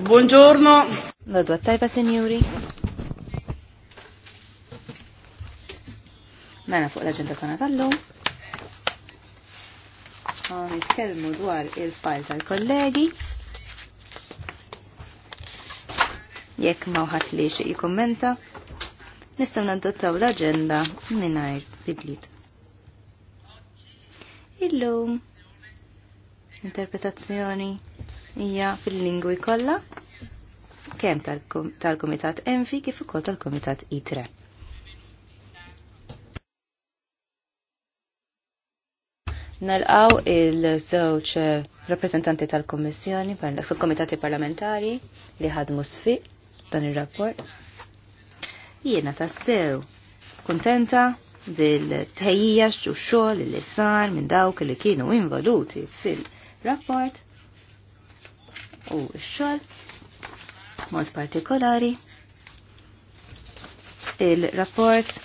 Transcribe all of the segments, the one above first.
Buongiorno. La tua tajba, signori. Mena fuq l-agenda tana tal-lum. Nitkellmu dwar il-fajl tal-kollegi. Jekk ma uħat li xie jikommenta, nistaw nandottaw l-agenda minnajr bidlit. Illum interpretazzjoni hija fil-lingwi kollha kemm tal-Kumitat Envi kif ukoll tal-Kumitat ITRE. Nalqaw il-żewġ rappresentanti tal-Kummissjoni fil-Kumitati Parlamentari li ħadmu sfiq dan ir-rapport. Jiena tassew kuntenta bil-tħejjija u xogħol li sar minn dawk li kienu involuti fil-rapport u x-xogħol mod partikolari il-rapport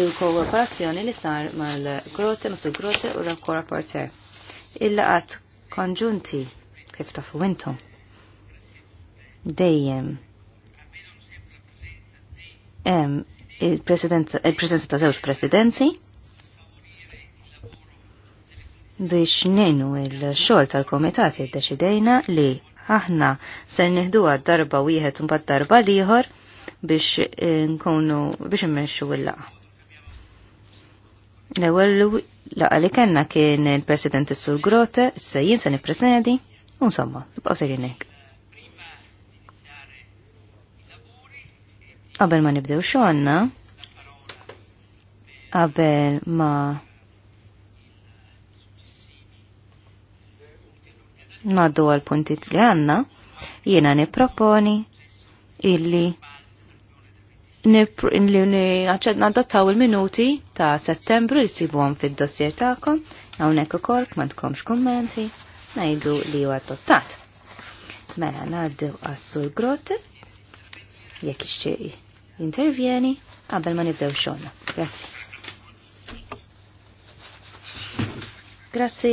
il-kooperazzjoni li sar mal-Grote, Masu Grote u l kooperazzjoni Il-laqat konġunti kif tafu intom. Dejjem il-presidenza ta' żewġ presidenzi biex nenu il-xogħol tal-komitat id-deċidejna li aħna ser nieħduha darba wieħed mbagħad darba l-ieħor biex eh, nkunu biex immexxu il-laqa. L-ewwel laqa li kellna kien il-President Sur Grote, se jien se nippresedi, u insomma, tibqgħu sejrin hekk. Qabel ma nibdew xogħolna, qabel ma naddu għal puntit li għanna, jiena niproponi illi naċċettaw il-minuti ta' settembru li sibuhom fid-dossier tagħkom, hawnhekk ukoll ma tkomx kummenti, ngħidu li huwa adottat. Mela ngħaddew għas-sur Grotte, jekk ixtieq intervjeni qabel ma nibdew xogħolna. Grazzi. Grazzi,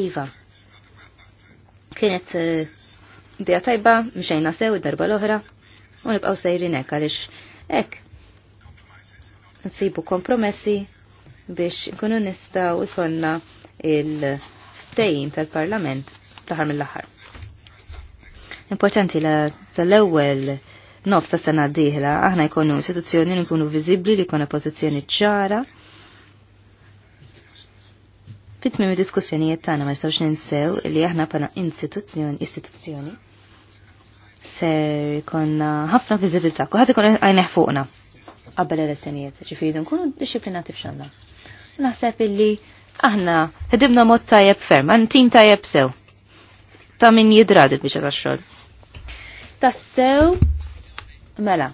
Iva. Kienet eh, idea tajba, mxejna sew id-darba l-oħra, u nibqgħu sejrin hekk għaliex hekk nsibu kompromessi biex nkunu nistgħu ikonna il-ftejim tal-Parlament l-aħħar mill-aħħar. Importanti la tal-ewwel nofs ta' sena diħla, aħna jkunu situazzjoni li nkunu vizibli li jkunu pożizzjoni ċara. mi diskussjonijiet tagħna ma jistgħux ninsew li aħna bħala istituzzjoni istituzzjoni ser jkollna ħafna viżibilità, kulħadd ikun għajneħ fuqna qabel elezzjonijiet, ġifieri nkunu disciplinati f'xanna. Naħseb illi aħna ħedibna mod tajjeb ferm, għan tim tajjeb sew. Ta' min jidradit il ta' xol. Ta' sew, Mela,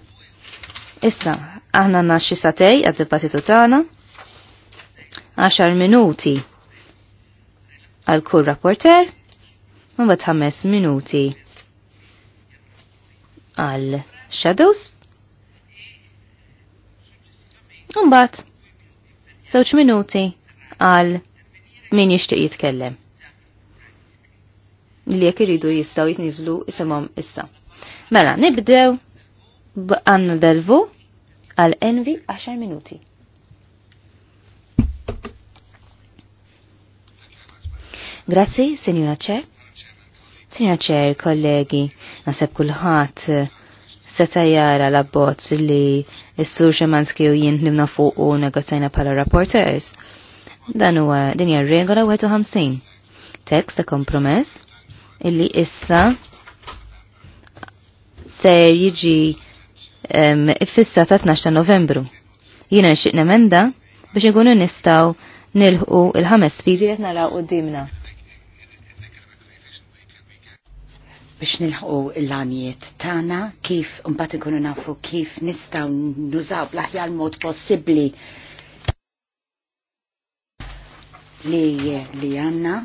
issa, aħna naxxi satej għad dipatitu tagħna, 10 minuti għal kull rapporter, u bat 5 minuti għal shadows. bat żewġ minuti għal min jixtieq jitkellem. Li jek iridu jistgħu jitnizlu isimhom issa. Mela, nibdew għanna dalvu għal envi 10 minuti. Grazzi, Signora Cher. Signora Ċer, kollegi, naseb kullħat seta jara la bozz li s-sur Xemanski u jien nimna fuq u negozajna pala rapporters. Dan huwa din hija regola 51. Tekst ta' kompromess illi issa ser jiġi fissa ta' 12 ta' novembru. Jina nxiq nemenda biex nkunu nistaw nilħu il-ħames sfidi qed naraw qudiemna. biex nilħu l-għanijiet tagħna kif mbagħad nkunu nafu kif nistgħu nużaw bl-aħjar mod possibbli li li għanna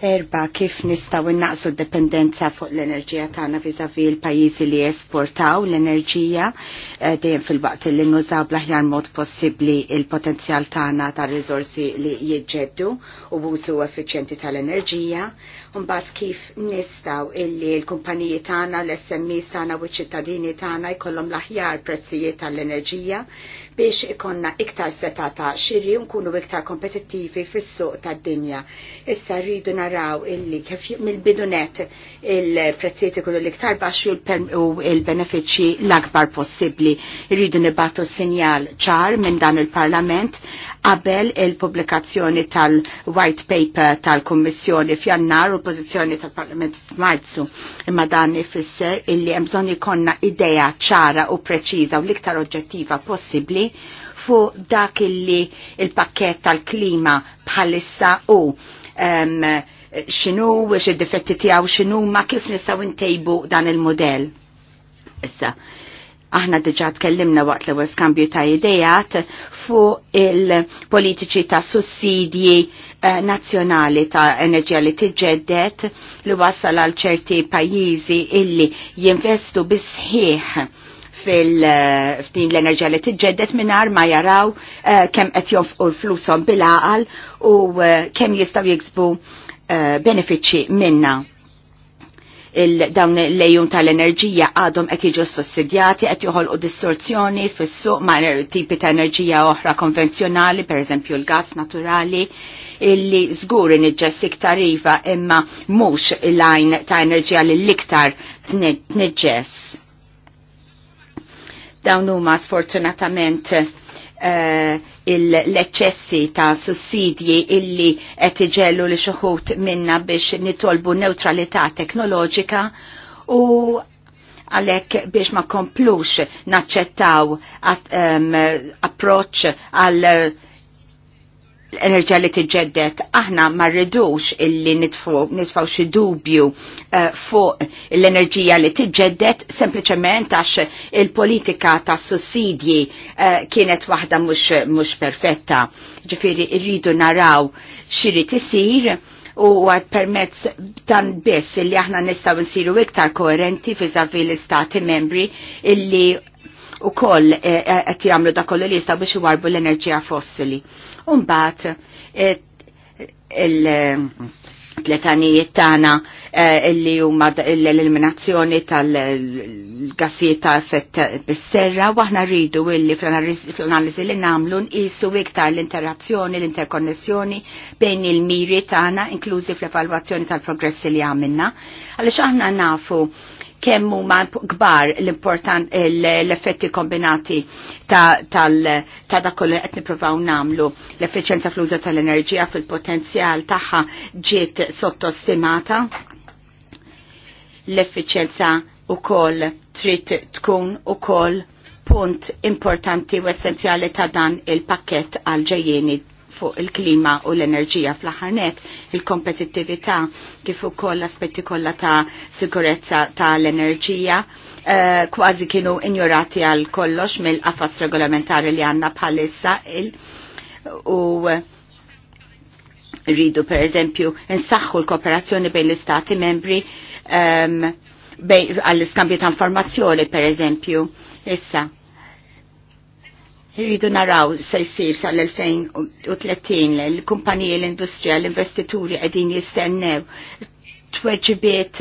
Erba, kif nistaw innaqsu d-dependenza fuq l-enerġija tagħna viżavi l-pajjiżi li esportaw l-enerġija eh, dejjem fil-waqt li nużaw bl-aħjar mod possibbli il-potenzjal tagħna tar-riżorsi li jiġġeddu u użu effiċjenti tal-enerġija mbagħad kif nistaw illi l-kumpaniji tagħna, l smis tagħna u ċ-ċittadini tagħna jkollhom l-aħjar prezzijiet tal-enerġija biex ikonna iktar setata xirri nkunu iktar kompetittivi fis-suq tad-dinja. Issa rridu naraw illi kif mill-bidunet il-prezzijiet ikunu l-iktar baxxu u l-benefiċċji l-akbar possibbli. Irridu nibatu sinjal ċar minn dan il-Parlament qabel il-pubblikazzjoni tal-White Paper tal-Kommissjoni f'Jannar u pożizzjoni tal-Parlament f'Marzu. Imma dan ifisser illi hemm bżonn ikonna idea ċara u preċiża u l-iktar oġġettiva possibbli fuq dak illi il-pakket tal-klima bħalissa u um, xinu, xid-difetti tiegħu x'inhuma kif nistgħu ntejbu dan il-modell. Issa, Aħna diġa tkellimna waqt l ewwel skambju ta' idejat fuq il-politiċi ta' sussidji eh, nazzjonali ta' enerġija li tiġġeddet li wassal għal ċerti pajjiżi illi jinvestu bisħiħ fil-ftin eh, l-enerġija li tiġġeddet minar ma jaraw eh, kem qed jonfqu l-flusom bil-aqal u kem jistaw jiksbu benefiċċji minna dawn l-lejjum tal-enerġija għadhom qed jiġu sussidjati qed joħolqu distorzjoni fis-suq ma' tipi ta' enerġija oħra konvenzjonali, pereżempju l-gas naturali, illi żgur inġess iktar iva imma mhux il-lajn ta' enerġija li l-iktar tniġġess. Dawn huma sfortunatament eh, l-eċessi ta' sussidji illi qed iġellu li xuħut minna biex nitolbu neutralità teknoloġika u għalek biex ma komplux naċċettaw um, approċ għal uh, l-enerġija li tiġġeddet, aħna ma rridux illi nitfaw xi dubju eh, fuq l-enerġija li tiġġeddet sempliċement għax il-politika ta' sussidji eh, kienet waħda mhux perfetta. Ġifieri rridu naraw xiri tisir u għad permezz dan biss illi aħna nistaw nsiru iktar koerenti fi l istati membri illi u koll għet eh, eh, jamlu da kollu li jistaw biex warbu l-enerġija fossili. Umbat, eh, il-tletanijiet tana illi huma l-eliminazzjoni tal-gassijiet ta' effett bis-serra waħna rridu illi fl-analiżi li namlu nqisu iktar l-interazzjoni, l-interkonnessjoni bejn il-miri tagħna inklużi fl-evalwazzjoni tal-progressi li għamilna. Għaliex aħna nafu kemm huma kbar l-important l-effetti kombinati ta' dak li qed nippruvaw nagħmlu l-effiċenza fl-użu tal-enerġija fil-potenzjal tagħha ġiet sottostimata l-effiċenza ukoll trid tkun ukoll punt importanti u essenzjali ta' dan il-pakket għal ġejjeni fuq il-klima u l-enerġija fl-ħarnet, il-kompetittività kif ukoll aspetti kollha ta' sikurezza ta' l-enerġija eh, kważi kienu injorati għal kollox mill-qafas regolamentari li għandna bħalissa il u eh, rridu per eżempju nsaħħu l-kooperazzjoni bejn l-istati membri ehm, għall-iskambju ta' informazzjoni per eżempju. Issa, Irridu naraw se jsir sal-2030 l-kumpaniji l-industrija l-investituri qegħdin jistennew tweġibiet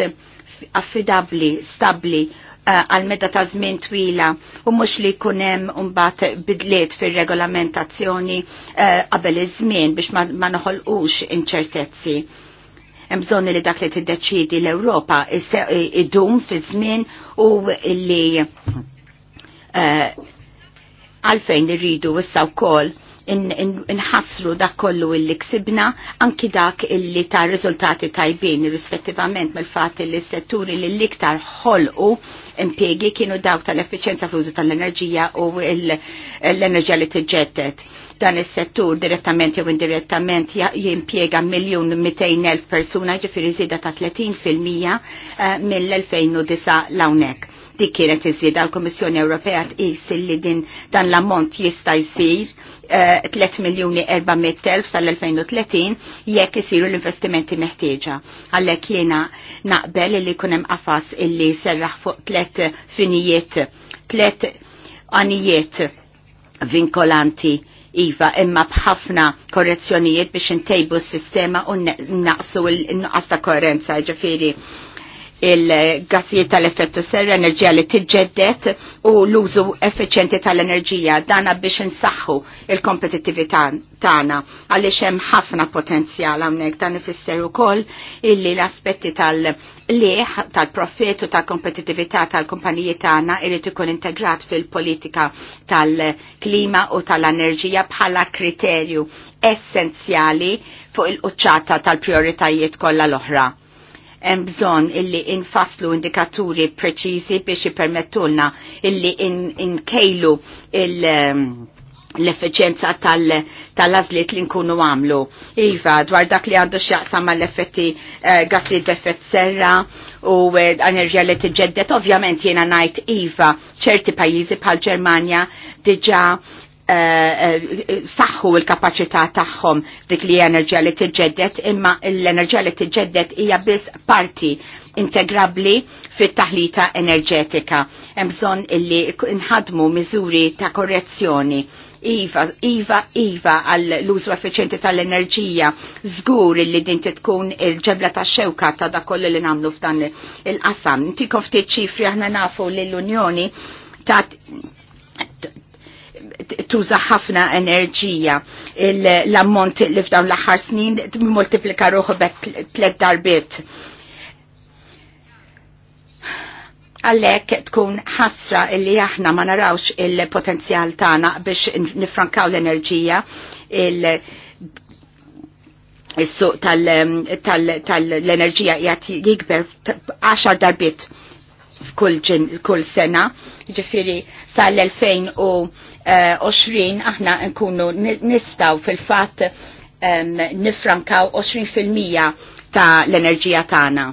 affidabli, stabli eh, għal meta ta' żmien twila u mhux li jkun hemm imbagħad bidliet fir-regolamentazzjoni eh, qabel iż-żmien biex ma, ma noħolqux inċertezzi bżonni li dak li tiddeċidi l-Europa idum fi żmien u li għalfejn irridu issa wkoll inħassru dak kollu illi ksibna anki dak illi ta' riżultati tajbin rispettivament mill-fatt li s-setturi li l-iktar ħolqu impiegi kienu dawk tal-effiċenza fl-użu tal-enerġija u l-enerġija li tiġġettet dan is-settur direttament jew indirettament jimpjega miljun elf persuna ġifiri zida ta' 30% eh, mill-2009 l-hawnhekk dik kienet iżjed għal-Komissjoni Ewropea tqis li din dan l-ammont jista' jsir 3 eh, miljuni 400.000 sal-2030 jekk isiru l-investimenti meħtieġa. Għalhekk jiena naqbel li jkun hemm qafas illi serraħ fuq tliet finijiet, tliet għanijiet vinkolanti Iva, imma bħafna korrezzjonijiet biex intejbu s-sistema u naqsu l-nuqqas ta' koerenza, ġifiri il-gassijiet tal-effettu serra, enerġija li tiġġeddet u l-użu effiċenti tal-enerġija dana biex nsaxħu il-kompetittività tagħna għaliex hemm ħafna potenzjal hawnhekk dan ifisser ukoll illi l-aspetti tal-leħ tal-profit u tal kompetitività tal-kumpaniji tagħna irid ikun integrat fil-politika tal-klima u tal-enerġija bħala kriterju essenzjali fuq il-quċċata tal-prioritajiet kollha l-oħra hemm bżonn illi infaslu indikaturi preċiżi biex jippermettulna illi inkejlu il- um, l-effiċenza tal-azlit li nkunu għamlu. Iva, dwar dak li għandu xjaqsam għal effetti eh, gas li d-effett serra u eh, enerġija li t-ġeddet, ovvjament jena najt Iva, ċerti pajizi bħal Ġermanja diġa Eh, eh, saħħu l-kapacità tagħhom dik li enerġija li tiġġedded imma l-enerġija li tiġġedded hija biss parti integrabli fit-taħlita enerġetika. Hemm bżonn illi nħadmu miżuri ta' korrezzjoni. Iva, iva, iva għall-użu effiċjenti tal-enerġija, żgur li din tkun il-ġebla ta' xewka ta' da kollu li nagħmlu f'dan il-qasam. Intikom ftit ċifri aħna nafu l-Unjoni ta' tuża ħafna enerġija l-ammont li f'dawn l-aħħar snin multiplika ruħu bekk tlet darbiet. Għallek tkun ħasra illi aħna ma narawx il-potenzjal tagħna biex nifrankaw l-enerġija il- suq tal-enerġija jgħat jikber 10 darbit f'kull sena, ġifiri sal-2000 u 20 eh, uh, aħna nkunu nistaw fil-fat nifrankaw 20% ta' l-enerġija tagħna.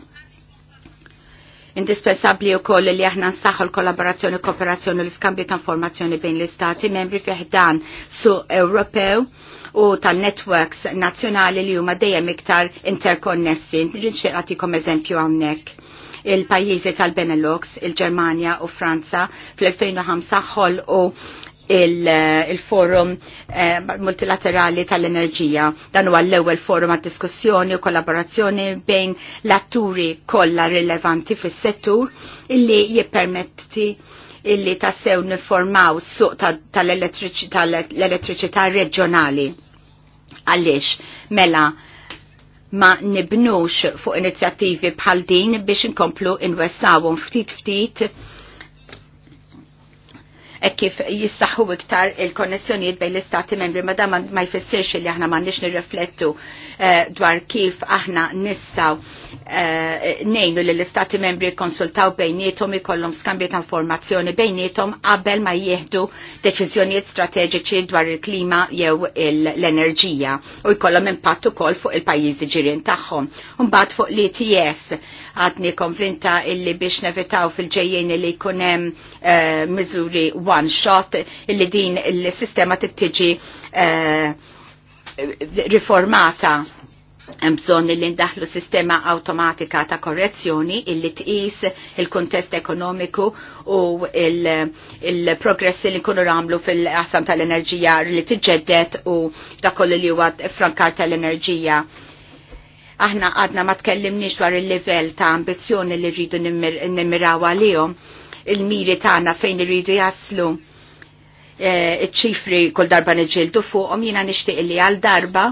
Indispensabli u koll li aħna nsaħħu l-kollaborazzjoni, kooperazzjoni u l-iskambju ta' informazzjoni bejn l-istati membri fih dan su Ewropew u tal-networks nazzjonali li huma dejjem iktar interkonnessi. Nixtieq nagħtikom eżempju hawnhekk il-pajjiżi tal-Benelux, il-Germania u Franza fl-2005 ħol u il-forum eh, multilaterali tal-enerġija. Dan huwa l-ewwel forum għad diskussjoni u kollaborazzjoni bejn l-atturi kollha rilevanti fis-settur illi jippermetti illi tassew niformaw suq tal-elettriċità tal-elettriċità reġjonali. Għaliex, mela, ma nibnux fuq inizjattivi bħal din biex nkomplu inwessawhom ftit ftit e kif jissaxu iktar il-konnessjoniet bejn l-istati membri, ma dam ma jfessirx li aħna ma nix nirriflettu eh, dwar kif aħna nistaw eh, nejnu li l-istati membri konsultaw bejnietom ikollom skambiet ta' informazzjoni bejnietom qabel ma jieħdu deċiżjonijiet strateġiċi dwar il-klima jew l-enerġija u jkollhom impatt ukoll fuq il-pajjiżi ġirien tagħhom. Mbagħad fuq l-ETS għadni konvinta illi biex nevitaw fil-ġejjien li kunem uh, miżuri one shot illi din il-sistema tittiġi uh, riformata bżon illi ndaħlu sistema automatika ta' korrezzjoni illi tqis il-kontest ekonomiku u il-progress il li kunu ramlu fil-qasam tal-enerġija li tiġġeddet u dakoll li huwa frankar tal-enerġija. Aħna għadna ma tkellimniex dwar il-livell ta' ambizzjoni li rridu nimmiraw għalihom, il-miri tagħna fejn irridu jaslu eh, iċ-ċifri kull darba niġildu fuqhom jiena nixtieq li għal darba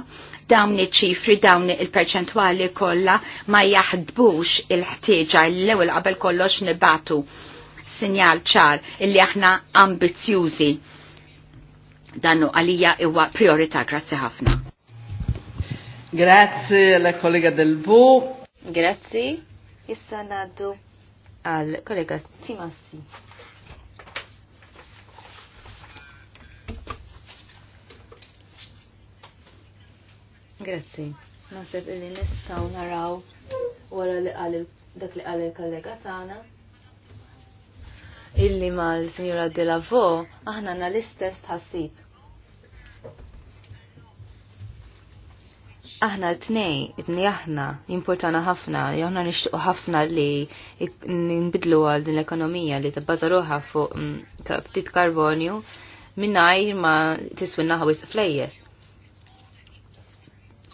dawn iċ-ċifri dawn il-perċentwali kollha ma jaħdbux il-ħtieġa l-ewwel qabel kollox nibatu sinjal ċar illi aħna ambizzjużi. Dannu għalija huwa priorità grazzi ħafna. Grazie alla collega Del V. Grazie. Issa sanato al collega Simassi. Grazzi. Nasib illi nistaw naraw wara li għal dak li għal il-kollega tagħna. Illi mal-Sinjura Delavo aħna na l-istess tħassib aħna t-nej, t-nej aħna, importana ħafna, jahna nishtuq ħafna li nbidlu għal din l-ekonomija li tabbaza ruħa fuq mm, ftit karbonju minnajr ma tiswinna ħawis flejjes.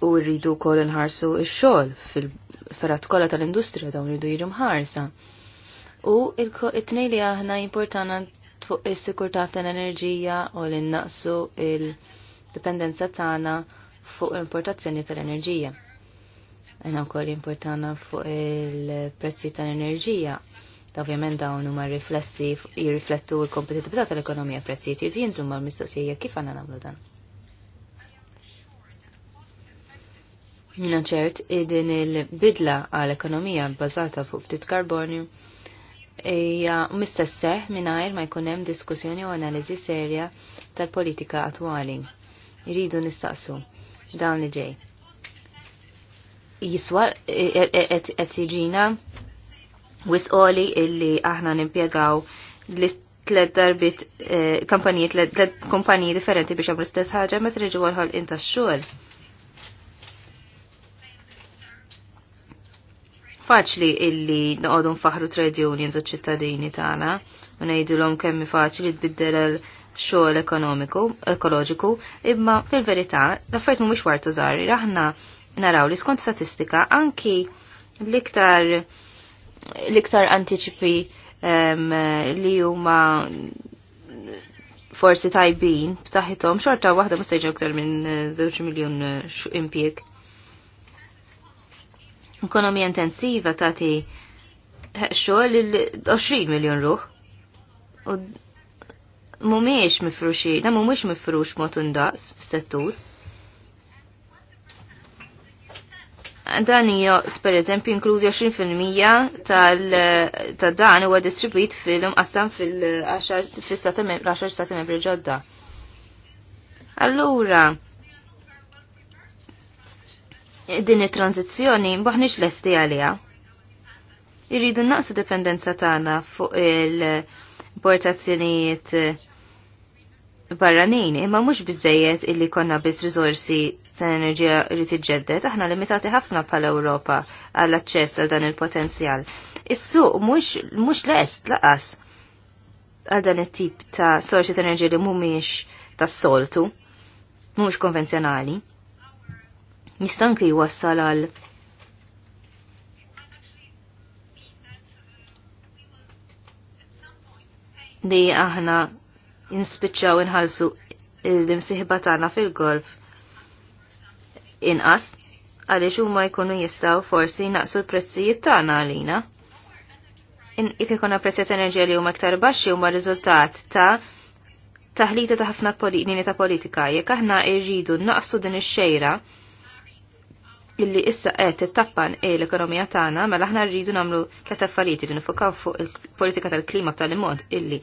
U rridu kol nħarsu il-xol fil-ferat kolla tal-industrija dawn rridu jirum ħarsa. U t nej li aħna importana fuq is-sikurtà tal-enerġija u l innaqsu il-dipendenza tagħna fuq importazzjoni tal-enerġija. Ena wkoll importana fuq il-prezzi tal-enerġija. Ta' ovvjament dawn huma riflessi jirriflettu l-kompetitività tal-ekonomija prezzijiet jiġu jinżumma l-mistoqsija kif għandna nagħmlu dan. Jina ċert, din il-bidla għal-ekonomija bbażata fuq ftit karbonju hija mistesseħ mingħajr ma jkun hemm diskussjoni u analiżi serja tal-politika attwali. Iridu nistaqsu dawn li ġej. Jiswa qed e, e, jiġina wisqoli illi aħna nimpjegaw tlet darbit e, kampanji tlet kumpanji differenti biex għamlu stess ħaġa ma triġu għalħol inta x-xogħol. Faċli illi noqogħdu faħru trade unions u ċittadini tagħna u ngħidilhom kemm faċli tbiddel xogħol ekonomiku, ekoloġiku, imma fil-verità l-affarijiet mhumiex wartu żgħar, aħna naraw li skont statistika anki l-iktar l-iktar antiċipi um, li huma forsi tajbin b'saħħithom xorta waħda ma sejġu aktar minn eh, żewġ miljun eh, impjieg. Ekonomija intensiva tagħti xogħol il 20 miljun ruħ. U mumiex mifruxi, da mumiex mifrux mot indaqs f-settur. Dan hija per eżempju inkludi 20% tal ta' dan huwa distribwit fil-qasam fil-10 stati membri ġodda. Allura, din it-tranzizzjoni mbaħniex lesti għalija. Irridu naqsu dipendenza tagħna fuq il- importazzjonijiet barranin, imma mhux bizzejiet illi konna biss rizorsi ta' enerġija li tiġġedded, aħna limitati ħafna bħala Ewropa għall aċċess għal dan il-potenzjal. Is-suq mhux mhux lest laqas għal dan it-tip ta' sorsi ta' enerġija li mhumiex tas-soltu, mhumiex konvenzjonali. Jistanki jwassal għal li aħna Jinspiċċaw inħalsu l-imsiħba tagħna fil-golf inqas għaliex huma jkunu jistgħu forsi naqsu l-prezzijiet tagħna għalina. Jekk ikun prezzijiet enerġija li huma iktar baxxi huma riżultat ta' taħlita ta' ħafna linja ta' politika. Jekk aħna rridu naqsu din ix-xejra, illi issa qed tappan e l-ekonomija tagħna mela aħna rridu nagħmlu tliet affarijiet irridu nifokaw fuq il-politika tal-klima b'tali mod illi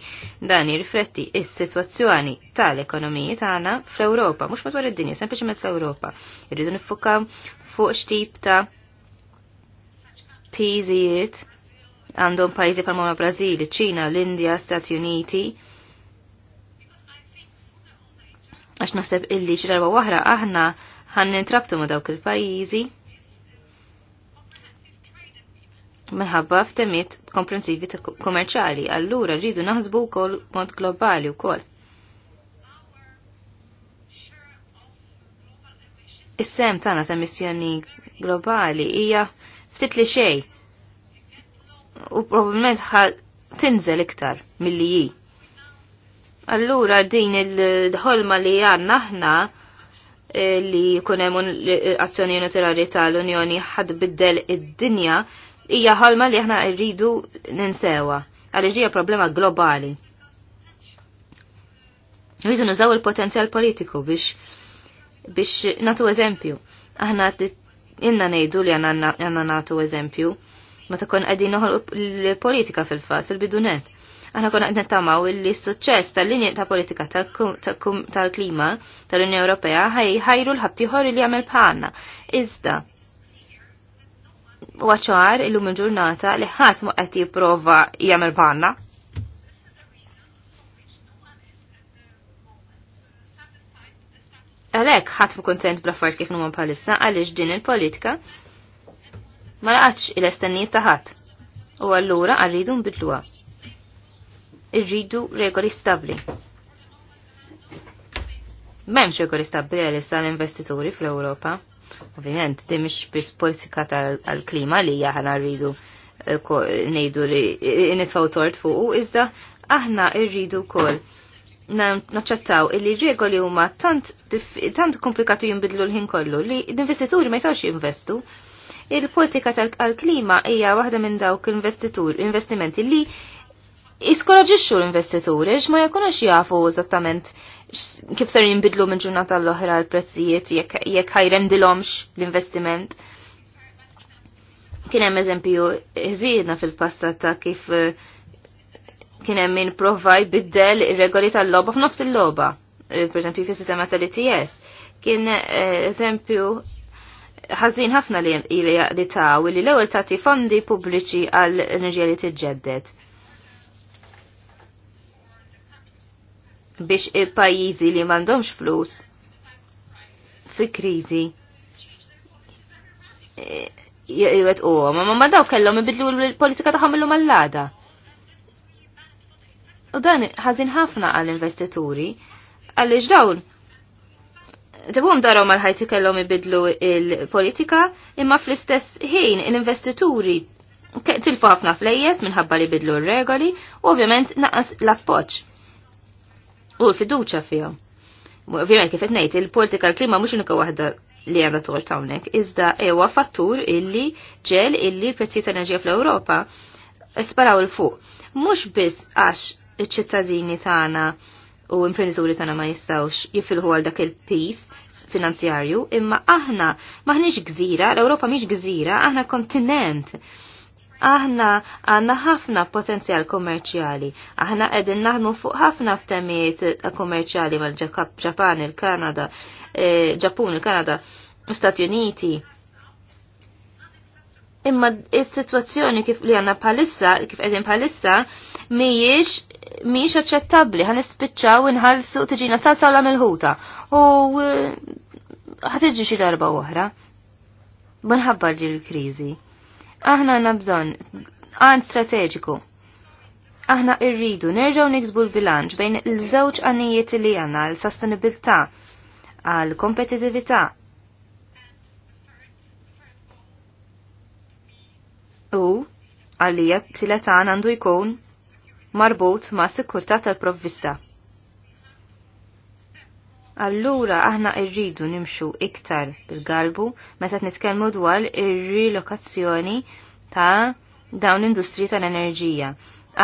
dan jirrifletti is-sitwazzjoni tal-ekonomiji tagħna fl-Ewropa, mhux madwar id-dinja, sempliċement fl-Ewropa. Irridu nifokaw fuq x'tip ta' piżijiet għandhom pajjiżi bħalma Brażil, iċ-Ċina, l-Indja, Stati Uniti, għax naħseb illi xi darba waħra aħna ħan nintrabtu ma' dawk il-pajjiżi minħabba f'temiet komprensivi ta' kommerċali, allura rridu naħsbu wkoll mod globali wkoll. Is-sem tagħna ta' missjoni globali hija ftit li xej u probabbilment tinżel iktar milli hi. Allura din il-ħolma li għandna aħna li kunem azzjoni unilaterali tal-Unjoni ħad biddel id-dinja hija ħolma li aħna rridu ninsewa għaliex hija problema globali. Rridu nużaw il-potenzjal politiku biex biex natu eżempju. Aħna inna ngħidu li għandna natu eżempju meta kon qegħdin l-politika fil-fatt fil-bidunet Aħna konna qed nittamaw illi s-suċċess tal-linja ta' politika tal-klima tal-Unja Ewropea ħajru l-ħabtiħor li jagħmel bħalna. Iżda huwa ċar illum il-ġurnata li ħadd ma qed jipprova jagħmel bħalna. Għalhekk ħadd mu kuntent bl-affarijiet kif numa bħalissa għaliex din il-politika ma laqatx il-estennijiet ta' ħadd. U allura rridu nbidluha irridu regoli stabli. Memx regoli stabli għal l-investituri fl-Europa. Ovvijament, di mish bis politika tal-klima li jahna rridu eh, nejdu li eh, nisfaw tort fuq, izda aħna irridu kol naċċettaw illi regoli huma tant, tant komplikati jimbidlu l-ħin kollu li l-investituri ma jistgħux jinvestu. Il-politika tal-klima hija waħda minn dawk l investimenti li iskoraġiċu l-investituri ma jkunux jafu eżattament kif ser jinbidlu minn ġurnata l-oħra l-prezzijiet jekk ħajrendilhomx l-investiment. Kien hemm eżempju zidna fil-passat ta' kif eh, kien hemm provaj biddel jbiddel ir-regoli tal-logħba f'nofs il-logħba, eh, pereżempju fis-sistema tal-ITS. Kien eh, eżempju ħażin ħafna li ta' u li l-ewwel tagħti fondi pubbliċi għall enerġija li t-ġeddet. biex il-pajizi li mandomx flus fi krizi e, jgħet u ma ma mandaw kellhom ibidlu l-politika l-lum għallada. U dan ħażin ħafna għall-investituri għaliex dawn Tibum daraw mal-ħajti kellhom ibidlu l politika imma fl-istess ħin l-investituri tilfu ħafna flejjes minħabba li bidlu r-regoli u ovvjament naqas l-appoċ u l-fiduċa fija. Ovvijament kif ngħid il-politika l-klima mhux unika waħda li għandha tort hawnhekk, iżda ewa fattur illi ġel illi l ta' enerġija fl-Ewropa sparaw il fuq. Mhux biss għax iċ-ċittadini tagħna u imprenditori tagħna ma jistgħux jifilħu għal dak il-peace finanzjarju, imma aħna maħniex gżira, l-Ewropa mhix gżira, aħna kontinent Aħna għanna ħafna potenzjal kommerċjali, aħna qegħdin naħdmu fuq ħafna ftemijiet kommerċjali mal-Ġapan, il-Kanada, eh, Ġapun, il-Kanada, Stati Uniti. Imma il sitwazzjoni kif li għanna palissa, kif qegħdin palissa, mhijiex mhijiex aċċettabbli, ħanispiċċaw inħallsu tiġina tazza u l ħuta. U ħatiġi xi darba oħra. Minħabba l-kriżi Aħna għandna bżonn għan strateġiku. Aħna irridu nerġgħu niksbu l-bilanċ bejn l żewġ għanijiet li għandna għal sostenibilità għal kompetitività. U għalija t-tilet għandu jkun marbut ma' sikurtà tal-provvista. Allura aħna irridu nimxu iktar bil-galbu meta nitkellmu dwar ir-rilokazzjoni ta' dawn l-industriji tal-enerġija.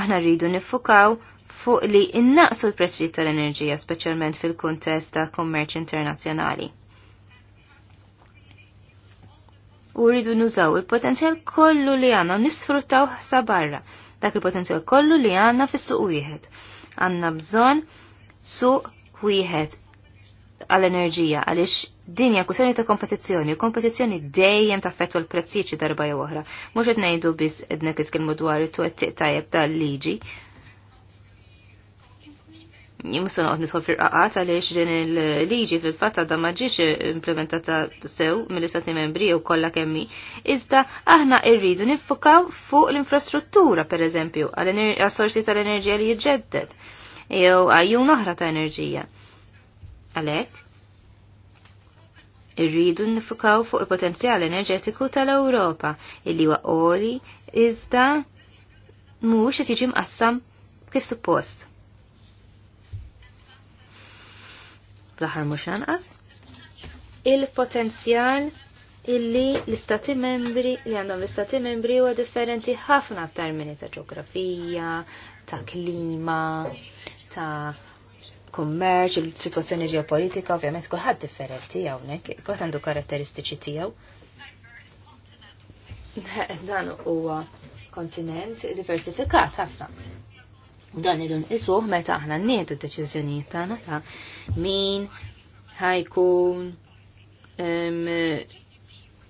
Aħna rridu niffukaw fuq li innaqsu l-prezzijiet tal-enerġija, speċjalment fil-kuntest ta' kummerċ internazzjonali. U rridu nużaw il-potenzjal kollu li għanna nisfruttaw sa barra, dak il-potenzjal kollu li għanna fis-suq wieħed. Għanna bżonn suq wieħed għall-enerġija għaliex din hija ta' kompetizzjoni, kompetizjoni kompetizzjoni dejjem fetwa l-prezzijiet xi darba jew oħra. Mhux qed ngħidu biss qed nitkellmu dwar it-twettiq tajjeb tal-liġi. Jimson għod nidħol fil-qaqat għaliex din il-liġi fil-fatt għadha ma ġiex implementata sew mill-istati membri u kollha kemmi. Iżda aħna rridu nifukaw fuq l-infrastruttura pereżempju għal-sorsi tal-enerġija li jiġġedded jew għajju noħra ta' enerġija. Għalhekk, Irridu nifukaw fuq il-potenzjal enerġetiku tal-Ewropa illi huwa qoli iżda mhux qed jiġi mqassam kif suppost. Fl-aħħar mhux anqas il-potenzjal illi l-istati membri li għandhom l-istati membri huwa differenti ħafna f'termini ta' ġeografija, ta' klima, ta' il-kummerċ, il-situazzjoni ġeopolitika, ovvjament kulħadd differenti hawnhekk, kulħadd għandu karatteristiċi tiegħu. Dan huwa kontinent diversifikat ħafna. Dan il isuh meta aħna nieħdu d-deċiżjonijiet tagħna ta' min ħajkun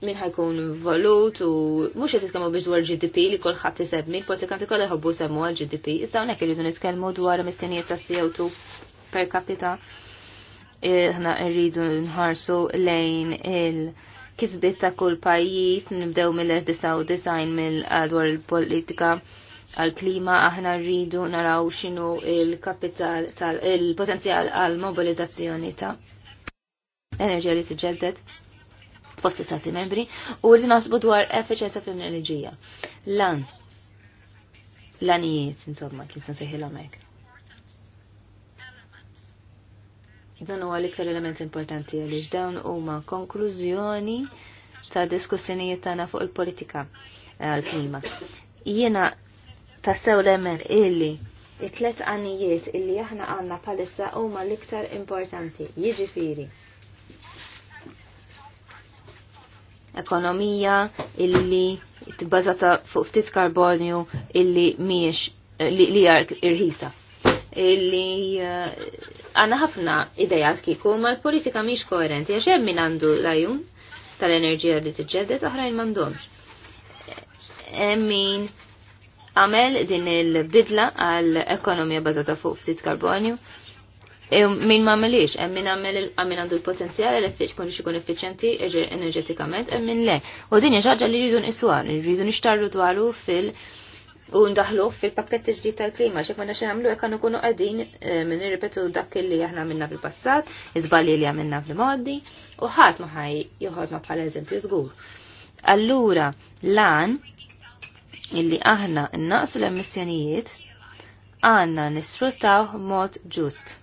min ħajkun valut u mux jt nitkellmu biex dwar GDP li kolħat iseb min politikanti kollha jħobbu semmu għal GDP, iżda hawnhekk jt nitkellmu dwar emissjonijiet ta' CO2 per capita eh, ħna rridu nħarsu lejn il- kisbit ta' kull pajjiż nibdew mill-1990 mill-dwar il-politika għal-klima aħna rridu naraw xinu il-kapital tal il-potenzjal għal mobilizzazzjoni ta' enerġija li tiġġedded fost istati membri u rridu nasbu dwar effiċenza fl-enerġija. Lan. Lanijiet, insomma, kien se hekk. Dan huwa l-iktar element importanti għaliex dawn huma konklużjoni ta' diskussjonijiet tagħna fuq il-politika eh, għal-klima. Jiena tassew l-emmer illi it-tlet għanijiet illi aħna għanna palissa huma l-iktar importanti, jiġifieri. Ekonomija illi tibbażata fuq ftit karbonju illi miex li hija irħisa. Illi eh, għanna ħafna idejat kiku, ma l-politika miex koerenti, għax hemm min għandu lajun tal-enerġija li tiġġedded oħrajn m'għandhomx. Hemm min għamel din il-bidla għal ekonomija bażata fuq ftit karbonju. E, min ma hemm min għamel għandu l potenzjali li kun ikun effiċjenti enerġetikament, hemm min le. U din hija ħaġa li rridu nqisuha, rridu nixtarru dwaru fil- u ndaħlu fil pakketti ġdid tal-klima, xek ma naxin għamlu għekan ukunu għadin eh, minn irripetu dak li aħna minna fil-passat, izballi li għamilna fil-moddi, u ħat maħaj ħaj ma bħala eżempju zgur. Allura, lan illi aħna naqsu l-emissjonijiet għanna nisfruttaw mod ġust.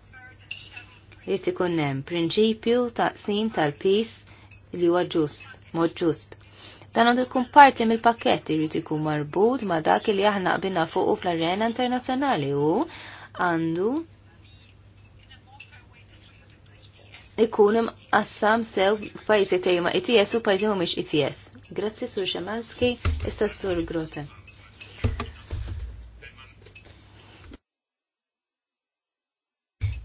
Jrid ikun hemm prinċipju taqsim tal-pis li huwa ġust, mod ġust Dan għandu jkun parti mill-pakket irid ikun marbut ma' dak li aħna qbilna fuq fl-arena internazzjonali u għandu ikun imqassam sew pajjiżi tejma ITS u pajjiżi mhumiex ITS. Grazzi Sur Xemanski, issa Sur Grote.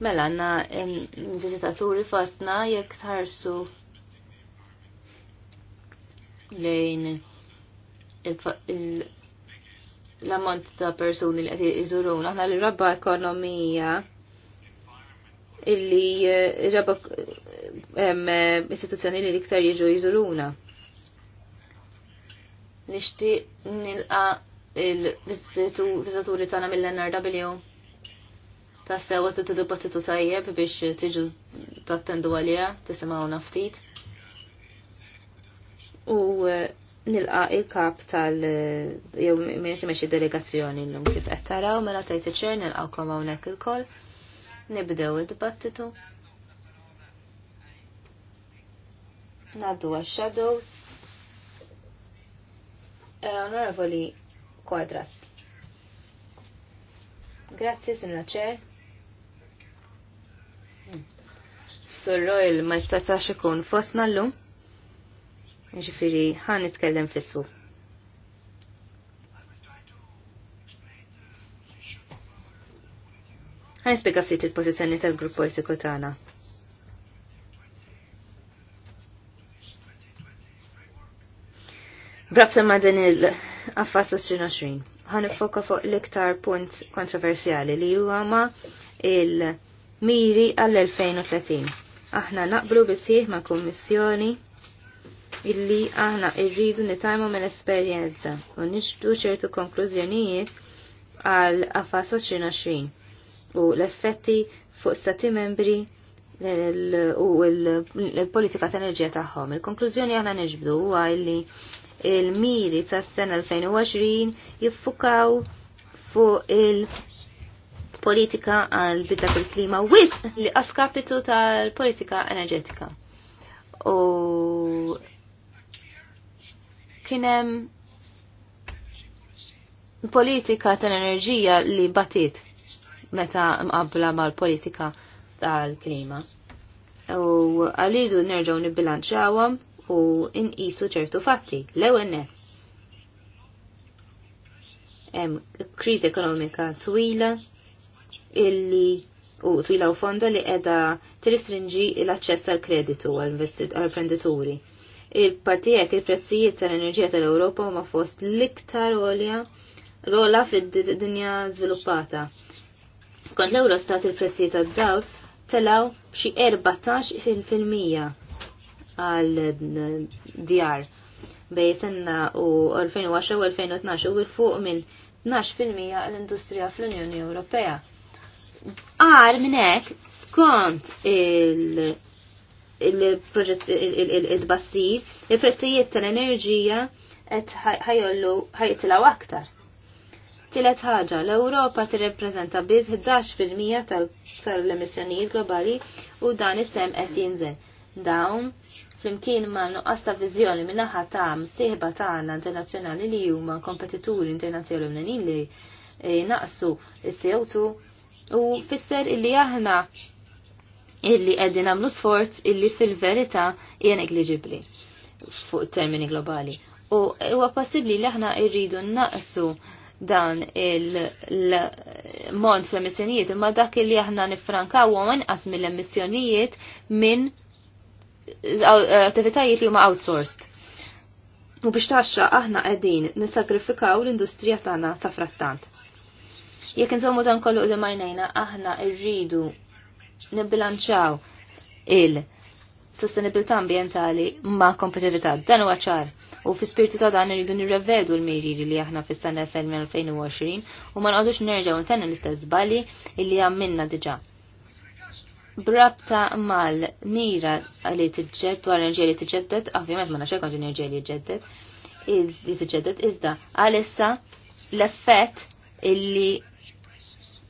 Mela, għanna vizitaturi fasna jekk tħarsu lejn l-ammont ta' persuni li qed iżurun. Aħna l rabba ekonomija illi eh, rabba eh, istituzzjoni li iktar jiġu jiżuruna. Nixtieq nilqa il-viżaturi tagħna mill-NRW ta' sewa t-tidu tajjeb biex tiġu tattendu għalija, tisimaw naftit u eh, nilqa il-kap tal eh, jew minn semmex delegazzjoni llum kif qed taraw mela tajt iċer nilqawkom hawnhekk il Nibdew id-dibattitu. Naddu għax-shadows. Onorevoli Quadras. Grazzi, Sinna Ċer. Hmm. Surro il ma jistatax ikun fosna l-lum ġifiri ħan nitkellem fissu. Ħan nispiega ftit il-pożizzjoni tal-grupp politiku tagħna. Brabsa ma' din il-affas 2020. Ħan nifoka fuq l-iktar punt kontroversjali li huwa ma' il-miri għall-2030. Aħna naqblu bisih ma' kummissjoni illi aħna irridu nitajmu mill-esperjenza u nixtu ċertu konklużjonijiet għal AFAS 2020 u l-effetti fuq stati membri u l-politika ta' enerġija tagħhom. Il-konklużjoni aħna niġbdu huwa li il-miri tas-sena 2020 jiffukaw fuq il- politika għal bidda fil-klima wis li għaskapitu tal-politika enerġetika. U kienem politika tal-enerġija li batit meta mqabla mal-politika tal-klima. U għalidu nerġaw nibbilanċawam u inqisu ċertu fatti. L-ewwel net. kriżi ekonomika twila illi u twila u fonda li qiegħda tristringi l-aċċess għal kreditu għal Al il-partijek il-prezzijiet tal-enerġija tal-Ewropa huma fost l-iktar olja l fid-dinja żviluppata. Skont l-Eurostat il-prezzijiet tad-dawl telaw b'xi 14% għal djar bej senna u 2010 u 2012 u il-fuq minn 12% l-industrija fl-Unjoni Ewropea. Għal minnek skont il- il-proġett il-tbassir, il-prezzijiet tal-enerġija qed ħajollu ħajtilaw aktar. Tielet ħaġa, l-Ewropa tirrepreżenta biz 11% tal-emissjonijiet globali u dan is-sem qed jinżel. Dawn flimkien ma' nuqqas ta' viżjoni min-naħa ta' msieħba tagħna internazzjonali li huma kompetituri internazzjonali li eh, naqsu is-CO2 u fisser illi aħna illi qegħdin nagħmlu sforz illi fil-verità jen negliġibbli fuq termini globali. U huwa possibbli li aħna rridu naqsu dan il-mont fl-emissjonijiet, imma dak li aħna nifranka għu inqas mill-emissjonijiet minn eh, attivitajiet li huma outsourced. U biex taxxa aħna qegħdin nisakrifikaw l-industrija tagħna sa frattant. Jekk insommu dan kollu li majnejna aħna rridu nibilanċaw il-sostenibilità ambientali ma' kompetitività. Dan huwa ċar. U fi spiritu ta' dan irridu nirrevedu l-miriri li aħna fis-sena 2020 u ma nerġaw n ntenna l-istess żbali illi għamminna diġà. Brabta mal-mira li tiġġed dwar enerġija li t-ġeddet, ovvjament ma naċekon hekk enerġija li ġeddet, li tiġġedded iżda għalissa l-effett illi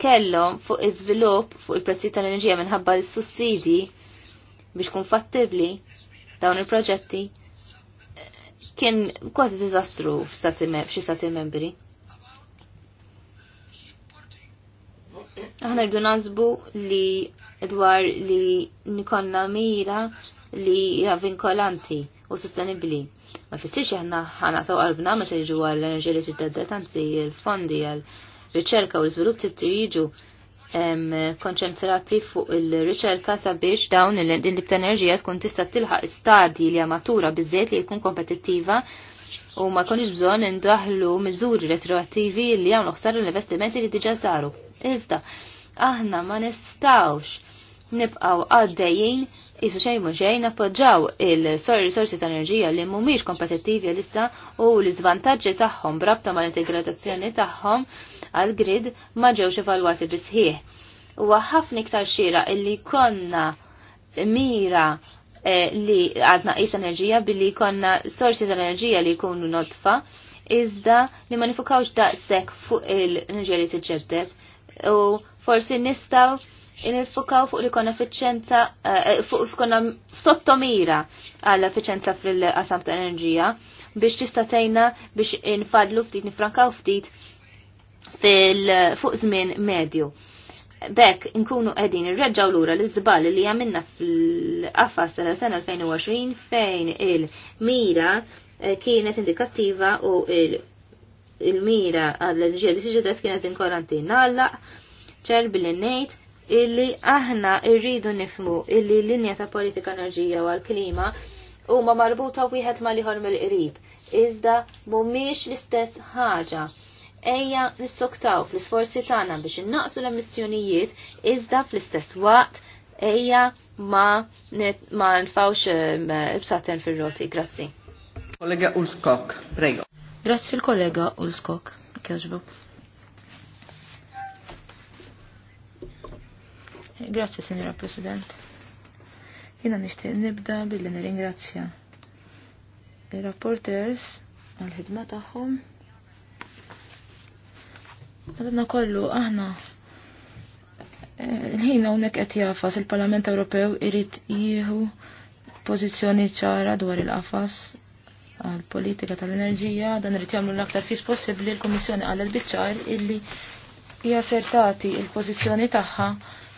kellhom fuq iżvilupp fuq il-prezzi tal-enerġija minħabba l-sussidi biex kun fattibli dawn il-proġetti kien kważi diżastru f'xi stati membri. Aħna rridu nażbu li dwar li nikonna mira li hija vinkolanti u sostenibbli. Ma fissirx aħna ħana taw qalbna meta jiġu għall-enerġija li ġiddet, anzi l-fondi għal, -fondi għal riċerka u l-żvilupp jiġu konċentrati fuq il-riċerka sabiex dawn il tip ta' enerġija tkun tista' tilħaq stadji li matura biżejt li jkun kompetittiva u ma jkunx bżonn indaħlu miżuri retroattivi li hawn noħsaru l-investimenti li diġà saru. Iżda, aħna ma nistawx nibqgħu għaddejjin Isu xejn mu xejn appoġġaw il risorsi ta' enerġija li mhumiex kompetittivi issa u l-iżvantaġġi tagħhom brabta mal-integratazzjoni tagħhom għal grid ma ġewx evalwati bisħieħ. Huwa ħafna iktar xira illi konna mira eh, li għadna is enerġija billi konna sorsi enerġija li jkunu notfa iżda li ma nifukawx daqshekk fuq il-enerġija li tiġġedded u forsi nistaw nifukaw fuq li konna efficienza eh, fuq konna sottomira għall efficienza fil-qasam ta' enerġija biex tistatejna biex infadlu ftit nifrankaw ftit fuq żmien medju. nkunu inkunu qegħdin l lura l-iżbal li għamilna fil-qafas tal-sena 2020 fejn il-mira eh, kienet indikattiva u il-mira għall enġija li siġedet kienet inkoranti nallaq ċer bil ngħid illi aħna irridu nifmu illi linja ta' politika enerġija u għal-klima huma marbuta wieħed ma' liħor mill-qrib. Iżda mhumiex l-istess ħaġa ejja nissoktaw fl-isforzi tagħna biex innaqsu l-emissjonijiet iżda fl-istess waqt ejja ma ma nfawx ibsaten fir-roti. Grazzi. Kollega Ulskok, prego. Grazzi l-kollega Ulskok. Kjaġbu. Grazzi, Signora President. Jina nishtiq nibda billi nirringrazzja il-rapporters għal-ħidma tagħhom Għadna kollu, aħna. Eh, l-ħin hawnhekk qed jafas il-Parlament Ewropew irid jieħu pożizzjoni ċara dwar il-qafas għal-politika tal-enerġija, dan irid jagħmlu l-aktar fis possibbli l-Kummissjoni għal biċ illi hija il-pożizzjoni tagħha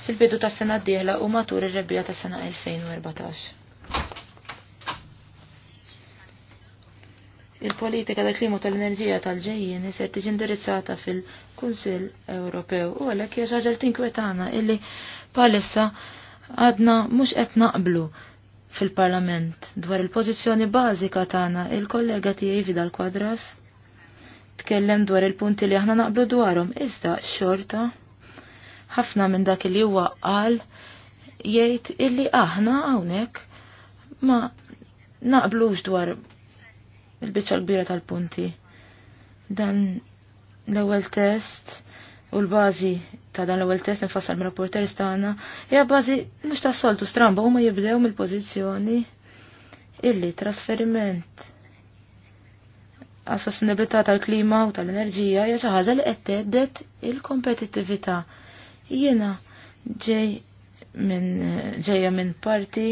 fil-bidu tas-sena d-dieħla u matul ir-rebbija tas-sena 2014. Il-politika tal klimu tal-enerġija tal-ġejjien iser tiġi indirizzata fil-Kunsill Ewropew u għalhekk hija xi ħaġa tinkwetana illi palissa għadna mhux qed naqblu fil-Parlament dwar il-pożizzjoni bażika tagħna il-kollega tiegħi Vidal Kwadras tkellem dwar il-punti li aħna naqblu dwarhom iżda xorta ħafna minn dak li huwa qal jgħid illi aħna hawnhekk ma naqblux dwar il-biċċa l-bira tal-punti. Dan l-ewwel test u l-bażi ta' dan l-ewwel test infassal mir-rapporter tagħna hija bażi mhux ta' soltu stramba huma jibdew mill-pożizzjoni illi trasferiment għas sostenibilità tal-klima u tal-enerġija hija xi ħaġa li qed tgħeddet il-kompetittività. Jiena ġej minn ġejja minn parti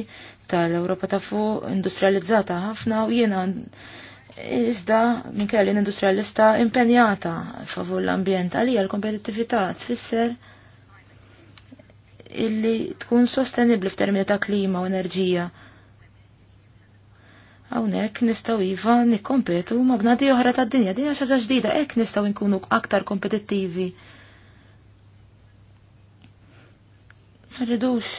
tal-Ewropa ta' fuq industrializzata ħafna u jiena Iżda minkejja kelli l-industrialista impenjata favur l-ambjent għalija l kompetitività tfisser illi tkun sostenibli f'termini ta' klima u enerġija. Hawnhekk nistgħu iva nikkompetu ma' bnadi oħra tad-dinja, dinja xi ħaġa ġdida, hekk nistgħu nkunu aktar kompetittivi. Ma rridux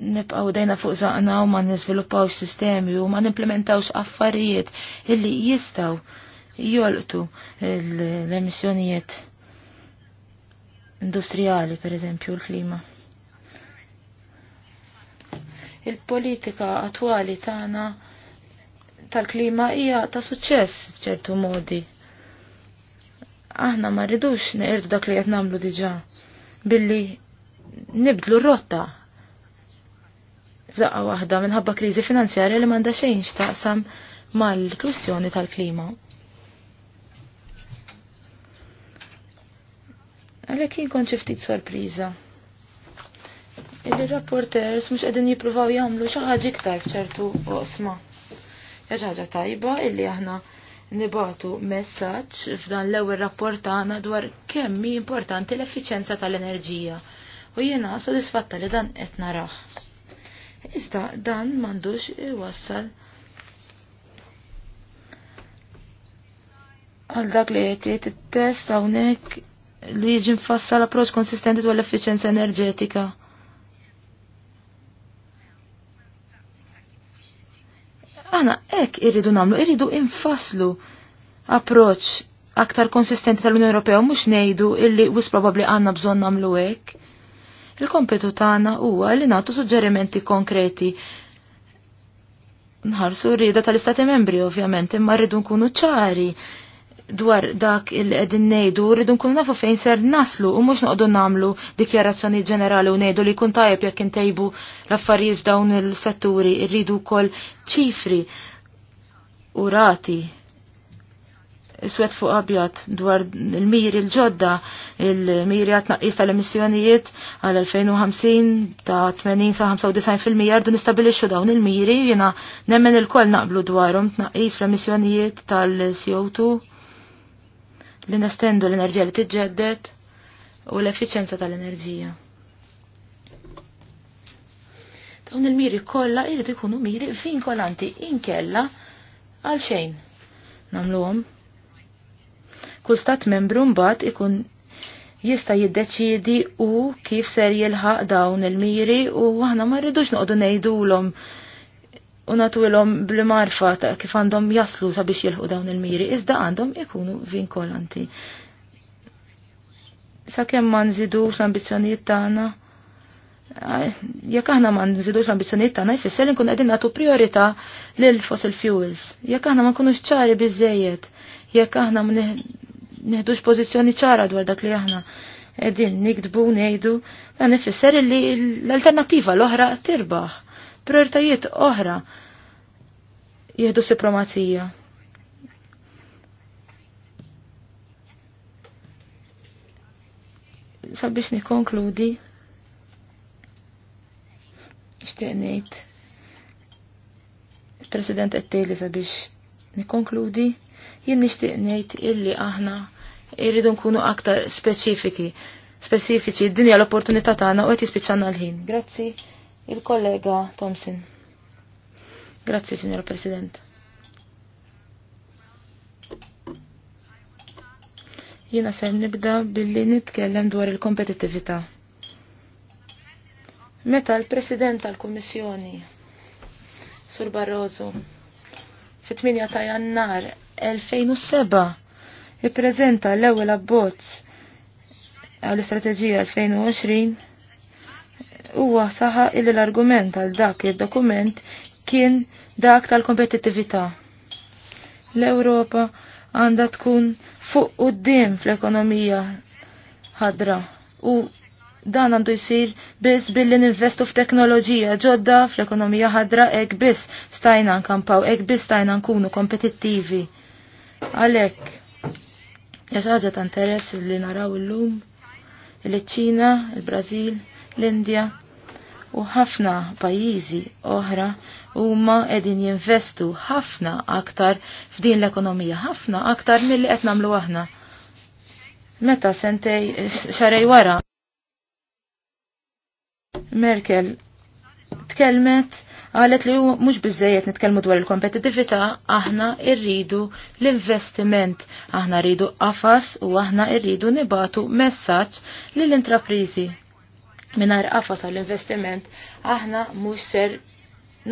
nibqaw dejna fuq zaqna u ma nizviluppawx sistemi u ma nimplementawx affarijiet illi jistaw jolqtu l-emissjonijiet industrijali, per eżempju, l-klima. Il-politika attwali tagħna tal-klima hija ta' suċċess f'ċertu modi. Aħna ma rridux neqirdu dak li qed nagħmlu diġà billi nibdlu r-rotta f'daqqa waħda minħabba kriżi finanzjarja li m'għandha xejn x'taqsam mal-kwistjoni tal-klima. Għalhekk jien kont xi ftit sorpriża. Il-rapporters mhux qegħdin jippruvaw jagħmlu xi ħaġa iktar f'ċertu oqsma. tajba illi aħna nibatu messaġġ f'dan l-ewwel rapport tagħna dwar kemm hi importanti l-effiċjenza tal-enerġija u jiena sodisfatta li dan qed narah. Iżda dan mandux iwassal għal dak li jtiet il-test għawnek li jiġi mfassal approċ konsistenti dwar l efficienza enerġetika. Għana, ek irridu namlu, irridu infasslu approċ aktar konsistenti tal-Unjoni Ewropea, mux nejdu illi wis probabli għanna bżon namlu ek. Il-kompetu tagħna huwa li nagħtu suġġerimenti konkreti. Nħarsu rrieda tal-Istati Membri ovvjament, imma rridu nkunu ċari dwar dak il-qegħdin ngħidu, rridu nkunu nafu fejn ser naslu u mhux noqogħdu nagħmlu dikjarazzjoni ġenerali u ngħidu li jkun tajjeb jekk intejbu l-affarijiet f'dawn il-setturi, rridu wkoll ċifri u rati Iswed fuq abjad dwar il-miri l-ġodda, il-miri għat għatnaqis tal-emissjonijiet għal 2050 ta' 80 sa' 95% jardu nistabilixu dawn il-miri jina nemmen il-koll naqblu dwarum tnaqis fl-emissjonijiet tal-CO2 li nestendu l-enerġija li tiġġeddet u l-effiċenza tal-enerġija. Dawn il-miri kollha irid ikunu miri fin kolanti inkella għal xejn namluhom Kull stat membru mbagħad ikun jista' jiddeċiedi u kif ser jilħaq dawn il-miri u aħna ma rridux noqogħdu ngħidulhom u natwilhom bl-marfa ta' kif għandhom jaslu sabiex jilħu dawn il-miri, iżda għandhom ikunu vinkolanti. Sakemm ma nżidux l-ambizzjonijiet tagħna eh, jekk aħna ma nżidux l-ambizzjonijiet tagħna jfisser inkun qegħdin nagħtu priorità lil fossil fuels. Jekk aħna ma nkunux ċari biżejjed, jekk aħna neħdux pożizzjoni ċara dwar dak li aħna qegħdin nikdbu ngħidu dan ifisser li l-alternattiva l-oħra tirbaħ. Prioritajiet oħra jieħdu supremazija. Sabiex nikonkludi xtieq ngħid il-President qed tgħidli sabiex nikkonkludi jien nixtieq ngħid illi aħna irridu nkunu aktar speċifiki. Speċifiċi, dinja l-opportunità tagħna u qed jispiċċana l-ħin. Grazzi il-kollega Thompson. Grazzi, Signor President. Jiena se nibda billi nitkellem dwar il-kompetittività. Meta l-President tal-Kummissjoni, Sur Barroso, fit-8 ta' Jannar 2007 jipprezenta l-ewwel abbozz għall-Istrateġija 2020 huwa saħa illi l-argument għal dak id-dokument kien dak tal-kompetittività. L-Ewropa għandha tkun fuq quddiem fl-ekonomija ħadra u dan għandu jisir biss billi ninvestu f'teknoloġija ġodda fl-ekonomija ħadra ek biss stajna nkampaw, ek biss stajna nkunu kompetittivi. Għalek, ħaġa ta' interess li naraw illum l ċina il-Brażil, l-Indja u ħafna pajjiżi oħra huma qegħdin jinvestu ħafna aktar f'din l-ekonomija, ħafna aktar milli qed nagħmlu aħna. Meta sentej xarej wara Merkel tkellmet Għalet li mux bizzejiet nitkelmu dwar il-kompetitivita, aħna irridu l-investiment, aħna rridu qafas u aħna irridu nibatu messaċ li l-intraprizi. Minar qafas għall-investiment, aħna mux ser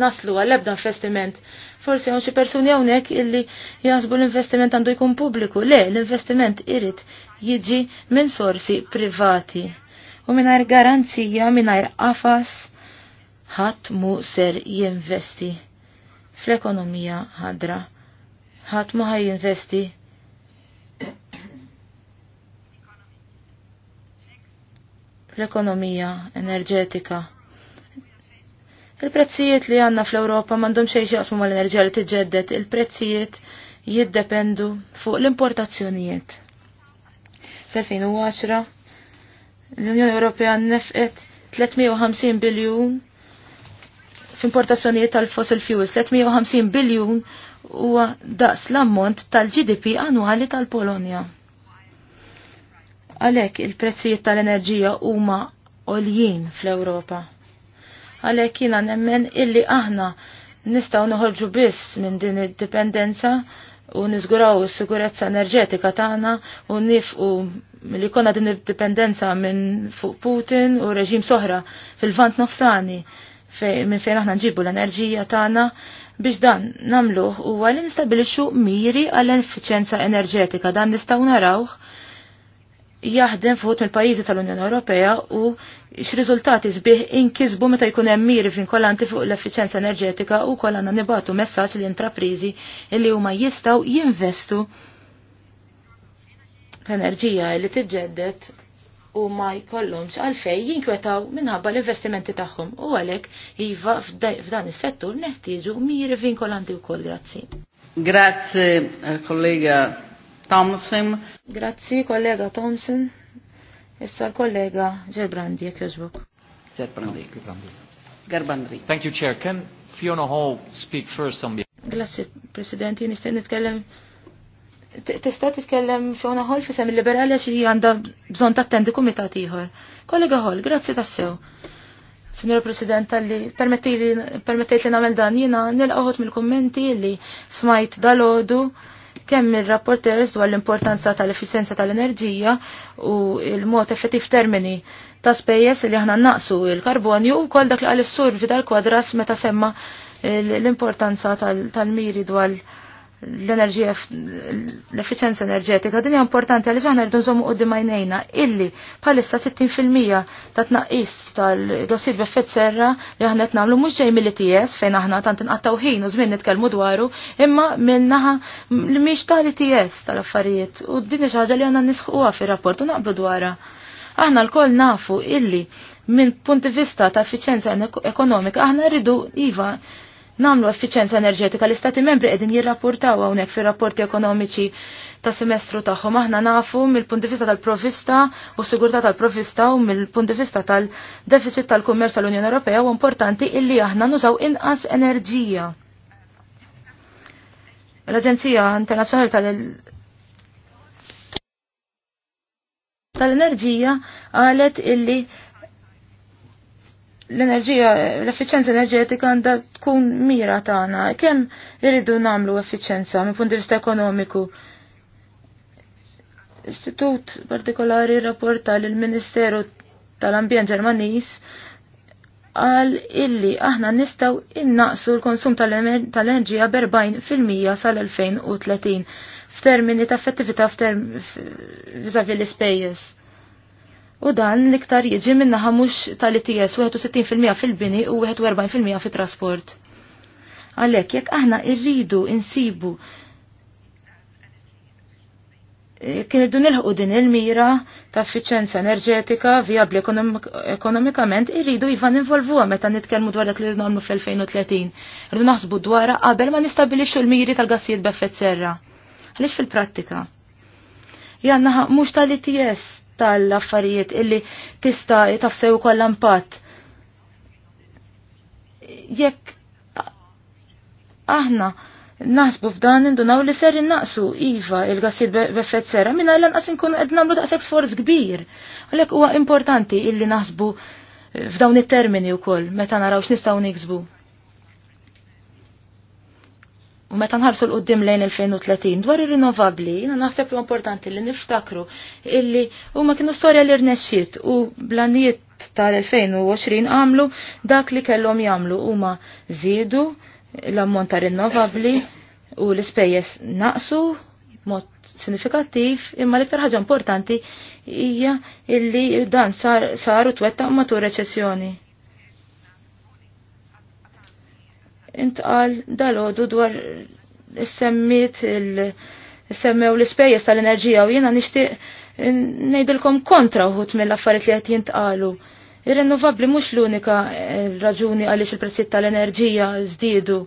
naslu għall-ebda investiment. Forsi għon persuni għonek illi jazbu l-investiment għandu jkun publiku. Le, l-investiment irrit jiġi minn sorsi privati. U minnajr garanzija, minnajr qafas ħadd mu ser jinvesti fl-ekonomija ħadra. Ħadd ma ħaj jinvesti fl-ekonomija enerġetika. Il-prezzijiet li għanna fl-Europa mandom xejn jaqsmu mal-enerġija li tiġġedded, il-prezzijiet jiddependu fuq l-importazzjonijiet. Fl-2010 l-Unjoni Ewropea nefqet 350 biljun f'importazzjonijiet tal-fossil fuels 350 biljun huwa daqs l-ammont tal-GDP annwali tal-Polonja. Għalhekk il-prezzijiet tal-enerġija huma għoljien fl-Ewropa. Għalhekk jiena nemmen illi aħna nistgħu noħorġu biss minn din id-dipendenza u niżguraw is-sigurezza enerġetika tagħna u nifqu li konna din id-dipendenza minn fuq Putin u reġim soħra fil-vant nofsani minn fejn aħna nġibu l-enerġija tagħna biex dan namluh huwa li nistabilixxu miri għall effiċenza enerġetika dan nistgħu narawh jaħdem fuq mill-pajjiżi tal-Unjoni Ewropea u x'riżultati sbieħ inkisbu meta jkun hemm miri vinkolanti fuq l-effiċenza enerġetika u kollha għandna nibatu messaġġ li intrapriżi li huma jistgħu jinvestu f'enerġija li tiġġeddet u ma jkollhomx għalfej jinkwetaw minħabba l-investimenti tagħhom u għalhekk iva f'dan is-settur neħtieġu miri vinkolanti wkoll grazzi. Grazzi eh, kollega Thompson. Grazzi kollega Thompson. Issa l-kollega Ġerbrandi jekk jogħġbok. Ġerbrandi. Garbandri. Thank you, Chair. Can Fiona Hall speak first on behalf? Grazzi, Presidenti. Nistgħu nitkellem tista' titkellem xona ħol sem il-liberali għax li għandha bżonn tattendi kumitat ieħor. Kollega ħol, grazzi tassew. Signor President, li permettejt li nagħmel dan jiena nilqgħod mill-kummenti li smajt dalodu kemm ir-rapporters dwar l-importanza tal-efficienza tal-enerġija u l-mod effettiv termini ta' spejjeż li aħna naqsu il-karbonju u kol dak li għal-sur fidal kwadras meta semma l-importanza tal-miri dwar l-enerġija l-efficienza enerġetika din hija importanti għaliex aħna rridu nżommu qudiem għajnejna illi bħalissa 60% ta' tnaqqis tal dossid b'effett serra li aħna qed nagħmlu mhux ġej mill-ITS fejn aħna tant inqattaw ħin u żmien nitkellmu dwaru imma minnaħa li mhix tal-ITS tal-affarijiet u din xi ħaġa li aħna nisħuha fir-rapport u naqblu dwarha. Aħna lkoll nafu illi minn punti vista ta' effiċenza ekonomika aħna rridu iva namlu effiċenza enerġetika l-istati membri qegħdin jirrapportaw hawnhekk fir-rapporti ekonomiċi ta' semestru tagħhom aħna nafu mill-punt di vista tal-provista u sigurtà tal-provista u mill-punt di vista tal-deficit tal-kummerċ tal-Unjoni Ewropea u importanti illi aħna nużaw inqas enerġija. L-Aġenzija Internazzjonali tal- tal-enerġija qalet illi l-enerġija, l-effiċenza enerġetika għandha tkun mira tagħna. Kemm irridu nagħmlu effiċenza minn punt di vista ekonomiku? Istitut partikolari rapporta lill ministeru tal-Ambjent Ġermaniż għal illi aħna nistaw innaqsu l-konsum tal-enerġija b-40% sal-2030 f'termini ta' effettività f'termini vis-à-vis l-ispejjeż U dan l-iktar jiġi minnaħa mhux tal-ITS 61% fil-bini u 41% fit-trasport. Għalhekk jekk aħna rridu insibu e, Kien kienu nilħu din il-mira ta' effiċenza enerġetika viabli ekonomikament irridu jiva ninvolvuha meta nitkellmu dwar dak li nagħmlu fl-2030. Rridu naħsbu dwar qabel ma nistabilixxu l-miri tal-gassijiet b'effett serra. Għalix fil-prattika? Janna mhux tal-ITS tal-affarijiet illi tista' tafsew ukoll impatt. Jekk aħna naħsbu f'dan indunaw li ser innaqsu iva il gassil b'effett sera minna lanqas nkunu qed nagħmlu daqshekk sforz kbir. Għalhekk huwa importanti illi naħsbu f'dawn it-termini wkoll meta naraw x'nistgħu niksbu. U meta nħarsu l-qoddim lejn 2030 dwar ir-rinnovabbli, jiena naħseb li importanti li niftakru illi huma kienu storja li rnexxiet u blanijiet tal-2020 għamlu dak li kellhom jagħmlu huma żiedu l-ammont ta' rinnovabbli u l-ispejjeż naqsu mod sinifikattiv imma l-iktar ħaġa importanti hija illi dan sar saru twettaq matul reċessjoni intqal dal-ħodu dwar semmit il-semmew l-ispejjeż tal-enerġija u jiena nixtieq ngħidilkom kontra uħut mill-affarijiet li qed jintqalu. Ir-renovabbli mhux l-unika eh, raġuni għaliex il-prezzijiet tal-enerġija żdiedu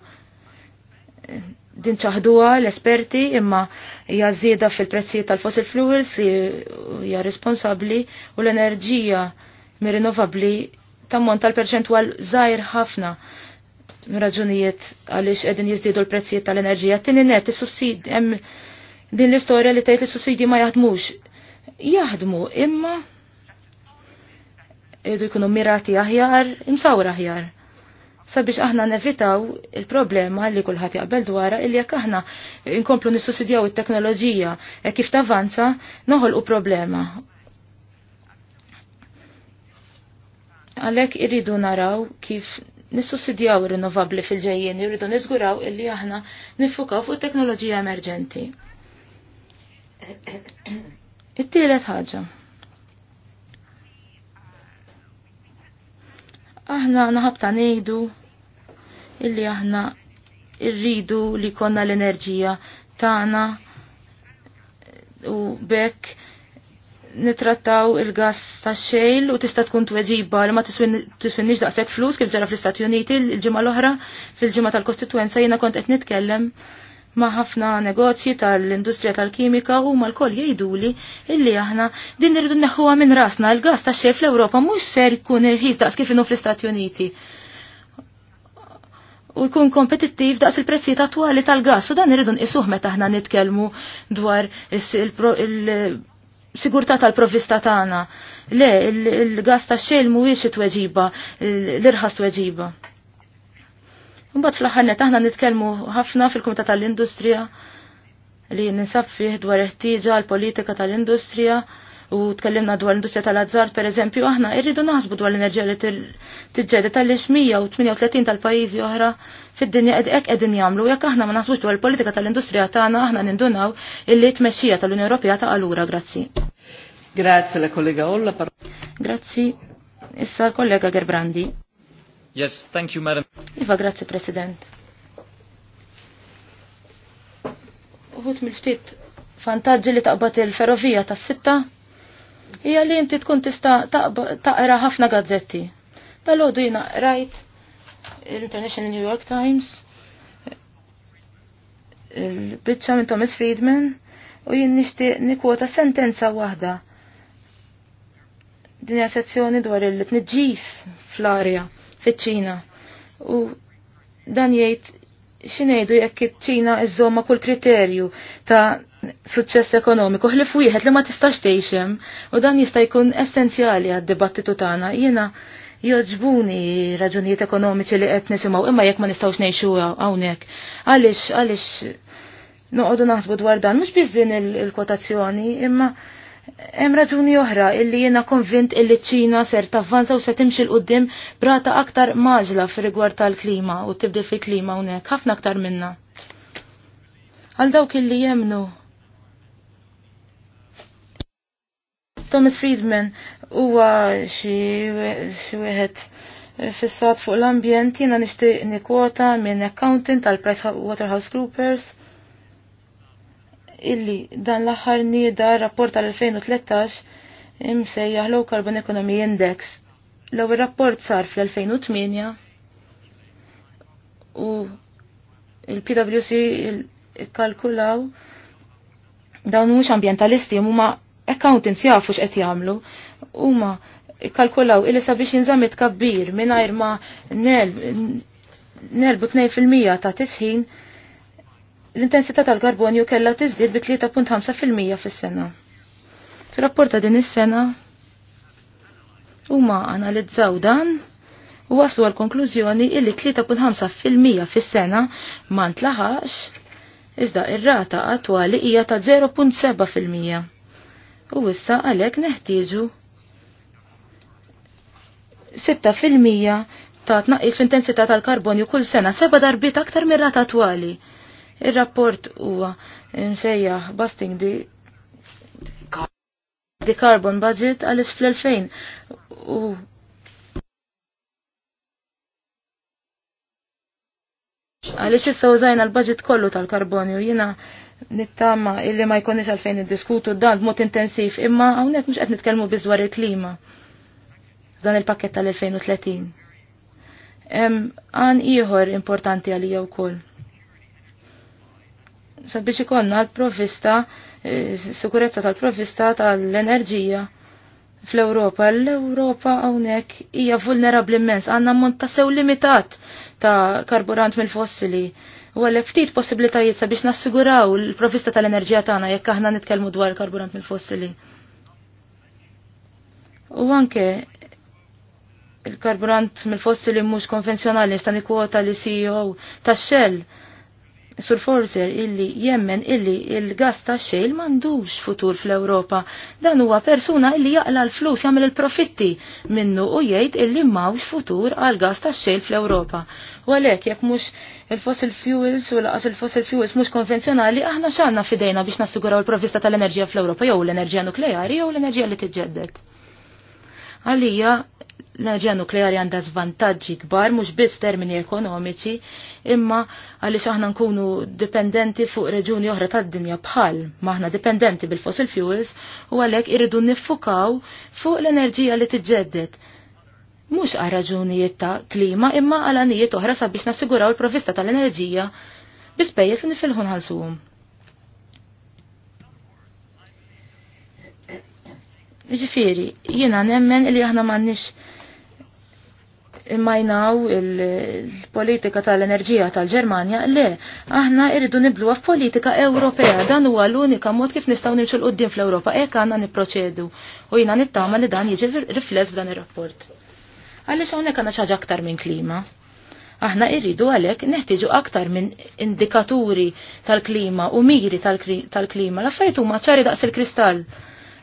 din ċaħduha l-esperti imma hija żieda fil-prezzijiet tal-fossil fuels hija responsabbli u l-enerġija mir-renovabbli tammont tal-perċentwal żgħir ħafna raġunijiet għaliex qegħdin jiżdiedu l-prezzijiet tal-enerġija. Tini net is-sussidi din l-istorja li tgħid il sussidi ma jaħdmux. Jaħdmu imma jidu jkunu mirati aħjar, imsawra aħjar. Sabiex aħna nevitaw il-problema li kulħadd jaqbel dwarha illi jekk aħna inkomplu nissussidjaw it-teknoloġija e kif tavanza u problema. Għalhekk irridu naraw kif nissussidjaw rinnovabli fil-ġejjien, jridu niżguraw illi aħna nifukaw fuq teknoloġija emerġenti. It-tielet ħaġa. Aħna naħabta ngħidu illi aħna irridu li konna l-enerġija tagħna u bekk nitrattaw il-gas ta' xejl u tista' tkun tweġiba li ma tiswinniex daqshekk flus kif ġara fl-Istati Uniti il-ġimgħa l-oħra fil-ġimgħa tal-Kostituenza jiena kont qed nitkellem ma' ħafna negozji tal-industrija tal-kimika u mal-koll jgħiduli illi aħna din irridu neħħuha minn rasna il-gas ta' xejl fl-Ewropa mhux ser jkun irħis daqs kif inhu fl-Istati Uniti. U jkun kompetittiv daqs il-prezzijiet attwali tal-gas u dan irridu nqisuh meta aħna nitkellmu dwar il sigurtà tal-provvista tagħna. Le, il-gas ta' xejn mhuwiex tweġiba, l-irħas tweġiba. Mbagħad fl-aħħar net aħna nitkellmu ħafna fil-Kumitat tal-Industrija li ninsab fih dwar ħtieġa għall politika tal-industrija u tkellimna dwar l-industrija tal-azzar per eżempju aħna irridu naħsbu dwar l-enerġija li tiġġedi tal-138 tal-pajjiżi oħra fid-dinja hekk qegħdin jagħmlu jekk aħna ma naħsbux dwar l politika tal-industrija tagħna aħna nindunaw illi tmexxija tal-Unjoni Ewropea ta' għalura, grazzi. Grazie la kollega Olla. Grazzi. Issa l-kollega Gerbrandi. Yes, thank you, madam. Iva, grazzi, President. Uħut mil ftit fantaġġi li taqbad il-ferrovija tas-sitta hija li inti tkun tista' taqra ħafna gazzetti. Tal-għodu jina rajt international New York Times, il-bicċa minn Thomas Friedman, u jien nixtieq nikwota sentenza waħda. Din hija sezzjoni dwar il tnġis fl-arja fiċ-Ċina. U dan jgħid xinejdu jekk iċ-Ċina iżomma kull kriterju ta' suċċess ekonomiku, ħlifu wieħed li ma tistax tgħixem u dan jista' jkun essenzjali għad-dibattitu tagħna. Jiena joġbuni raġunijiet ekonomiċi li qed nisimgħu imma jekk ma nistgħux ngħixu hawnhekk. Għaliex għaliex noqogħdu naħsbu dwar dan mhux biżin il-kwotazzjoni imma hemm raġuni oħra illi jiena konvint illi ċ-Ċina ser tavvanza u se timxi l qudiem brata aktar maġla fir-rigward tal-klima u tibdil fil-klima hawnhekk ħafna aktar minna. Għal dawk illi jemnu Thomas Friedman huwa xi wieħed fissat fuq l-ambjent jiena nixtieq nikwota minn accountant tal Price Waterhouse Groupers illi dan l-aħħar nieda rapport tal-2013 imsejjaħ Low Carbon Economy Index. L-ewwel rapport sar fl-2008 u il-PwC il kalkulaw dawn mhux ambjentalisti huma accountants jafu x'qed jagħmlu, huma kalkulaw illi sabiex jinżamm kabbir mingħajr ma nelbu 2% ta' tisħin l-intensità tal-karbonju kellha tiżdied bi 3.5% fis-sena. Fir-rapport ta' din is-sena huma analizzaw dan u waslu għal konklużjoni illi 3.5% fis-sena ma ntlaħax iżda ir-rata attwali hija ta' 0.7% u issa għalhekk neħtieġu 6% ta' tnaqqis fl-intensità tal-karbonju kull sena seba' darbiet aktar mir-rata attwali. Ir-rapport huwa msejjaħ Busting di di carbon budget għalis fl-2000 u għalix issa użajna l-budget kollu tal-karbonju jina nittama illi ma jkunniex għalfejn id-diskutu dan b'mod intensiv imma hawnhekk mhux qed nitkellmu biż dwar il-klima dan il-pakket tal-2030. Hemm għan ieħor importanti għalija wkoll. Sabiex ikonna l-provista, eh, sikurezza tal-provista tal-enerġija fl-Ewropa. L-Ewropa hawnhekk hija vulnerabbli immens, għandna ammont ta' sew limitat ta' karburant mill-fossili U għalhekk ftit possibilitajiet sabiex nassiguraw il profista tal-enerġija tagħna jekk aħna nitkellmu dwar karburant mill-fossili. U anke il-karburant mill-fossili mhux konvenzjonali nista' nikkwota li CEO tax-Shell Sur Forzer illi jemmen illi il-gas ta' xejl mandux futur fl-Ewropa. Dan huwa persuna illi jaqla l-flus jagħmel il-profitti minnu u jgħid illi mawx futur għal gas ta' xejl fl-Ewropa. U għalhekk jekk mhux il-fossil fuels u laqas il-fossil fuels mhux konvenzjonali aħna x'għandna fidejna biex nassiguraw il-provista tal-enerġija fl-Ewropa jew l-enerġija nukleari jew l-enerġija li tiġġedded. Għalija l-enerġija nukleari għandha żvantaġġi kbar mhux biss termini ekonomiċi, imma għaliex aħna nkunu dipendenti fuq reġuni oħra tad-dinja bħal maħna dipendenti bil-fossil fuels u għalhekk irridu niffukaw fuq l-enerġija li tiġġedded. Mhux għal raġunijiet ta' klima imma għal anijiet oħra sabiex nassiguraw il-provista tal-enerġija bispejjeż li nifilħu nħalsuhom. Ġifiri, jina nemmen li aħna mannix majnaw il-politika tal-enerġija tal-Ġermanja, le, aħna irridu għaf f'politika Ewropea, dan huwa l-unika mod kif nistgħu nimxu l-qudiem fl-Ewropa, ek għandna nipproċedu u jiena nittama li dan jiġi rifless f'dan ir-rapport. Għaliex hawnhekk għandna xi aktar minn klima aħna irridu għalek neħtiġu aktar minn indikaturi tal-klima u miri tal-klima. L-affarijiet huma ċari daqs il-kristall.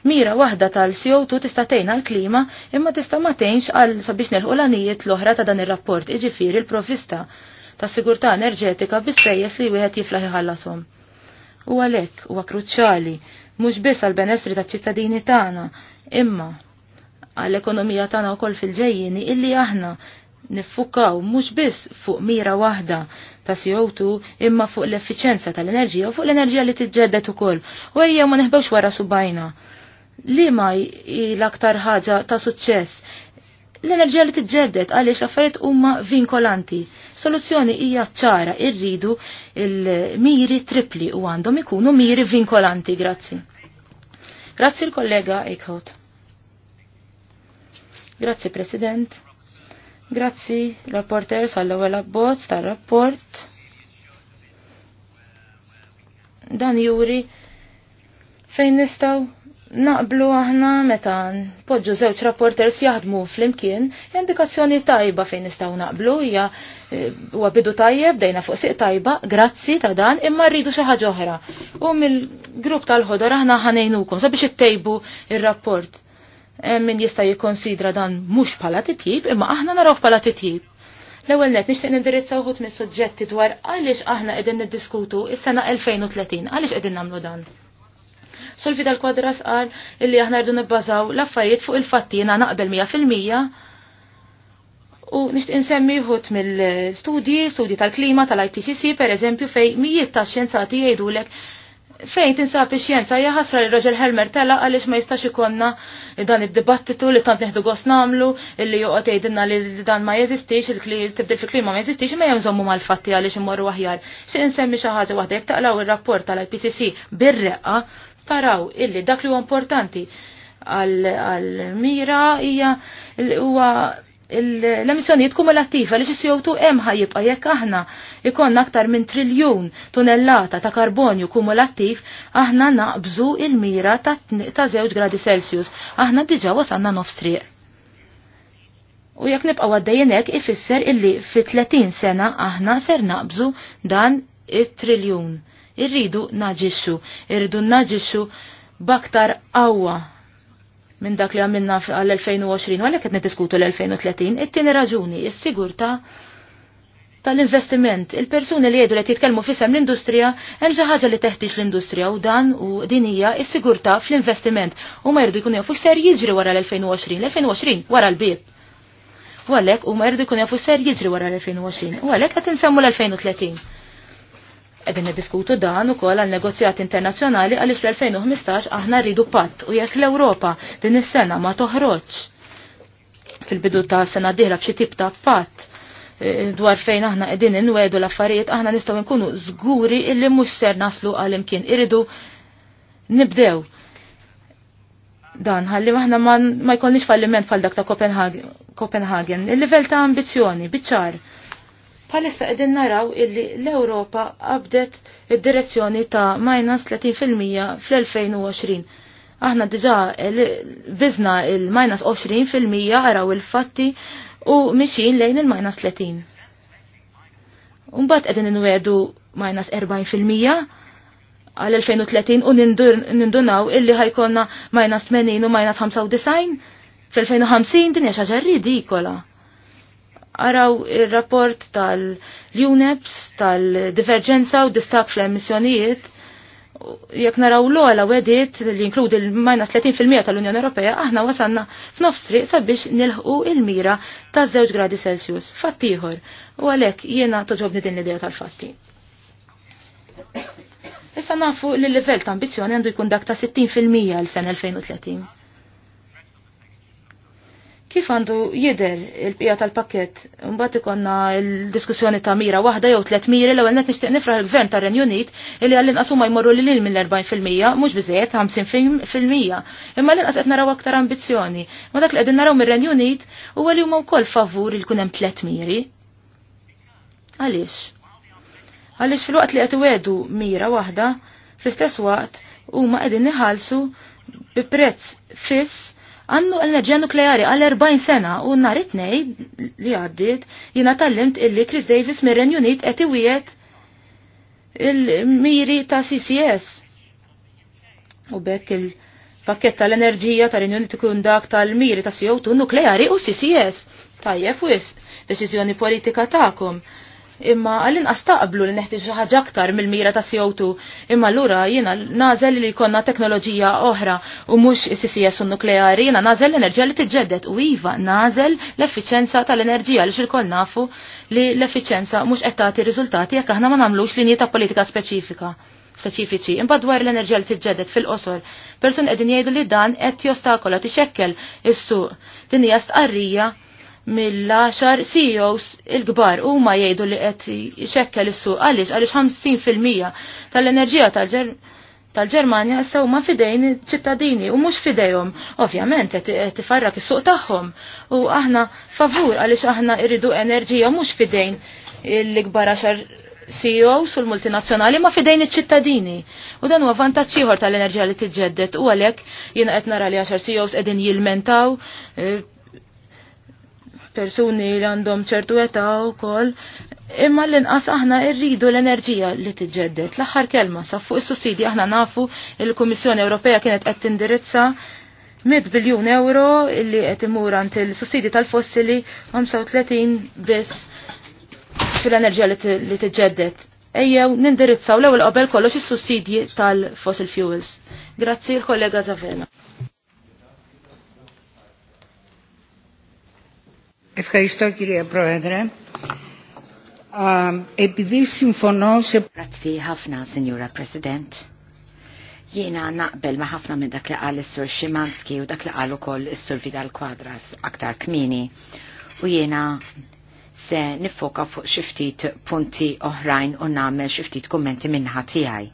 Mira waħda tal-CO2 tista' tgħin għall-klima imma tista' ma tgħinx għal sabiex nelħu l-għanijiet l-oħra ta' dan ir-rapport iġifieri l-provista ta' sigurtà enerġetika bispejjeż li wieħed jiflaħ iħallasom. U għalhekk huwa kruċjali mhux biss għall-benessri taċ-ċittadini tagħna, imma għall-ekonomija tagħna wkoll fil-ġejjieni illi aħna niffukaw mhux biss fuq mira waħda ta' CO2 imma fuq l-effiċenza tal-enerġija u fuq l-enerġija li tiġġedded ukoll. U ejja ma neħbewx wara subajna. Li ma l-aktar ħaġa ta' suċċess? L-enerġija li tiġġedded għaliex l-affarijiet huma vinkolanti. Soluzzjoni hija ċara irridu il-miri tripli u għandhom ikunu miri vinkolanti, grazzi. Grazzi l-kollega Eichhout. Grazzi President. Grazzi rapporter sal-ewwel abbozz tar-rapport. Dan juri fejn nistgħu naqblu aħna meta poġġu żewġ rapporters jaħdmu fl-imkien, indikazzjoni tajba fejn nistgħu naqblu hija eh, huwa bidu tajjeb dejna fuq siq tajba, grazzi ta' dan, imma rridu xi ħaġa oħra. U mill-grupp tal-ħodor aħna ħanejnukom sabiex ittejbu il rapport Min jista' jikkonsidra dan mhux bħala titjib, imma aħna narawh bħala titjib. L-ewwel net nixtieq nindirizza wħud mis-suġġetti dwar għaliex aħna qegħdin niddiskutu is-sena 2030, għaliex qegħdin nagħmlu dan. Solfi dal-kwadras qal illi aħna rridu nibbażaw l-affarijiet fuq il-fattina naqbel 100% u nixtieq insemmi wħud mill-studji, studji tal-klima tal-IPCC per eżempju fej mijiet ta' xjenzati jgħidulek fejn tinsab ix-xjenza hija ħasra li Roger Helmer tela għaliex ma jistax ikonna dan id-dibattitu li tant neħdu gost nagħmlu illi joqgħod tgħidilna li dan ma jeżistix, tibdil fil-klima ma jeżistix, ma jemżommu mal-fatti għaliex imorru aħjar. Xi insemmi xi ħaġa waħda jekk taqlaw ir-rapport tal-IPCC bir-reqqa taraw illi dak li huwa importanti għal-mira hija huwa l-emissjonijiet kumulattiva li co tu hemm jibqa' jekk aħna ikonna aktar minn triljun tunellata ta' karbonju kumulattiv aħna naqbżu il-mira ta' 2 gradi Celsius. Aħna diġà wasanna nofs triq. U jekk nibqa' għaddejjin ifisser illi fi 30 sena aħna ser naqbżu dan it-triljun Irridu naġixxu, irridu naġixxu baktar awwa. minn dak li għamilna għal-2020, għalek qed niddiskutu l-2030, it-tieni raġuni, is-sigurta tal-investiment. Il-persuni li jgħidu li jitkellmu fisem l-industrija, hemm xi ħaġa li teħtix l-industrija u dan u din hija s-sigurtà fl-investiment. U ma jridu jkunu jafu ser jiġri wara l-2020, l-2020 wara l-bib. U għalhekk u ma jridu jkunu jafu ser jiġri wara l-2020, u għalhekk qed insemmu l-2030. Edin diskutu dan u koll għal negozjat internazjonali għal 2015 aħna rridu patt u jekk l-Europa din is-sena ma toħroġ fil-bidu ta' sena diħla b'xi tip ta' patt e, dwar fejn aħna qegħdin inwedu l-affarijiet aħna nistgħu nkunu żguri illi mhux ser naslu għal imkien iridu nibdew dan ħalli aħna ma jkollniex falliment fal dak ta' Copenhagen. Il-livell ta' ambizzjoni biċċar Palissa qegħdin naraw illi l-Ewropa qabdet id-direzzjoni ta' minus 30% fl-2020. Aħna diġà bizna il-minus 20% għaraw il-fatti u mixin lejn il-minus 30. Umbat qegħdin wedu minus 40% għal 2030 u nindunaw illi ħajkonna minus 80 u minus 95 fil-2050 din hija xi Araw il-rapport tal-UNEPS, tal-divergenza u distak fl-emissjonijiet, jekk naraw l għala wedit li jinkludi l-minus 30% tal-Unjoni Ewropea, aħna wasanna f'nofs triq sabiex nilħu il-mira ta' 2 gradi Celsius, fattiħor, u għalek jiena toġobni din l-idea tal-fatti. Issa nafu li l-level ta' ambizjoni għandu jkun dak ta' 60% l-sen 2030 kif għandu jider il-pija tal-pakket. Mbagħad ikonna l-diskussjoni ta' mira waħda jew tliet miri l-ewwel qed nixtieq nifra l gvern tar renju Unit li għall-inqas huma jmorru lil il mill-40% mhux biżejjed 50%. Imma l-inqas qed naraw aktar ambizzjoni. Ma dak li qegħdin naraw mir-Renju Unit huwa li huma wkoll favur il kun hemm tliet miri. Għaliex? Għaliex fil-waqt li qed iwedu mira waħda, fl-istess waqt huma qegħdin niħallsu bi prezz fiss l enerġija nukleari għal 40 sena u nhar it-tnejn li għaddiet jiena tallimt illi Chris Davis mir-Renju Unit qed iwiet il-miri ta' CCS. U bekk il-pakket tal-enerġija tal-Renju Unit ikun dak tal-miri ta' CO2 nukleari u CCS. Tajjeb wisq, deċiżjoni politika tagħkom imma għall astaqblu taqblu li neħtiġ ħaġa aktar mill-mira ta' CO2 imma lura jiena nażel li jkollna teknoloġija oħra u mhux is-CCS u nukleari jiena nażel l-enerġija li tiġġedded u iva nażel l-effiċenza tal-enerġija li xilkoll nafu li l-effiċenza mhux qed tagħti riżultati jekk aħna ma nagħmlux linji ta' politika speċifika speċifiċi. Imbagħad dwar l-enerġija li tiġġedded fil-qosor, person qegħdin jgħidu li dan qed jostakola tixekkel is-suq. Din hija stqarrija mill-10 CEOs il-kbar huma jgħidu li qed ixekkel is-suq għaliex għaliex 50% tal-enerġija tal-Ġermanja issa huma fidejn ċittadini u mhux fidejhom. Ovvjament qed tifarrak is-suq tagħhom u aħna favur għaliex aħna rridu enerġija mhux fidejn il-kbar CEOs u l-multinazzjonali ma fidejn iċ-ċittadini. U dan huwa vantaġġ ieħor tal-enerġija li tiġġedded u għalhekk jiena qed nara li għaxar CEOs qegħdin jilmentaw eh, persuni li għandhom ċertu età wkoll, imma l-inqas aħna rridu l-enerġija li tiġġedded. L-aħħar kelma sa fuq is-sussidji aħna nafu il-Kummissjoni Ewropea kienet qed tindirizza 100 biljun euro illi qed imur għand il-sussidji tal-fossili 35 biss fil-enerġija li tiġġedded ejjew nindirizzaw l-ewwel qabel kollox is-sussidji tal-fossil fuels. Grazzi l-kollega Zavena. Ευχαριστώ κυρία Πρόεδρε. Επειδή συμφωνώ σε... Grazie ħafna, Signora President. Jiena naqbel ma ħafna minn dak li qal is-Sur Ximanski u dak li qal ukoll is-Sur Vidal Quadras aktar kmini. U jiena se nifoka fuq xi ftit punti oħrajn u nagħmel xi ftit kummenti minnha tiegħi.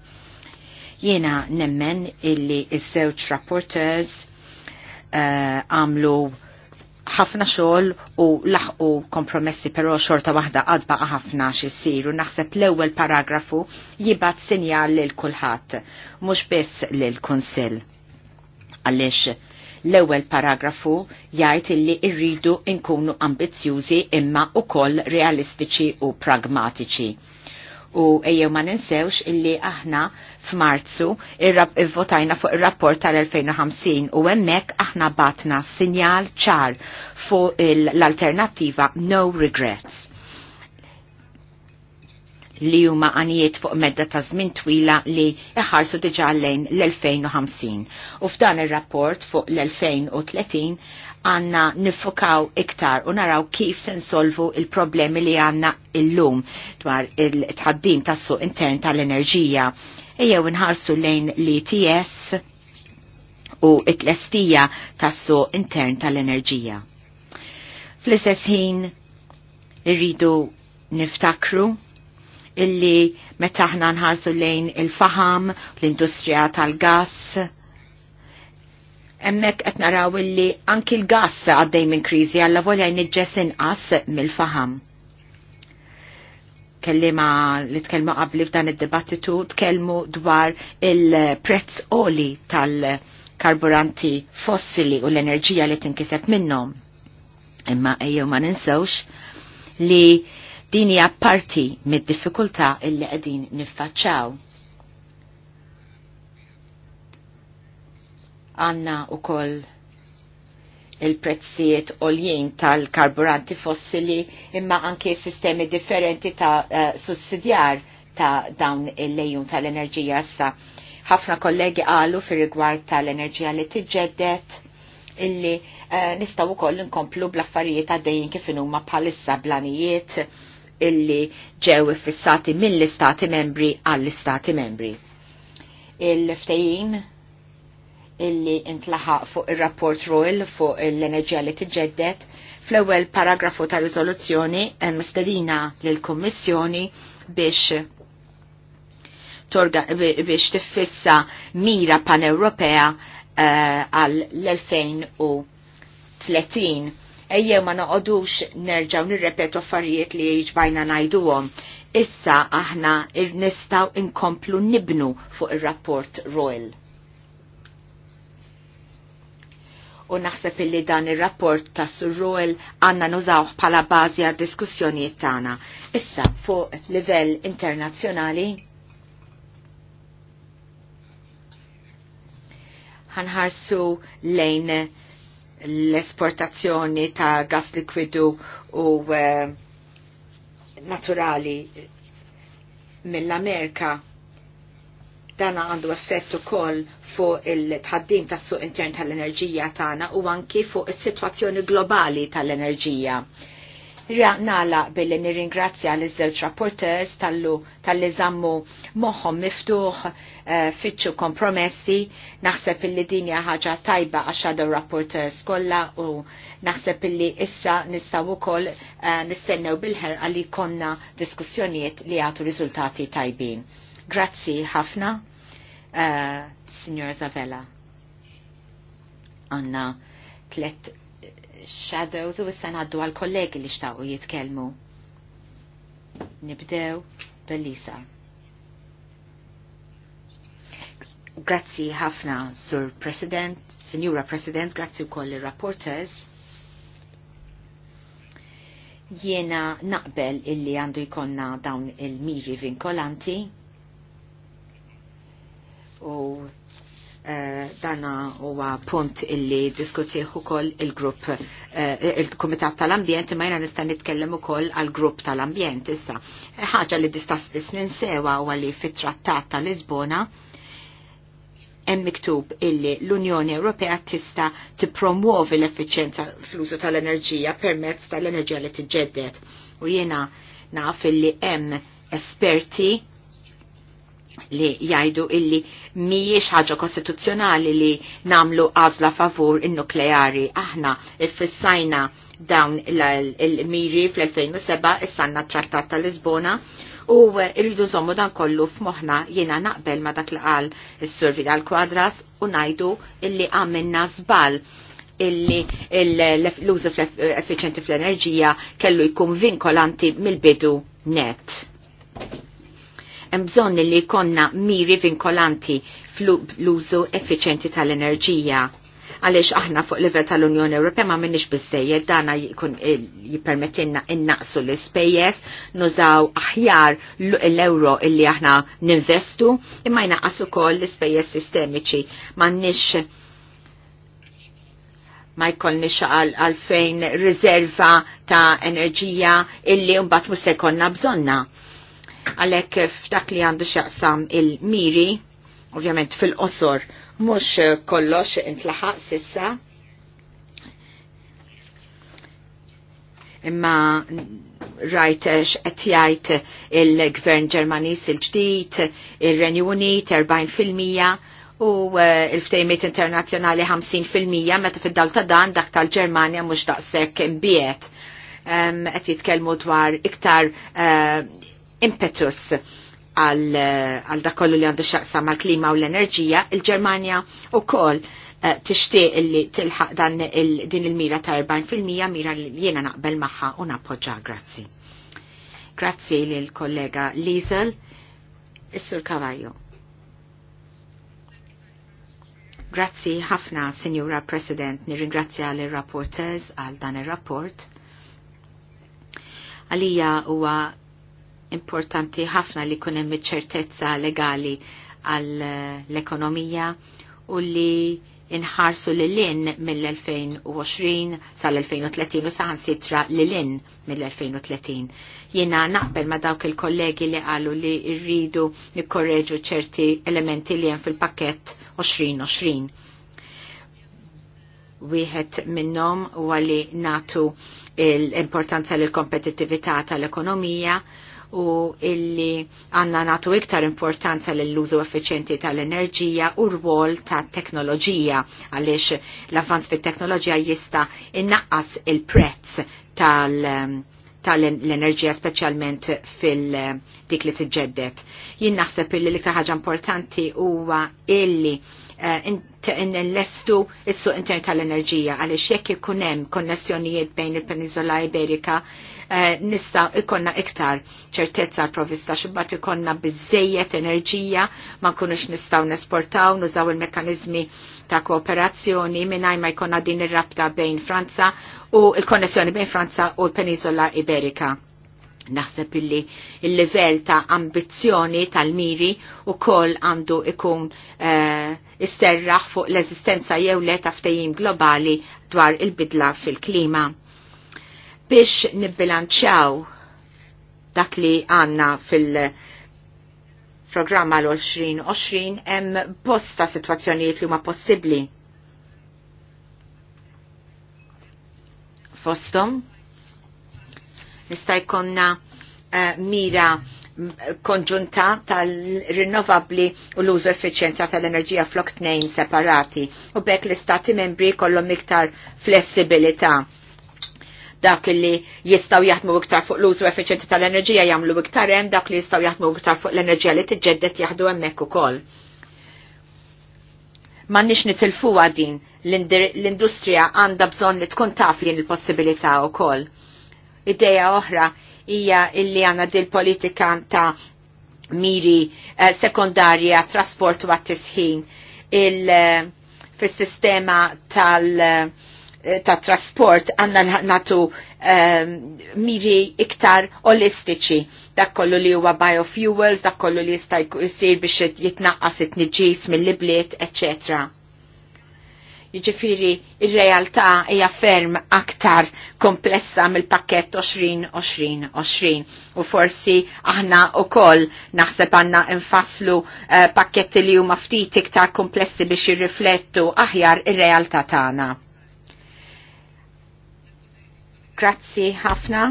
Jiena nemmen illi is-żewġ rapporters eh, għamlu uh, ħafna xogħol u laħqu kompromessi però xorta waħda qadba ħafna xi u naħseb l-ewwel paragrafu jibgħat sinjal lil kulħadd mhux biss lil kunsill. Għaliex l-ewwel paragrafu jgħid illi rridu nkunu ambizzjużi imma ukoll realistiċi u pragmatiċi. U ejjew ma ninsewx illi aħna F'Marzu votajna fuq ir-rapport tal-2050 u hemmhekk aħna batna sinjal ċar fuq l-alternattiva no regrets li huma għanijiet fuq medda ta' żmien twila li iħarsu diġà lejn l-2050. U f'dan ir-rapport fuq l-2030 għanna nifukaw iktar u naraw kif se nsolvu il-problemi li għanna illum dwar il-tħaddim tas suq intern tal-enerġija ejjew inħarsu lejn l-ETS u it-lestija tassu intern tal-enerġija. Fl-istess ħin irridu niftakru illi meta aħna nħarsu lejn il-faham, l-industrija tal-gas, emmek qed naraw illi anki l-gas għaddej minn kriżi għalla volja jniġġes inqas mill-faham kellima li tkellmu qabli f'dan id-dibattitu tkellmu dwar il-prezz oli tal-karburanti fossili u l-enerġija li tinkiseb minnhom. Imma ejjew ma ninsewx li din hija parti mid-diffikultà illi qegħdin niffaċċaw. Għanna u koll il-prezzijiet oljien tal-karburanti fossili imma anke sistemi differenti ta' uh, sussidjar ta' dawn il-lejun tal-enerġija sa. ħafna kollegi għalu fir rigward tal-enerġija li tiġġedet illi uh, nistaw ukoll nkomplu bl-affarijiet għaddejjin kif huma bħalissa blanijiet illi ġew fissati mill-istati membri għall-istati membri. Il-ftejjin illi intlaħaq fuq ir-rapport Royal fuq l-enerġija li tiġġedded fl-ewwel paragrafu ta' riżoluzzjoni hemm mistedina lill-Kummissjoni biex torga biex tiffissa mira pan-Ewropea eh, għal l-2030. Ejje ma noqodux nerġaw nirrepetu affarijiet li jġbajna najduhom. Issa aħna nistaw inkomplu nibnu fuq ir-rapport Royal. u naħseb illi dan ir-rapport ta' Surruel għanna nużawħ bħala bażi għad diskussjonijiet tagħna. Issa fuq livell internazzjonali ħanħarsu lejn l-esportazzjoni ta' gas likwidu u eh, naturali mill-Amerika dana għandu effett ukoll fuq il-tħaddim tas-suq intern tal-enerġija tagħna u anki fuq is-sitwazzjoni globali tal-enerġija. Nala billi nirringrazzja l żewġ rapporters tal-li zammu moħħom miftuħ eh, fitxu kompromessi, naħseb illi din hija ħaġa tajba għax shadow rapporters kollha u naħseb illi issa nistgħu wkoll eh, nistennew bil ħer għalli konna diskussjonijiet li għatu riżultati tajbin. Grazzi ħafna. Uh, eh, Signora Zavella, Anna tlet shadows u issa għaddu għal kollegi li xtaqu jitkelmu. Nibdew bellisa. Grazzi ħafna, Sur President, Signora President, grazzi u koll rapporters. Jiena naqbel illi għandu jkonna dawn il-miri vinkolanti u eh, dana huwa punt illi diskutiħu ukoll il-grupp eh, il-Kumitat tal-Ambjent imma jiena nista' nitkellem ukoll għall-grupp tal-Ambjent issa. Ħaġa li tista' spiss ninsewa u li fit-Trattat tal Lisbona hemm miktub illi l-Unjoni Ewropea tista' tippromuovi l-effiċjenza fl-użu tal-enerġija permezz tal-enerġija li tiġġedded. U jiena naf illi hemm esperti li jajdu illi mijiex ħaġa kostituzzjonali li namlu għazla favur il-nukleari. Aħna fissajna dawn il-miri fl-2007 issanna trattat tal-Lisbona u irridu zommu dan kollu f'moħna jena naqbel ma dak li qal is-survi dal-kwadras u najdu illi għamilna zbal illi l-użu fl-efficienti fl-enerġija kellu jkun vinkolanti mill-bidu net hemm bżonn li jkollna miri vinkolanti fl-użu effiċenti tal-enerġija għaliex aħna fuq livell tal-Unjoni Ewropea ma minnix bizzejjed dana eh, jippermettilna innaqsu l-ispejjeż, nużaw aħjar l-euro illi aħna ninvestu, imma jnaqqas ukoll l-ispejjeż sistemiċi m'għandniex ma jkollni xaqal għalfejn riserva ta' enerġija illi mbagħad mhux se jkollna bżonna Għalek f'dak li għandu xaqsam il-miri, ovvjament fil-qosor, mux kollox intlaħaq sissa. Imma rajt xqed jgħid il-Gvern Ġermaniż il-ġdid, ir-Renju Unit 40% u eh, l-ftejmiet internazzjonali 50% meta fid-dawl ta' dan dak tal-Ġermanja mhux daqshekk imbiet qed jitkellmu dwar iktar eh, impetus għal, dakollu li għandu xaqsa mal klima u l-enerġija, il-Germania u koll uh, eh, tixtieq li tilħaq dan din il-mira ta' 40% mira li jiena naqbel maħħa u nappoġġa. Grazzi. Grazzi l kollega Liesel. Is-Sur Kavajo. Grazzi ħafna, Signora President, nirringrazzja l rapporters għal dan ir rapport Għalija huwa importanti ħafna li kunem ċertezza legali għall-ekonomija u li inħarsu l in mill-2020 sal-2030 u saħan sitra l in mill-2030. Jena naqbel ma dawk il-kollegi li għallu li rridu nikkorreġu ċerti elementi li jen fil-pakket 2020. Wieħed minnom u għalli natu l-importanza l-kompetitivita tal-ekonomija u illi għanna natu iktar importanza l-użu effiċenti tal-enerġija u rwol ta' teknoloġija għaliex l avanz fit teknoloġija jista' innaqqas il-prezz tal- tal-enerġija specialment fil-dik li tiġġeddet. Jien naħseb illi l-iktar ħaġa importanti huwa illi Eh, l-estu issu intern tal-enerġija għaliex jekk ikun hemm konnessjonijiet bejn il-Peniżola Iberika eh, nista' ikonna iktar ċertezza provista xibbat ikonna bizzejiet enerġija ma nkunux nistgħu nesportaw nużaw il-mekkaniżmi ta' kooperazzjoni mingħajr ma jkollna din ir-rabta bejn Franza u l-konnessjoni bejn Franza u l-Peniżola Iberika Naħseb illi il-level ta' ambizzjoni tal-miri u kol għandu ikun uh, isserraħ fuq l-eżistenza jew le ta' ftejim globali dwar il-bidla fil-klima. Biex nibbilanċaw dak li għanna fil-programma l-2020 hemm bosta situazzjonijiet li huma possibbli. Fostom, Nista' jkollna uh, mira konġunta tal-rinnovabli u l-użu effiċjenza tal-enerġija flok tnejn separati u bekk l-istati membri kollhom iktar flessibilità dak li jistaw jaħdmu iktar fuq l-użu effiċjenti tal-enerġija jagħmlu iktar hemm dak li jistaw jaħdmu iktar fuq l-enerġija li tiġġedded jaħdu hemmhekk ukoll. M'għandniex nitilfuha din l-industrija għandha bżonn li tkun taf li l-possibilità wkoll Ideja oħra hija illi għandna dil politika ta' miri eh, sekundarja trasport u għat-tisħin eh, fis-sistema tal- eh, ta' trasport għanna natu eh, miri iktar olistiċi. Dak kollu li huwa biofuels, dak kollu li jista' jsir biex jitnaqqas it-nġis mill-ibliet, eccetera Jiġifieri il realtà hija ferm aktar komplessa mill-pakkett 20-20-20 u forsi aħna wkoll naħseb għandna nfasslu uh, pakketti li huma ftit iktar komplessi biex jirriflettu aħjar ir-realtà tagħna. Grazzi ħafna.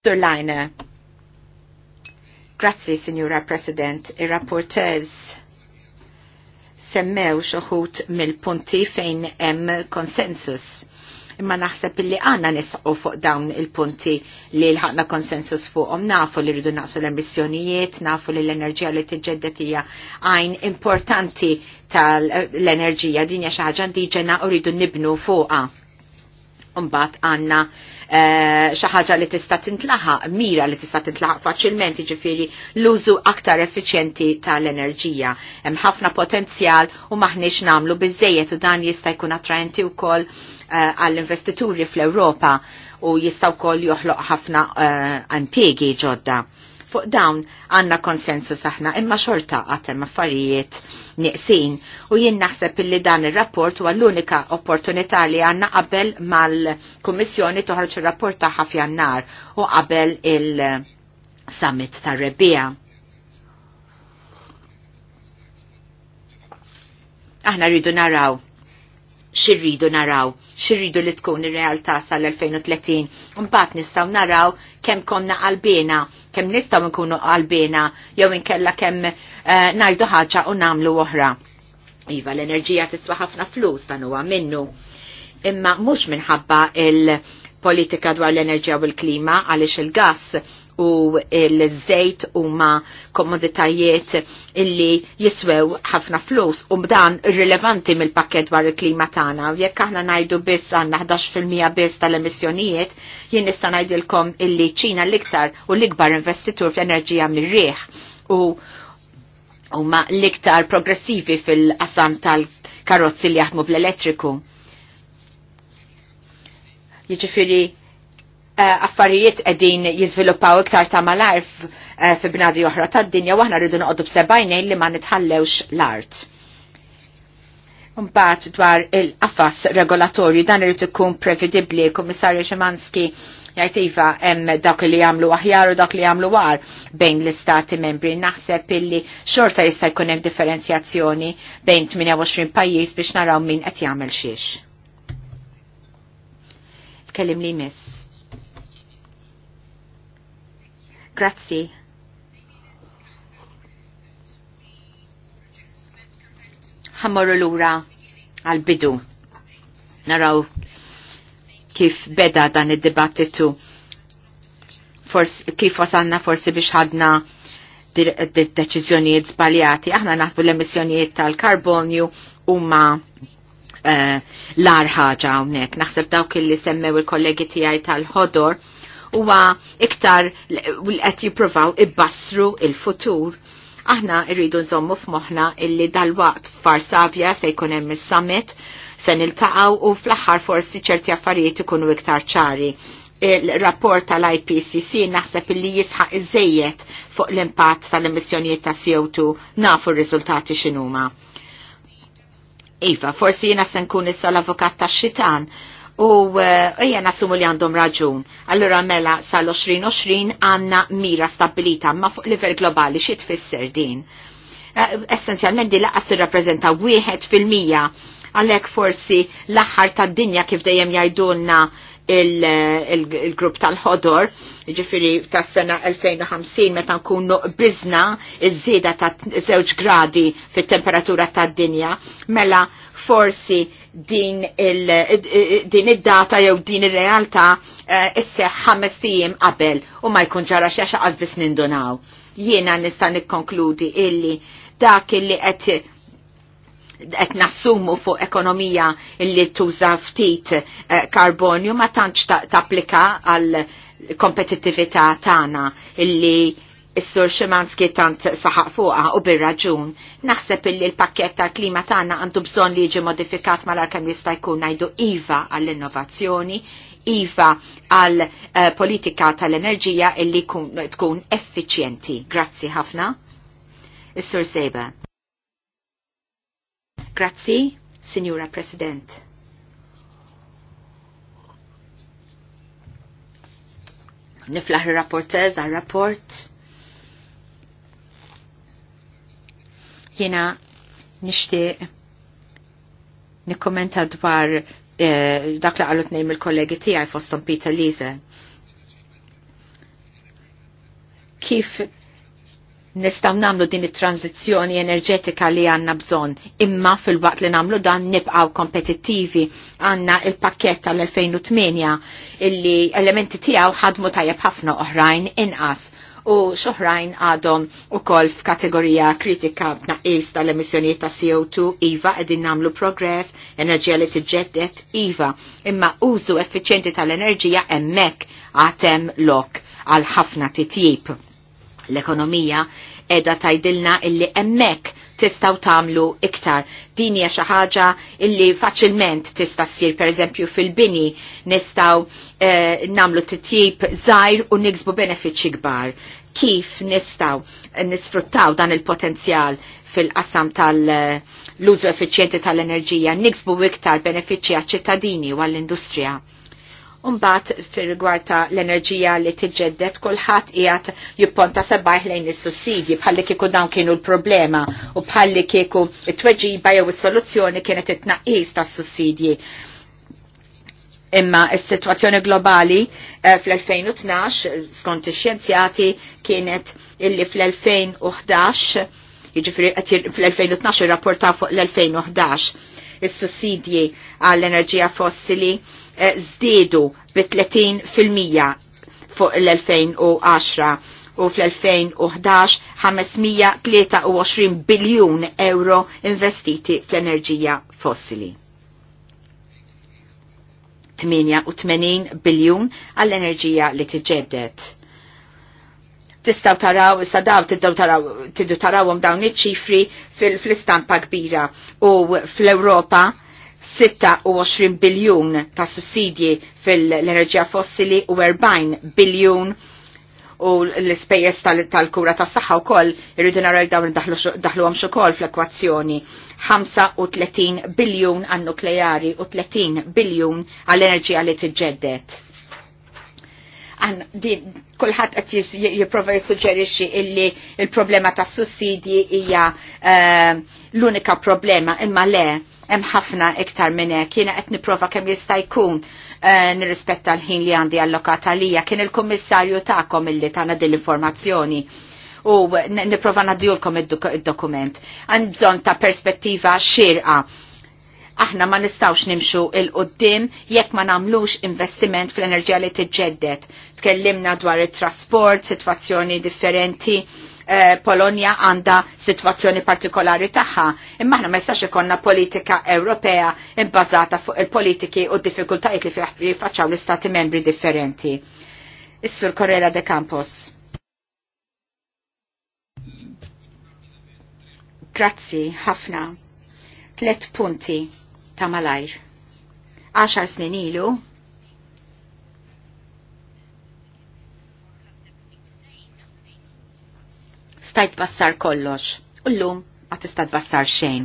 Sir Leine. Grazzi, Signora President, ir-rapportez semmew xoħut mill-punti fejn hemm konsensus. Imma naħseb illi għanna nisqu fuq dawn il-punti li l-ħakna konsensus fuqhom nafu li rridu naqsu l-emissjonijiet, nafu li l-enerġija li tiġġeddet hija għajn importanti tal-enerġija dinja xi ħaġa diġena u rridu nibnu fuqha. Umbat għandna Eh, xaħġa ħaġa li tista' tintlaħa mira li tista' tintlaħa faċilment jiġifieri l-użu aktar effiċjenti tal-enerġija. Hemm ħafna potenzjal u maħniex nagħmlu biżejjed u dan jista' jkun attraenti wkoll eh, għall-investituri fl-Ewropa u jistaw kol joħloq ħafna uh, impiegi ġodda fuq dawn għanna konsensu saħna imma xorta għatem affarijiet nieqsin u jien naħseb illi dan ir-rapport huwa l-unika opportunità li għanna qabel mal-Kummissjoni toħroġ ir-rapport ta' ħafjannar u qabel il-summit tar rebija Aħna rridu naraw xirridu naraw, xirridu li tkun ir-realtà sal-2030. Mbagħad nistgħu naraw kemm konna qalbina, kemm nistgħu nkunu qalbina jew inkella kemm uh, ngħidu ħaġa u nagħmlu oħra. Iva l-enerġija tiswa ħafna flus dan huwa minnu. Imma mhux minħabba il- politika dwar l-enerġija u l-klima għaliex il-gas u l-żejt huma komoditajiet illi jiswew ħafna flus u b'dan rilevanti mill-pakket dwar il-klima tagħna. Jekk aħna ngħidu biss għanna 11% biss tal-emissjonijiet, jien nista' ngħidilkom illi Ċina l-iktar u l-ikbar investitur fl-enerġija mir-rieħ u huma l-iktar progressivi fil-qasam tal-karozzi li jaħdmu bl-elettriku Jiġifieri eh, affarijiet qegħdin jiżviluppaw iktar ta' mal-arf eh, fi bnadi oħra tad-dinja waħna aħna rridu noqogħdu b'sebgħinejn li ma nitħallewx l-art. Mbagħad dwar il-qafas regolatorju dan irid ikun prevedibbli, Kummissarju Ximanski jgħid iva hemm dak li jagħmlu aħjar u dak li jagħmlu war bejn l-istati membri. Naħseb illi xorta jista' jkun hemm differenzjazzjoni bejn 28 pajjiż biex naraw min qed jagħmel xiex. Tkellim li miss. Grazzi. Ħammorru l-ura għal-bidu. Naraw kif beda dan id-dibattitu. Kif wasanna forsi biex ħadna d-deċizjoniet zbaljati. Aħna naħsbu l emissjoniet tal-karbonju u ma Eh, lar ħaġa hawnhekk. Naħseb dawk li semmew il-kollegi tiegħi tal-ħodor huwa iktar qed jippruvaw ibbassru il-futur. Aħna rridu nżommu f'moħħna illi dal-waqt f'Varsavja se jkun hemm is-summit se niltaqgħu u fl-aħħar forsi ċerti affarijiet ikunu iktar ċari il-rapport tal-IPCC naħseb illi jisħaq iżejjed fuq l-impatt tal-emissjonijiet ta' CO2 nafu r-riżultati x'inhuma. Iva, forsi jena se kun issa l-avukat ta' xitan u eh, jena sumu li għandhom raġun. Allura mela sal-2020 għanna mira stabilita ma fuq livell globali xie tfisser din. Eh, essenzjalment di laqqas tirrappreżenta wieħed fil-mija għalhekk forsi l-aħħar tad-dinja kif dejjem jgħidulna il-grupp tal-ħodor, ġifiri tas sena 2050 meta nkunu bizna iż-żieda ta' 2 gradi fit-temperatura tad-dinja, mela forsi din id-data jew din ir-realtà eh, isseħ ħames tiem qabel u ma jkun ġara xi xaqas biss nindunaw. Jiena nista' nikkonkludi illi dak illi qed qed nassumu fuq ekonomija li tuża ftit eh, karbonju ma tantx tapplika għal kompetitività tagħna illi s sur Ximanski tant saħaq fuqa u bir-raġun. Naħseb illi l-pakket tal klima tagħna għandu bżonn li jiġi modifikat mal-arkan jista' jkun ngħidu iva għall-innovazzjoni, iva għal eh, politika tal-enerġija illi tkun effiċjenti. Grazzi ħafna. Is-sur Sejba. Grazzi, Signora President. Niflaħ il-rapportez għal-rapport. Jena nishti nikkommenta dwar eh, dak li għallu t-nejm il-kollegi tiegħi fostom Peter Lise. Kif nistaw namlu din it-tranzizjoni enerġetika li għanna bżon, imma fil-waqt li namlu dan nibqaw kompetittivi għanna il-pakket tal-2008 illi elementi tijaw ħadmu tajab ħafna oħrajn inqas u xoħrajn għadhom u kol f'kategorija kritika naqis tal-emissjonijiet ta' CO2 IVA edin namlu progress, enerġija li tiġġeddet IVA, imma użu effiċjenti tal-enerġija emmek għatem lok għal ħafna titjib l-ekonomija edha tajdilna illi emmek tistaw tamlu iktar. Din hija xi ħaġa illi faċilment tista' ssir pereżempju fil-bini nistgħu eh, namlu titjib żgħir u niksbu benefiċċji kbar. Kif nistgħu nisfruttaw dan il-potenzjal fil-qassam tal-użu effiċjenti tal-enerġija, niksbu iktar benefiċċji għal ċittadini u għall-industrija. Umbat fir-rigward ta' l-enerġija li tiġġedded kulħadd qiegħed jipponta sebbajh lejn is-sussidji bħalli kieku dawn kienu l-problema u bħalli kieku t-tweġiba jew is-soluzzjoni kienet it-tnaqqis tas-sussidji. Imma s-sitwazzjoni globali eh, fl-2012 skont ix-xjenzjati kienet illi fl-2011 jiġifieri fl-2012 irrapportaw fuq l-2011 is-sussidji għall-enerġija fossili Eh, żdiedu bi 30% fuq l-2010 u fl-2011 523 biljun euro investiti fl-enerġija fossili. 88 biljun għall-enerġija li tiġeddet. Tistaw taraw, sadaw tiddaw taraw, tiddu tarawhom dawn iċ-ċifri fil-istampa kbira u fl-Ewropa 26 biljun ta' sussidji fil-enerġija fossili u 40 biljun u l-spejjeż tal-kura tas saħħa wkoll irridu naraw dawn daħluhom x'ukoll fl-ekwazzjoni. 35 biljun għan nukleari u 30 biljun għall-enerġija li tiġġedded. Kulħadd qed jipprova jissuġġerixxi illi il-problema tas sussidji hija eh, l-unika problema imma le hemm ħafna iktar minn hekk. Jiena qed nipprova kemm jista' jkun eh, nirrispetta l-ħin li għandi allokat għalija. Kien il-kummissarju tagħkom illi tagħna din l-informazzjoni u nipprova ngħaddulkom id-dokument. Għand bżonn ta' perspettiva xirqa aħna ma nistawx nimxu il-qoddim jekk ma namlux investiment fl-enerġija li tiġġeddet. Tkellimna dwar it-trasport, situazzjoni differenti, Eh, Polonja għanda situazzjoni partikolari taħħa. Imma ħna ma ikonna politika Ewropea imbazata fuq il-politiki u diffikultajiet li jiffaċċaw l-istati membri differenti. Is-Sur Correra de Campos. Grazzi, ħafna. Tlet punti ta' malajr. Għaxar snin ilu, stajt bassar kollox. Ullum ma tista' bassar xejn.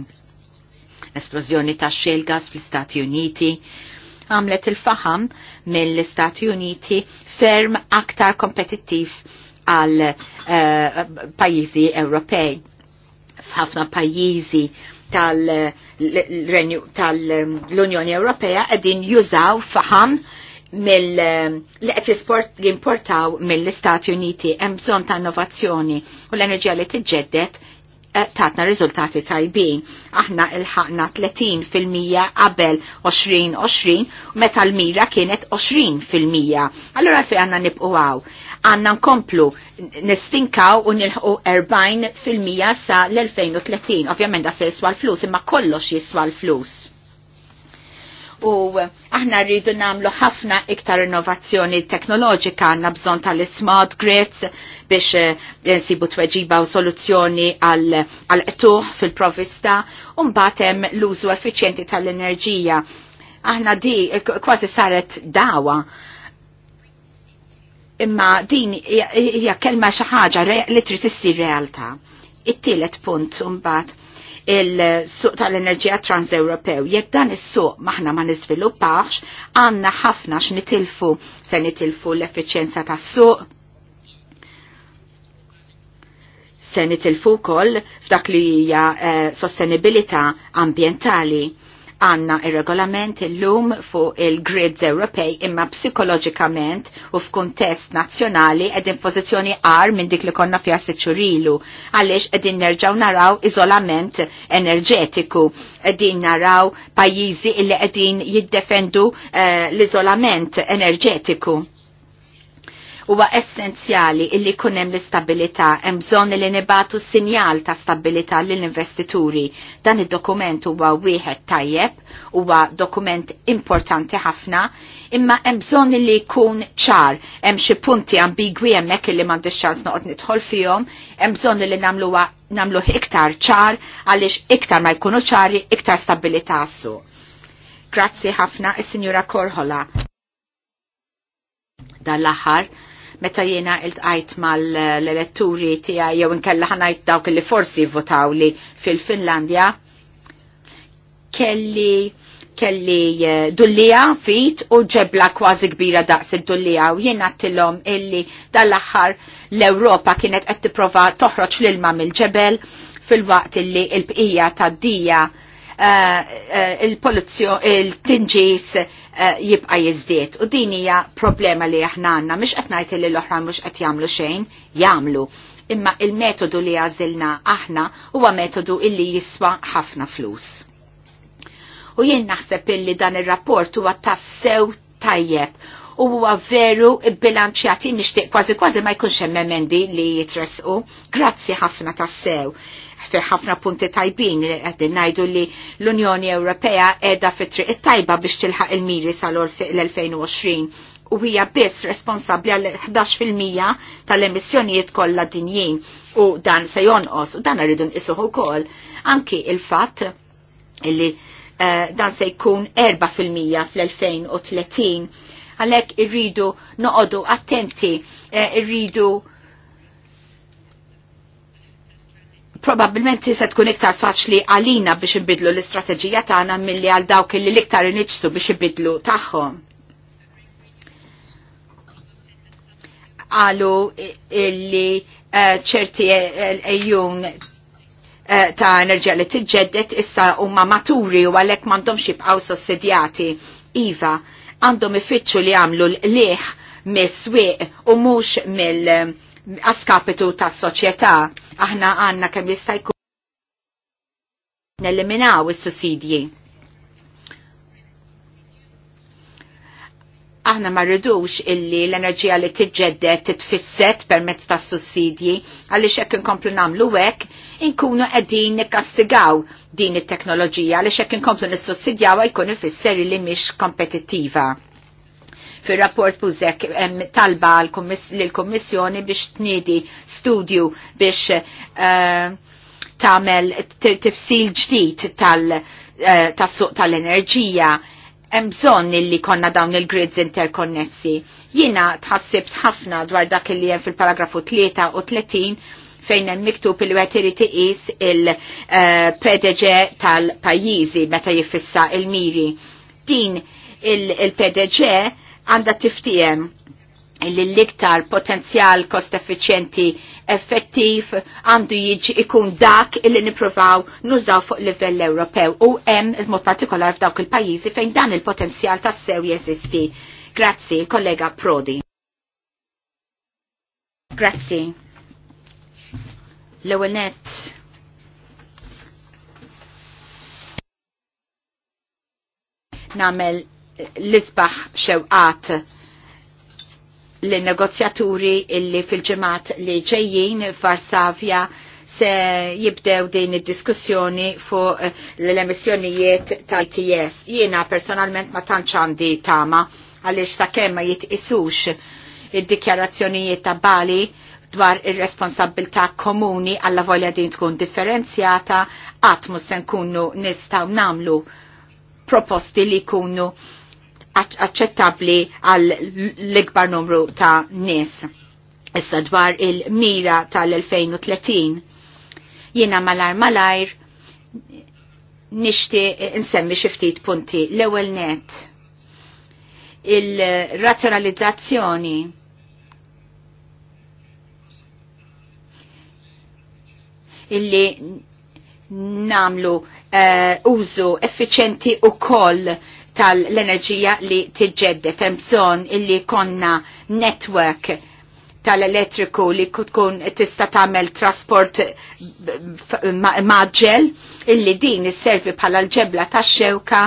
l esplozjoni ta' xelgas fl-Istati Uniti għamlet il-faham mill-Istati Uniti ferm aktar kompetittiv għal uh, pajizi Ewropej. F'ħafna pajizi tal-Unjoni tal, Ewropea għedin jużaw faham mill eh, li qed jimportaw mill-Istati Uniti hemm bżonn ta' innovazzjoni u l-enerġija li tiġġedded eh, tatna riżultati tajbin. Aħna il-ħakna 30% qabel 2020 u meta l-mira kienet 20%. Allora fi għanna nibqu għaw. Għanna nkomplu nistinkaw u nilħu 40% sa l-2030. Ovvjament da se jiswa l-flus, imma kollox jiswa l-flus u aħna rridu namlu ħafna iktar innovazzjoni teknoloġika għanna bżon tal-smart grids biex eh, nsibu tweġiba u soluzzjoni għal etuħ fil-provista un batem l-użu effiċjenti tal-enerġija. Aħna di eh, kważi saret dawa imma din hija kelma xi ħaġa li trid issir realtà. It-tielet punt mbagħad il-suq tal-enerġija trans-Ewropew. Jekk dan is-suq maħna ma nisviluppax, għandna ħafna x'nitilfu se nitilfu l-effiċjenza tas-suq, se nitilfu wkoll f'dak li hija eh, sostenibilità ambjentali għanna ir-regolament il illum fuq il-grids Ewropej imma psikoloġikament u f'kuntest nazzjonali edin pożizzjoni għar minn dik li konna fija siċurilu għaliex edin nerġaw naraw iżolament enerġetiku edin naraw pajjiżi illi edin jiddefendu uh, eh, l-iżolament enerġetiku Huwa essenzjali illi kunem l istabilita hemm bżonn li nibatu sinjal ta' stabilità lill-investituri. Dan id-dokument huwa wieħed tajjeb, huwa dokument importanti ħafna, imma hemm bżonn li jkun ċar, hemm xi punti ambigwi hemmhekk illi m'għandix ċans noqgħod nidħol fihom, hemm bżonn li nagħmluha nagħmluh iktar ċar għaliex iktar ma jkunu ċari, iktar stabilità su. Grazzi ħafna is-Sinjura Korhola dal-aħħar meta jiena tqajt mal-elettori tiegħi jew inkella ħanajt dawk li forsi votaw li fil-Finlandja kelli kelli eh, dullija fit u ġebla kważi kbira daqs id-dullija u jien għattilhom illi dal-aħħar l-Ewropa kienet qed tipprova toħroġ l-ilma mill-ġebel fil-waqt illi l-bqija tad-dija Eh, eh, il-poluzzjoni, il-tinġis eh, jibqa' jizdiet. U din hija problema li aħna għandna mhux qed li l-oħra mhux qed jagħmlu xejn, jagħmlu. Imma il-metodu li għażilna aħna huwa metodu illi jiswa ħafna flus. U jien naħseb illi dan ir-rapport huwa tassew tajjeb u huwa veru bilanċjati nixtieq kważi kważi ma jkunx hemm emendi li jitresqu. Grazzi ħafna tassew fi ħafna punti tajbin li għeddin najdu li l-Unjoni Ewropea edha fi triq tajba biex tilħaq il-miri sal-2020 u hija biss responsabbli għal 11% tal-emissjonijiet kollha dinjin u dan se jonqos u dan rridu nqisuh ukoll anki il-fatt li eh, dan se jkun 4% fl-2030 għalhekk irridu noqogħdu attenti uh, Probabilment se tkun iktar faċli għalina biex nbidlu l-istrateġija tagħna milli għal dawk li l-iktar iniġsu biex ibidlu tagħhom. Għalu illi eh, ċerti ejjun eh, eh, ta' enerġija li tiġġeddet issa huma maturi u għalhekk m'għandhom xibqgħu sossidjati. Iva, għandhom ifittxu li għamlu l-liħ mis-swieq u mhux mill-askapitu tas-soċjetà Aħna għanna kemm jista' jkun neliminaw is-sussidji. Aħna ma rridux illi l-enerġija li tiġġedded titfisset permezz tas sussidji għaliex hekk inkomplu nagħmlu hekk inkunu qegħdin nikkastigaw din it-teknoloġija għaliex hekk inkomplu nissussidjaw jkun ifisser li mhix kompetittiva. Fil-rapport Buzek talba l-Kommissjoni biex tnidi studju biex uh, eh, tamel tifsil ġdid tal-suq eh, tal-enerġija. hemm bżonn illi konna dawn il-grids interkonnessi. Jiena tħassibt ħafna dwar dak li hemm fil-paragrafu 3 u 30 fejn hemm miktub il wet irid il eh, pdg għanda tiftijem li l-iktar potenzjal kost effiċjenti effettiv għandu jiġi ikun dak illi niprofaw nużaw fuq livell Ewropew u hemm mod partikolar f'dawk il-pajjiżi fejn dan il-potenzjal tassew jeżisti. Grazzi, kollega Prodi. Grazzi. L-ewwel nagħmel l-isbaħ xewqat l-negozjaturi illi fil-ġemat li ġejjin f'Varsavja se jibdew din id-diskussjoni fuq l-emissjonijiet tal-ITS. Jiena personalment ma tantx għandi tama għaliex sakemm ma jitqisux id-dikjarazzjonijiet ta' Bali dwar ir-responsabilità komuni għalla volja din tkun differenzjata għatmu se nkunu nistaw namlu proposti li kunu aċċettabli għal l-ikbar numru ta' nies. Issa dwar il-mira tal-2030. Jiena malar malajr nishti nsemmi xi ftit punti. L-ewwel net il-razzjonalizzazzjoni illi namlu uh, użu effiċenti u koll tal-enerġija li tiġġedde Hemm bżonn illi konna network tal-elettriku li tkun tista' tagħmel trasport maġġel illi din isservi bħala l-ġebla tax-xewka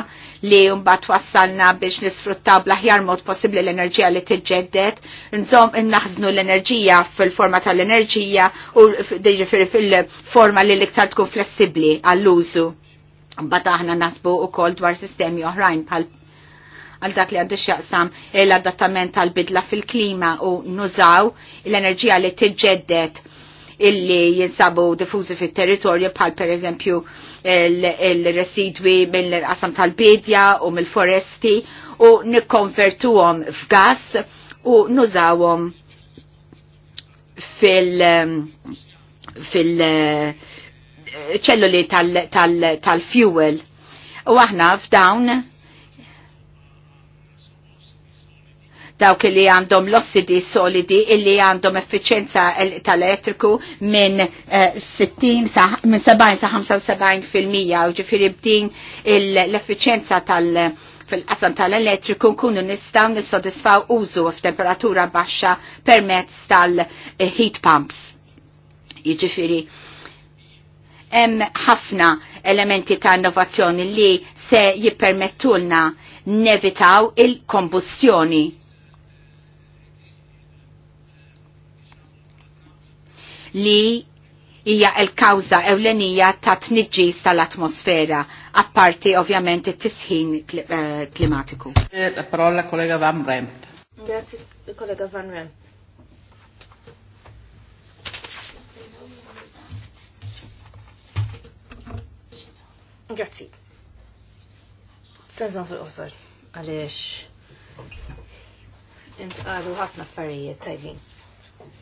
li mbagħad wassalna biex nisfruttaw bl-aħjar mod possibbli l-enerġija li tiġġeddet, nżomm innaħżnu l-enerġija fil-forma tal-enerġija u fil-forma li l-iktar tkun flessibbli għall-użu Mbagħad aħna nasbu wkoll dwar sistemi oħrajn pal għal dak li għandu xjaqsam l-adattament tal-bidla fil-klima u nużaw l-enerġija li tiġġeddet illi jinsabu diffużi fit-territorju bħal per eżempju l residwi mill-qasam tal-bidja u mill-foresti u nikkonvertuhom f'gas u nużawhom fil- fil- ċelluli tal-fuel. U aħna f'dawn dawk li għandhom l-ossidi solidi illi għandhom effiċenza tal-elettriku minn 60 eh, minn 70 sa 75 fil-mija u ġifiri bdin l-effiċenza tal- fil-qasam tal-elettriku nkunu nistaw nissodisfaw użu f'temperatura baxxa permezz tal-heat pumps. Jiġifieri hemm ħafna elementi ta' innovazzjoni li se jippermettulna nevitaw il-kombustjoni. Li hija l-kawża ewlenija ta' tniġġis tal-atmosfera, apparti ovvjament it-tisħin eh, klimatiku. Eh, la parola kollega Van Bremt. Grazie kollega Van Bremt. Grazzi. Senżon fil-qosor, għaliex intqalu ħafna affarijiet tajbin.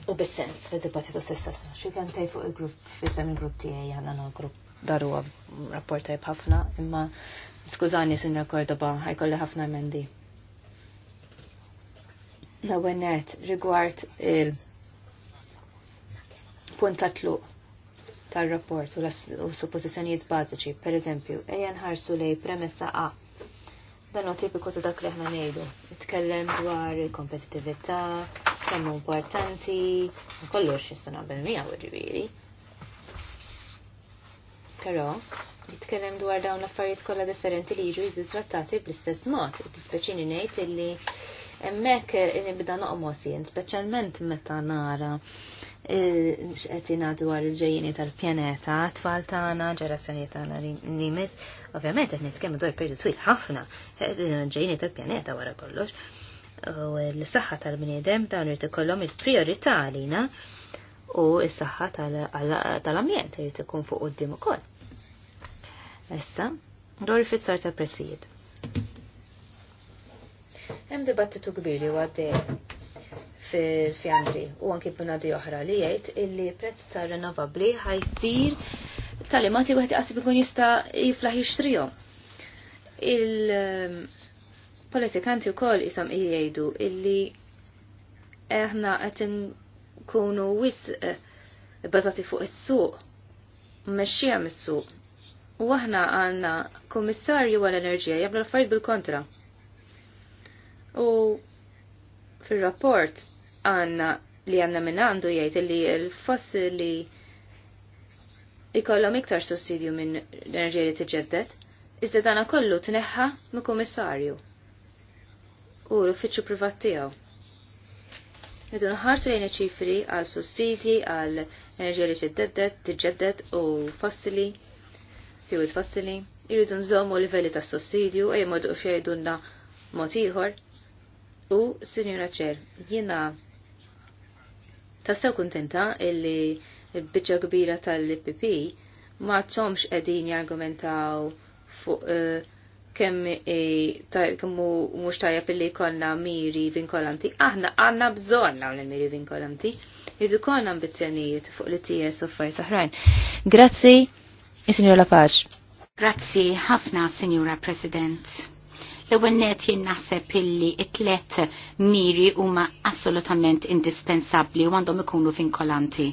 U bis-sens fil-dibattitu s-sess. Xikem tajt fuq il-grupp, fissem il-grupp tijaj, għanna no-grupp daru rapport tajb ħafna, imma skużani sin ba, ħajkolli ħafna emendi. L-għennet rigward il-puntatluq tal-rapport u suppożizzjonijiet bażiċi, per eżempju, ejja nħarsu lej premessa A. Dan huwa tipiku ta' dak li aħna ngħidu. Itkellem dwar il-kompetitività, kemm importanti, kollox jista' naqbel miegħu ġifieri. Però, jitkellem dwar dawn l-affarijiet kollha differenti li jiġu jiġu trattati bl-istess mod. Dispeċini ngħid illi hemmhekk nibda noqmos jien, speċjalment meta nara xqed ingħadu dwar il-ġejjini tal-pjaneta, tfal tagħna, ġerazzjonijiet tagħna li mis, ovvjament qed nitkellmu dwar periodu twil ħafna ġejjini tal-pjaneta wara kollox. U l-saħħa tal-bniedem dawn irid ikollhom il priorita għalina u s-saħħa tal-ambjent irid ikun fuq quddiem ukoll. Issa, dwar il-fizzar tal-prezzijiet. Hemm dibattitu kbiri li għaddej fil-fjandri u anki b'nadi oħra li jgħid illi prezz ta' rinnovabbli ħajsir tal-imati wieħed iqasib ikun jista' jiflaħ jixtrihom. Il-politikanti wkoll isam jgħidu illi aħna qed nkunu wis eh, bażati fuq is-suq, mmexxija mis-suq. U aħna għandna kummissarju għall-enerġija jabla l-affarijiet bil-kontra. U fil-rapport għanna li għanna minn għandu jgħid li l-fossili ikollhom iktar sussidju minn l-enerġija li tiġġedded, iżda dana kollu tneħħa mill kummissarju u l-uffiċċju privat tiegħu. Nidu nħarsu lejn ċifri għal sussidji għal enerġija li t-ġeddet u fossili, fuels fossili, irridu nżommu livelli ta' sussidju ejja modu xejdunna mod ieħor. U, Sinjura Ċer, jiena Tassew kuntenta illi l kbira tal-PP ma tsomx qegħdin jargumentaw fuq eh, kemm kemm mhux tajjeb illi jkollna miri vinkolanti. Aħna għandna bżonn hawn il-miri vinkolanti. Irdu konna ambizzjonijiet fuq li TS u affarijiet oħrajn. Grazzi, is-Sinjura Lapaġ. Grazzi ħafna, Signora President. L-ewwel net jien naħseb illi t-tlet miri huma assolutament indispensabbli u għandhom ikunu vinkolanti.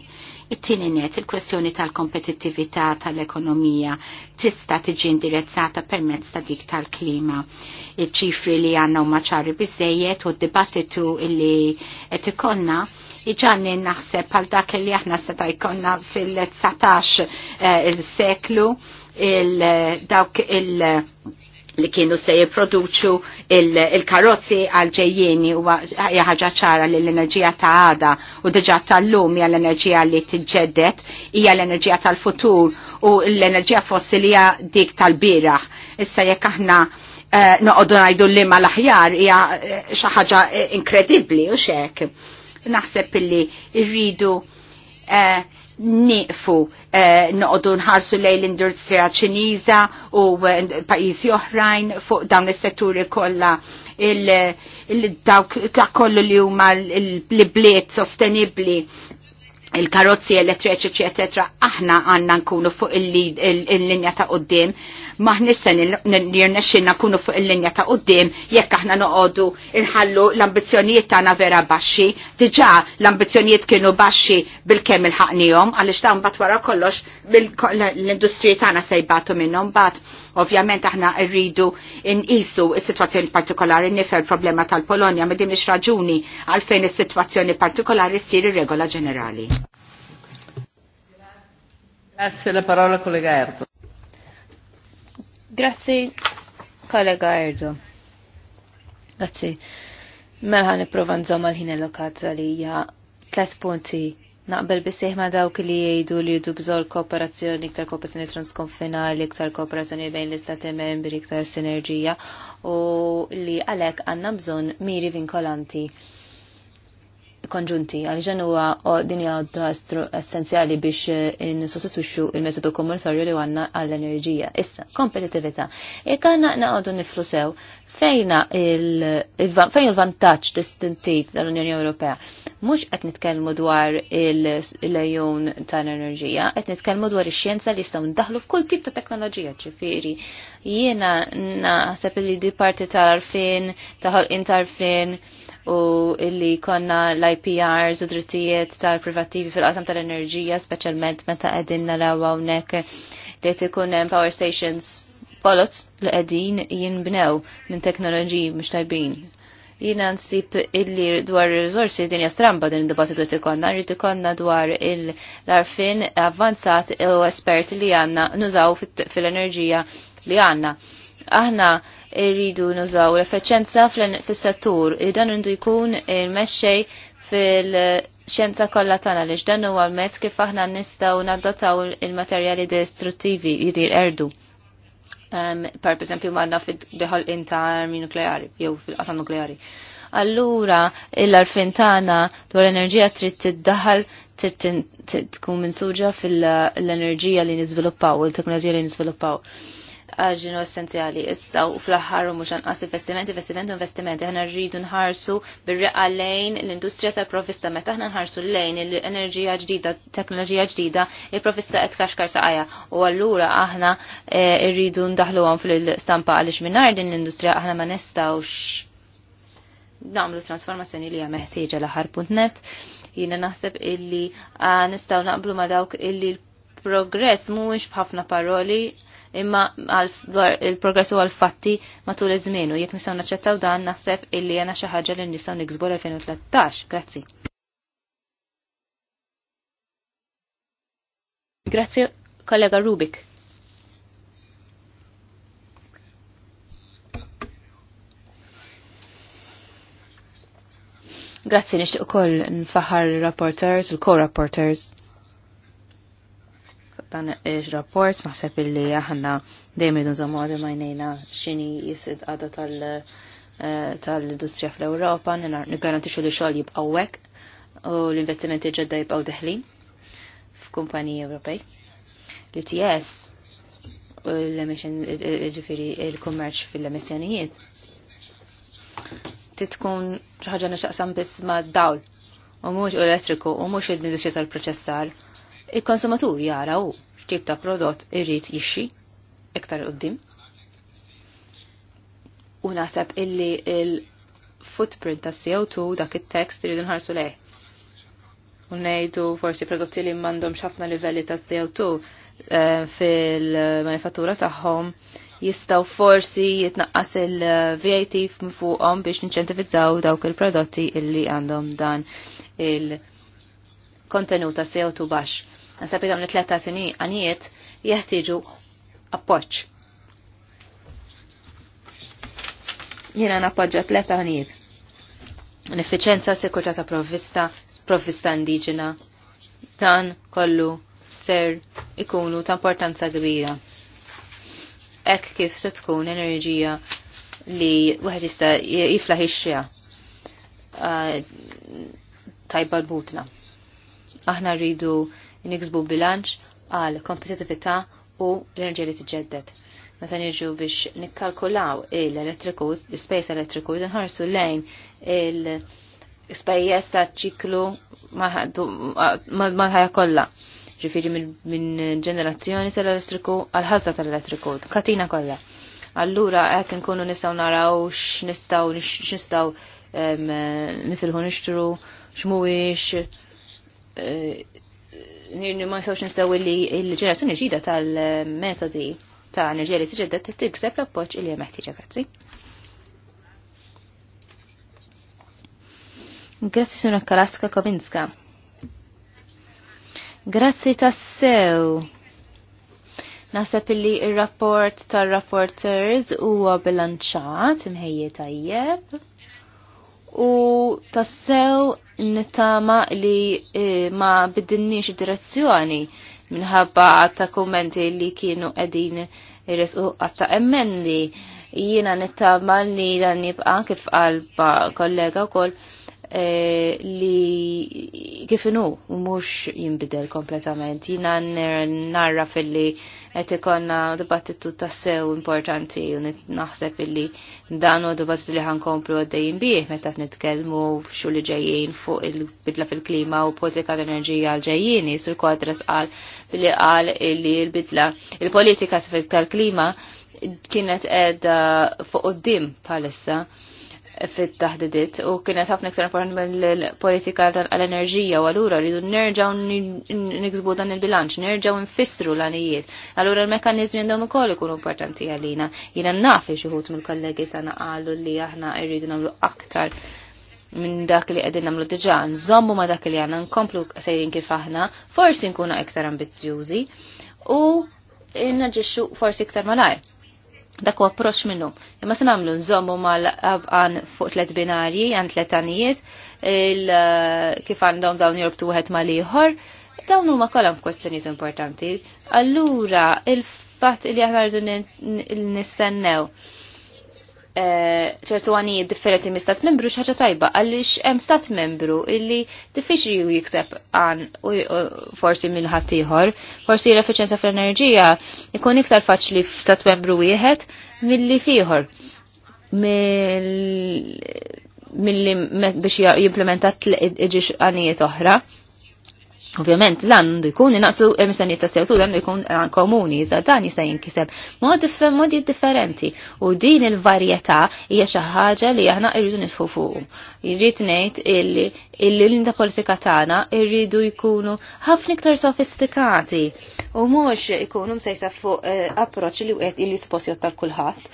It-tieni net il-kwestjoni tal-kompetittività tal-ekonomija tista' tiġi indirizzata permezz ta' dik tal-klima. Iċ-ċifri li għandna huma ċari biżejjed u d-dibattitu illi qed ikollna iġanni naħseb pal dak li aħna seta jkonna fil-19 eh, il-seklu il-dawk il-, -seklu, il dawk il li kienu se jiproduċu il-karozzi il għal-ġejjeni u ħaġa ċara li l-enerġija ta' għada u diġa tal-lum hija l-enerġija li t-ġeddet hija l-enerġija tal-futur u l-enerġija fossilija dik tal-biraħ. Issa jekk aħna uh, noqogħdu ngħidu li ma l-aħjar hija eh, xi ħaġa eh, inkredibbli u xek. Naħseb illi rridu uh, niqfu eh, noqdu nħarsu lej l-industrija ċiniża u eh, pajjiżi oħrajn fuq dawn is-setturi kollha il kollu li huma l-bliet sostenibbli il-karozzi elettriċi, eccetera, aħna għanna nkunu fuq il-linja ta' qoddim maħni se nirnexxinna kunu fuq il-linja ta' qoddim jekk aħna noqogħdu inħallu l-ambizzjonijiet tagħna vera baxxi, diġà l-ambizzjonijiet kienu baxxi bil-kemm il-ħaqnihom għaliex ta' mbagħad wara kollox l-industriji tagħna se jbatu minnhom bat. ovvjament aħna rridu nqisu is-sitwazzjoni partikolari nifhem problema tal-Polonja ma din raġuni għalfejn is-sitwazzjoni partikolari ssir ir-regola ġenerali. Grazie, la parola collega Erto. Grazzi, kollega Erdo. Grazzi. Mela nipprova nżomm għal-ħin allokat li hija tles punti naqbel bisih ma dawk li jgħidu li jgħidu bżol kooperazzjoni, iktar kooperazzjoni transkonfinali, iktar kooperazzjoni bejn l-istati membri, iktar sinerġija u li għalek għanna bżon miri vinkolanti konġunti għal ġen huwa din għadda essenzjali biex insostitwixxu eh, il-metodu komunitarju li għandna għall-enerġija. Issa, kompetitività. Jekk għandna naqgħodu niflu sew fejna fejn il-vantaġġ distintiv tal-Unjoni Ewropea. Mhux qed nitkellmu dwar il-lejun tal-enerġija, qed nitkellmu dwar ix-xjenza li jistgħu ndaħlu f'kull tip ta' teknoloġija, ġifieri jiena naħseb li di parti tal-arfin, taħolqin tarfin, u illi konna l-IPRs u drittijiet tal-privattivi fil-qasam tal-enerġija, specialment meta qegħdin naraw hawnhekk li tkun hemm power stations polots li qegħdin jinbnew minn teknoloġiji mhux tajbin. Jina nsib illi dwar il-rizorsi din stramba din id-dibattitu tikonna, rrid ikonna dwar il larfin avvanzat u espert li għanna nużaw fil-enerġija li għanna aħna rridu nużaw l-efficienza fis-settur, dan rridu jkun il mesċej fil-xjenza kollha tagħna lix dan huwa mezz kif aħna nistgħu naddataw il-materjali distruttivi li dir erdu. Um, per eżempju għandna fid-deħol ta' armi nukleari jew fil-qasam nukleari. Allura l-arfin tagħna dwar enerġija trid tiddaħħal tkun minsuġa fil-enerġija li niżviluppaw, il-teknoloġija li niżviluppaw għaġinu essenzjali issa u fl-aħħar u mhux għas investimenti, investimenti, investimenti. Aħna rridu nħarsu bir lejn l-industrija ta' profista meta aħna nħarsu lejn l-enerġija ġdida, teknoloġija ġdida, il profista qed kaxkar saqajja. U allura aħna e, rridu ndaħluhom fil-stampa għaliex mingħajr din l-industrija aħna ma nistgħux namlu transformazzjoni li hija meħtieġa l-aħħar Jiena naħseb illi nistgħu naqblu ma dawk illi l-progress mhuwiex b'ħafna paroli imma il-progressu għal-fatti matul iż-żmien u jekk nistgħu naċċettaw dan naħseb illi jena xi ħaġa li nistgħu niksbu l-2013. Grazzi. Grazzi kollega Rubik. Grazzi nixtieq ukoll nfaħar rapporters, il-co-rapporters dan il rapport naħseb illi aħna dejjem idu nżommu għadu majnejna x'inhi jisid għadu eh, tal-industrija fl-Ewropa, nigarantixxu li xogħol jibqgħu hekk u l-investimenti ġodda jibqgħu deħlin f'kumpaniji Ewropej. L-ITS ġifiri il-kummerċ fil-emissjonijiet titkun xi ħaġa nixtaqsam biss ma' dawl u mhux elettriku u mhux id-industrija tal-proċessar il-konsumatur jara u x'tip ta' prodott irrid jixxi iktar qudiem. U naħseb illi il-footprint ta' CO2 dak it-tekst irridu nħarsu lej. U ngħidu forsi prodotti li m'għandhomx ħafna livelli ta' CO2 eh, fil-manifattura tagħhom jistaw forsi jitnaqqas il-VAT fuqhom biex ninċentivizzaw dawk il-prodotti illi għandhom dan il-kontenut ta' CO2 baxx. Nasab dawn it-tletta għanijiet jeħtieġu appoġġ. Jiena nappoġġa tletta għanijiet. L-effiċenza, sikurtà ta' provvista, provvista indiġena, dan kollu ser ikunu ta' importanza kbira. Ek kif se tkun enerġija li wieħed jista' jifla hixxija. Ah, tajba l-butna. Aħna rridu niksbu bilanċ għal kompetitività u l-enerġija li tiġġedded. Meta nirġu biex nikkalkulaw l-elettriku, l-space elettriku, nħarsu lejn il-spejjeż ta' ċiklu mal-ħajja kollha. Ġifieri minn ġenerazzjoni tal-elettriku għal ħazza tal-elettriku, katina kollha. Allura hekk nkunu nistgħu naraw x'nistgħu x'nistgħu nifilħu nixtru x'mhuwiex eh, ma jistawx nistgħu li l-ġenerazzjoni ġida tal-metodi ta' enerġija li tiġedda tikseb l-appoġġ li hemm meħtieġa grazzi. Grazzi suna Kalaska Kominska. Grazzi tassew. Nasab li il-rapport tal-rapporters huwa bilanċat imħejje tajjeb u tassew nittama li eh, ma biddinniex direzzjoni minħabba ta' kommenti li kienu edin irresqu għatta emmendi jiena nittama li dan jibqa kif għalba kollega kol Eh, li kif inhu mhux jinbidel kompletament. Jina narra fil-li qed ikonna dibattitu tassew importanti u naħseb illi dan danu dibattitu li ħankomplu għaddejjin bih meta qed nitkellmu xu li ġejjin fuq il-bidla fil-klima u politika tal-enerġija għal ġejjini jisu l qal għal fil li l-bidla il-politika tal-klima kienet edha fuq qudiem palissa. palissa fit-taħdidiet u kienet ħafna iktar importanti mill-politika tal-enerġija u allura rridu nerġgħu niksbu dan il-bilanċ, nerġgħu nfissru l-għanijiet. Allura l-mekkaniżmi għandhom ukoll ikunu importanti għalina. Jiena nafi li xi mill-kollegi tagħna qalu li aħna rridu nagħmlu aktar minn dak li qegħdin nagħmlu diġà, nżommu ma dak li għandna nkomplu sejrin kif aħna, forsi nkunu iktar ambizzjużi u naġixxu forsi iktar malajr dak u approċ minnu. Imma se nagħmlu nżommu mal-għan fuq tliet binarji, għan tliet għanijiet, eh, kif għandhom dawn jorbtu wieħed mal-ieħor, dawn huma kolam kwestjonijiet importanti. Allura il-fatt li aħna rridu nistennew Eh, ċertu differenti minn stat membru xaċa tajba, għalix hemm stat membru illi diffiċli ju jikseb għan forsi minn ħattijħor, forsi l-effiċenza fl-enerġija ikun iktar faċli f'stat membru wieħed milli fieħor. li biex jimplementa għanijiet oħra. Ovvjament, lan għandu jkun naqsu emissjoniet ta' CO2 għandu jkun lan komuni, iżda dan jista' jinkiseb modi differenti. U din il-varjetà hija xi ħaġa li aħna rridu nisħu fuq. Irrid ngħid illi il-lin ta' politika tagħna rridu jkunu ħafna iktar sofistikati u mhux ikunu msejsa fuq eh, approċċ li wieħed illi suppost jottal kulħadd.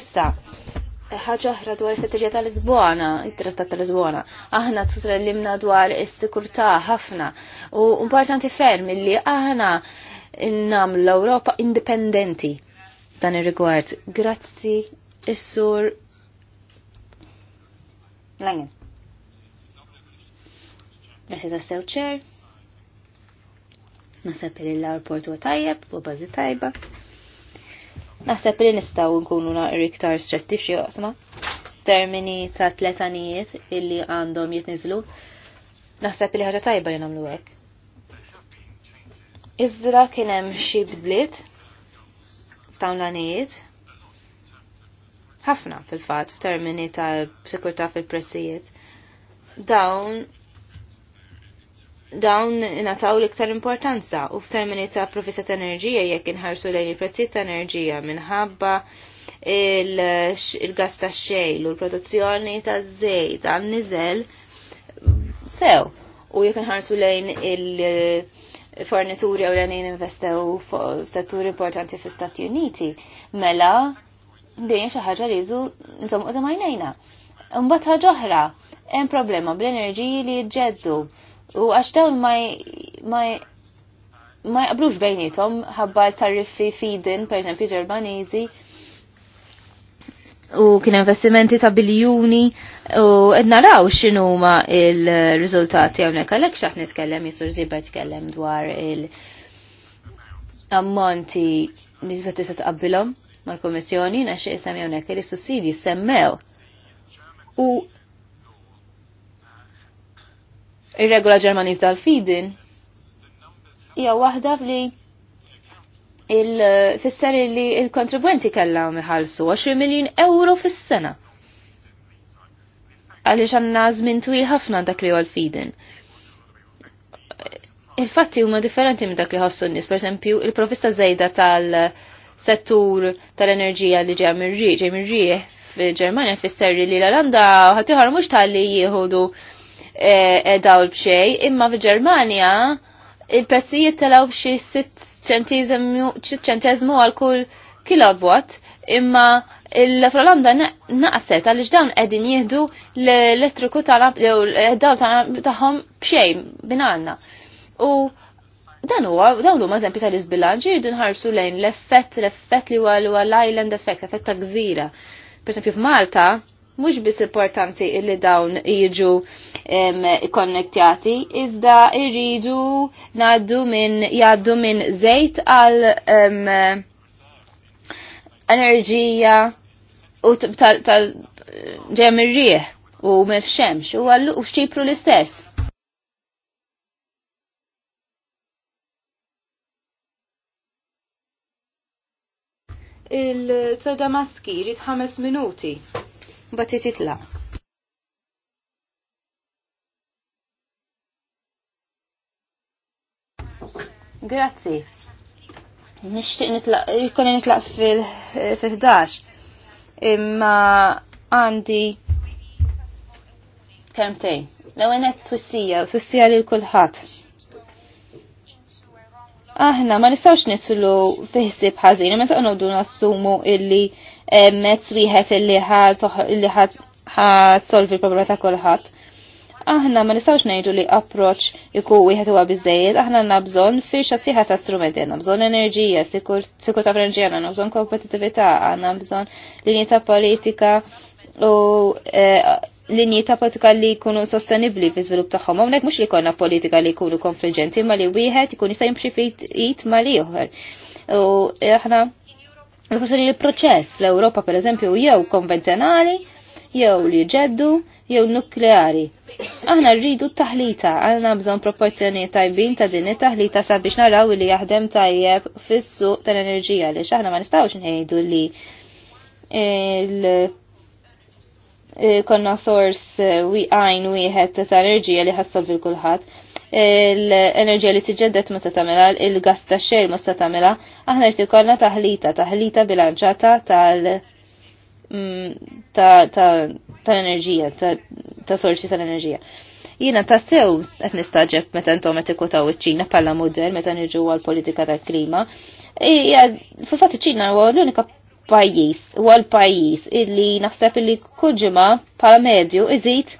Issa, ħaġa oħra dwar is-strateġija tal-Lisbona, it-trattat tal-Lisbona. Aħna titkellimna dwar is-sikurtà ħafna u importanti ferm li aħna innam l-Ewropa indipendenti dan ir-rigward. Grazzi is-sur Langen. Grazzi tas-sew ċer. Nasab li l-aeroport tajjeb u bażi tajba. Naħseb li nistgħu nkunu naqri iktar stretti f'xi oqsma. Termini ta' tletanijiet illi għandhom jitniżlu. Naħseb li ħaġa tajba li nagħmlu hekk. Iżra kien hemm xi bdliet f'tawlanijiet ħafna fil-fatt f'termini ta' sikurtà fil-prezzijiet. Dawn dawn nataw l-iktar importanza u f'termini ta' profissa ta' enerġija jekk inħarsu lejn il-prezzijiet ta' enerġija minħabba il-gas ta' xejl u l-produzzjoni ta' zejt għan niżel sew u jekk inħarsu lejn il-fornituri u l-għanin investew f'setturi importanti fl-Stati Uniti, mela dejjem xi ħaġa li jżu nsomu qudiem għajnejna. Mbagħad ħaġa oħra, hemm problema bl-enerġiji li jġeddu U għax dawn ma jaqbrux bejnietom ħabba tariffi feed-in, per eżempju, Ġermaniżi, u kien investimenti ta' biljuni u edna raw xinu ma il-riżultati hawnhekk għalhekk x'aħ nitkellem jisur Ziber tkellem dwar il ammonti li tista' titqabbilhom mal-Kummissjoni naċċe jisem hawnhekk li s semmew. U ir-regola Ġermaniż tal-fidin hija waħda li il-fisser li il-kontribwenti kellha miħalsu 20 miljun euro fis-sena. Għaliex għandna żmien twil ħafna dak li għal-fidin. Il-fatti huma differenti minn dak li ħossu n-nies, pereżempju, il-provista żejda tal-settur tal-enerġija li ġej mir-riħ, ġej mir-riħ fil-Ġermanja fisser li l-Alanda ħatiħor mhux tal-li jieħdu E, e, daw bxej, imma fil-Ġermanja il-pressijiet telaw bxej 6 ċentezmu għal kull kilowatt, imma l-Frolanda naqset għal dawn qegħdin jieħdu l-elettriku tal-dawl tagħhom bxejn binanna. U dan huwa dan huma eżempju tal-iżbilanċ jridu nħarsu lejn l-effett l-effett li huwa l-island effect, effett ta' gżira. Per f'Malta, mhux biss importanti li dawn jiġu konnettjati, iżda jridu naddu minn jgħaddu minn żejt għal enerġija u tal ġem ir-rieħ u mill-xemx u għallu u xċipru l-istess. il-tadamaski jrid ħames minuti mbagħad titlaq. Grazzi. Nishtiq nitlaq, jikoni nitlaq fil-11. Imma għandi kemtejn. l twissija, twissija li l-kulħat. Aħna ma nistawx nitlu fiħsib ħażin, ma nistawx nodu nassumu illi mezz wieħed illi solvi l-problema ta' kulħadd. Aħna ma nistgħux ngħidu li approach iku wieħed huwa biżejjed, aħna għandna bżonn firxa sieħa ta' strumenti, għandna bżonn enerġija, sikur ta' enerġija, għandna bżonn kompetitività, għandna bżonn linji ta' politika u e, linji ta' politika li jkunu sostenibli fi żvilupp tagħhom. Hawnhekk mhux li jkollna politika li jkunu konfliġenti ma li wieħed ikun jista' jimxi fit it ma li U e, aħna il li proċess fl-Ewropa per eżempju jew konvenzjonali, jew li ġeddu, jew nukleari. Aħna rridu taħlita, għanna bżon proporzjoni tajbin ta' din it-taħlita sabiex naraw li jaħdem tajjeb fis-suq tal-enerġija li xaħna ma nistawx ngħidu li konna sors wi għajn wieħed ta' enerġija li fil kulħadd l-enerġija li tiġġedet ma se tagħmilha, il-gas ta' xejn ma se tagħmilha, aħna qed ikollna taħlita, taħlita bilanċata tal mm, tal-enerġija, ta' sorsi tal-enerġija. Jiena ta' sew qed nistaġeb meta intom qed ikutaw iċ-Ċina bħala mudell meta niġu għall-politika tal-klima. Fil-fatt iċ-Ċina huwa l-unika pajjiż, huwa l-pajjiż illi naħseb illi kull ġimgħa bħala medju iżid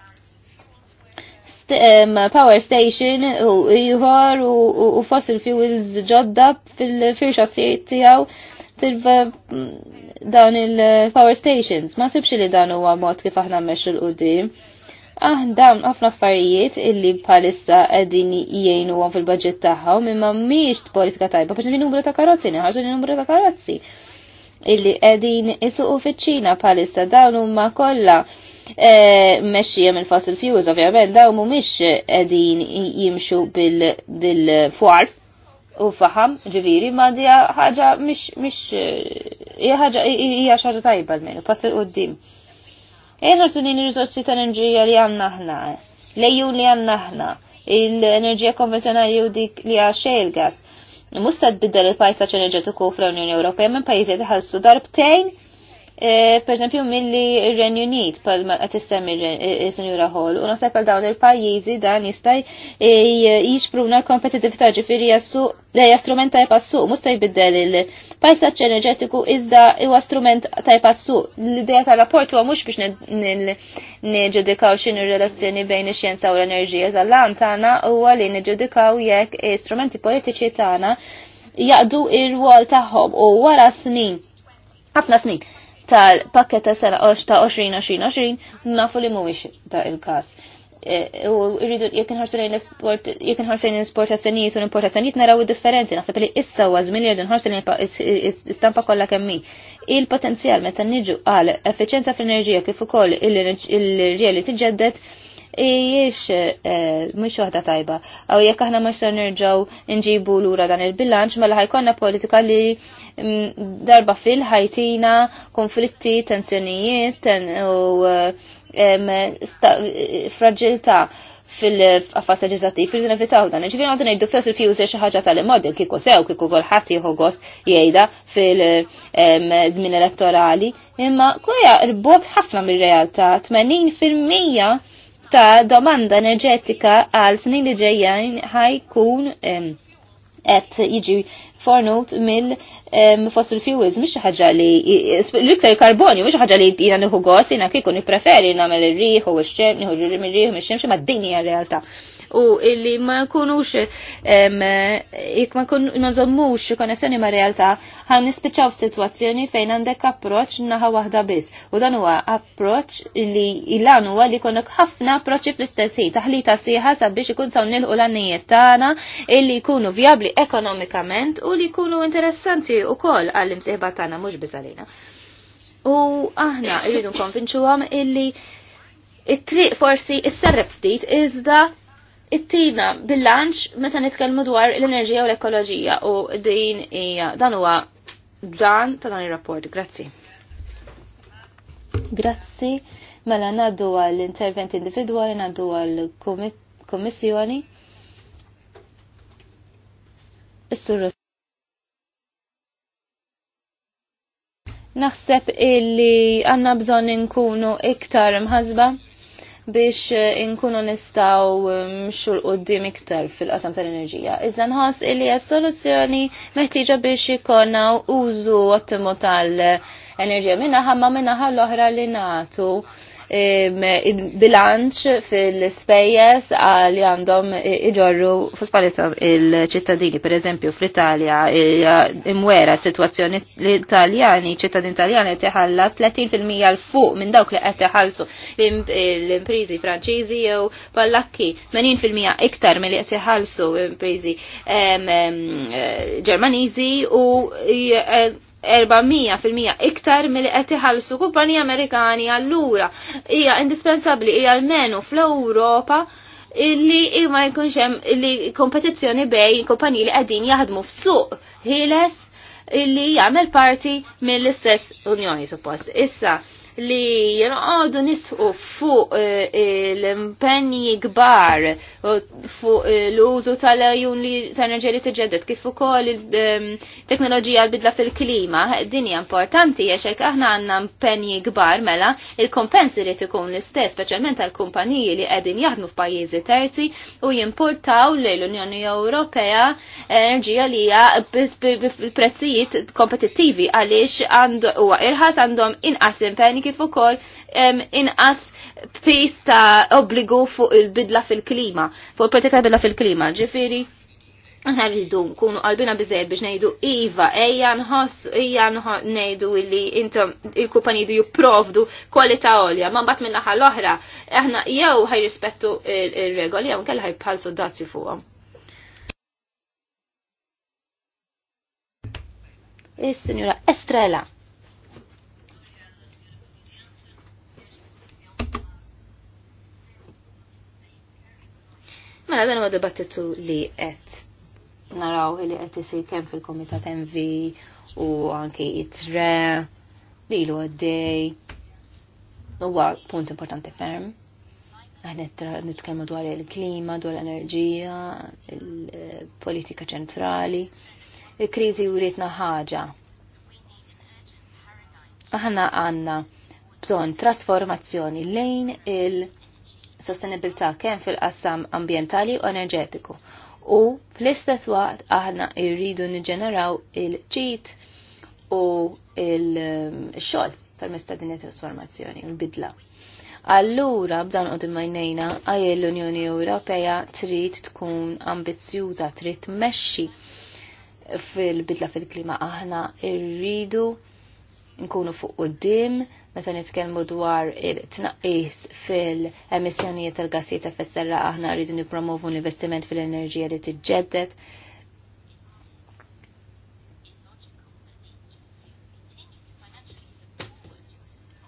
power station u ieħor u fossil fuels ġodda fil-firxa tiegħu mm, dawn il-power eh, stations. Ma sibx li dan huwa mod kif aħna meċu l-qudiem. Ah, dawn ħafna affarijiet illi bħalissa qegħdin jienu għom fil-budget tagħhom imma mhijiex politika tajba biex numru ta' karozzi, neħarġu numru ta' karozzi illi qegħdin isuqu fiċ-Ċina bħalissa dawn huma kollha Eh, mexxija mill fossil fuels ovvjament daw mhumiex qegħdin jimxu bil fuar u faham ġiviri ma di ħaġa mish eh, mish hija ħaġa tajba l-menu passer qudiem. Ejna sunin ir-riżorsi tal-enerġija li għanna ħna, lejju li għanna ħna, l-enerġija konvenzjonali u dik li għaxe il gas. Musta tbiddel il-pajsaċ enerġetiku fl-Unjoni Ewropea minn ħal ħalsu darbtejn Eh, per esempio mill-li Renju Unit pal ma tissem il-Senjura eh, eh, Hall u naħseb għal dawn il-pajjiżi dan jista' jixpruna l-kompetitività ġifieri jassu lejja strument tajb għas-suq mhux jbiddel il-pajsaġġ enerġetiku iżda huwa strument tajb għas L-idea tar-rapport huwa mhux biex niġġudikaw x'inhu relazzjoni bejn ix-xjenza u l-enerġija żall-għan tagħna huwa li niġġudikaw jekk strumenti politiċi tagħna jaqdu il wol tagħhom u wara snin ħafna snin tal-pakket ta' sena ta' 20-20-20 nafu li mhuwiex ta' il-każ. E, u rridu jekk inħarsu lejn l-esport, jekk inħarsu lejn l u l-importazzjonijiet naraw id-differenzi, naħseb li issa u żmien li nħarsu lejn istampa kollha kemm Il-potenzjal meta niġu għal effiċenza fl-enerġija kif ukoll il-enerġija li tiġġedded ijiex eh, mhux waħda tajba. Aw jekk aħna ma ser nerġgħu nġibu lura dan il-bilanċ mela ħajkonna politika li mm, darba fil ħajtina konflitti, tensjonijiet u eh, fragilità fil-affas leġislattiv fil nevitaw dan. Ġifiri għandu nejdu fjas il-fjuż xi ħaġa tal-immodel kieku sew kieku kulħadd jieħu gost jgħida fil-żmien elettorali, imma koja rbot ħafna mir-realtà 80% ta' domanda enerġetika għal snin li ġejjin ħajkun qed jiġi fornut mill fossil fuels mhix xi ħaġa li l-iktar karbonju mhix ħaġa li jiena nieħu gost jiena kieku nippreferi nagħmel ir-riħ u x-xemx nieħu mir-riħ mix-xemx ma' din hija realtà u illi ma nkunux jek ma nkun nżommux konnessjoni ma' realtà ħan nispiċaw f'sitwazzjoni fejn għandek approċċ naħa waħda biss. U dan huwa approċċ li ilan huwa li konnok ħafna approċċi fl-istess ħin, taħlita sieħa sabiex ikun saw nilħu l-għannijiet tagħna illi jkunu vjabli ekonomikament u li jkunu interessanti wkoll għall-imsieħba tagħna mhux biss għalina. U aħna rridu nkonvinċuhom illi it-triq forsi s-serreb ftit iżda it-tina bilanċ meta nitkellmu dwar l-enerġija u l-ekoloġija u din hija dan huwa dan ta' dan ir-rapport. Grazzi. Grazzi. Mela ngħaddu għall intervent individwali, ngħaddu għall kummissjoni. Is-sur Naħseb illi għanna bżon nkunu iktar mħazba biex eh, inkunu nistaw eh, mxu l-qoddim iktar fil-qasam tal-enerġija. Iżda nħoss illi soluzzjoni meħtieġa biex ikonna użu ottimu tal-enerġija minnaħa ma minnaħa l-oħra li natu bilanċ fil-spejjes għal għandhom iġorru fuspalietom il-ċittadini. Per eżempju, fl-Italja imwera situazzjoni l-Italjani, ċittadin Italjani teħallas 30% għal fuq minn dawk li qed teħallsu l-imprizi Franċiżi jew Pallakki, 80% iktar mill-li qed l imprizi Ġermaniżi u 400% iktar mill qed iħallsu kumpaniji Amerikani allura hija indispensabbli hija l-menu fl-Ewropa illi ma jkunx hemm illi kompetizzjoni bej kumpaniji li qegħdin jaħdmu f'suq ħieles illi jagħmel parti mill-istess Unjoni suppost. Issa li jenqadu nisqu fuq eh, l-impenji gbar eh, fuq eh, l-użu tal-ajun li tal-enerġija li t-ġeddet kif ukoll il-teknoloġija ehm, l-bidla fil-klima din hija importanti għax aħna għandna impenji gbar mela il-kompensi li tikun l-istess speċjalment tal-kumpaniji li qegħdin jaħdmu f'pajjiżi terzi u jimportaw lejn l-Unjoni Ewropea enerġija li hija prezzijiet kompetittivi għaliex għandu huwa irħas għandhom inqas impenji kif ukoll inqas pis ta' obbligu fuq il-bidla fil-klima, fuq il-politika bidla fil-klima, ġifiri. Aħna rridu nkunu qalbina biżejjed biex ngħidu iva, ejja nħoss, ejja ngħidu li intom il-kumpaniji du jipprovdu kwalità għolja, ma mbagħad mill-aħħar l-oħra, aħna jew ħajrispettu il regoli jew ħaj bħal soddazzi fuqhom. Is-Sinjura Estrella. Mela dan huwa dibattitu li qed naraw li qed isir kemm fil kumitat MV u anke it-tre li lu għaddej. Huwa punt importanti ferm. Aħna nitkellmu dwar il-klima, dwar l-enerġija, il-politika ċentrali. Il-kriżi juritna ħaġa. Aħna għandna bżonn trasformazzjoni lejn il- sostenibilità kemm fil-qassam ambientali u enerġetiku. U fl-istess waqt aħna jridu niġġeneraw il ċit u il-xogħol permezz ta' din it-trasformazzjoni u l-bidla. Allura b'dan qod imajnejna għaj l-Unjoni Ewropea trid tkun ambizzjuża, trid tmexxi fil-bidla fil-klima aħna irridu nkunu fuq qoddim meta nitkellmu dwar il-tnaqqis fil-emissjonijiet tal-gassijiet effett serra aħna rridu nippromovu l-investiment fil-enerġija li tiġġedded.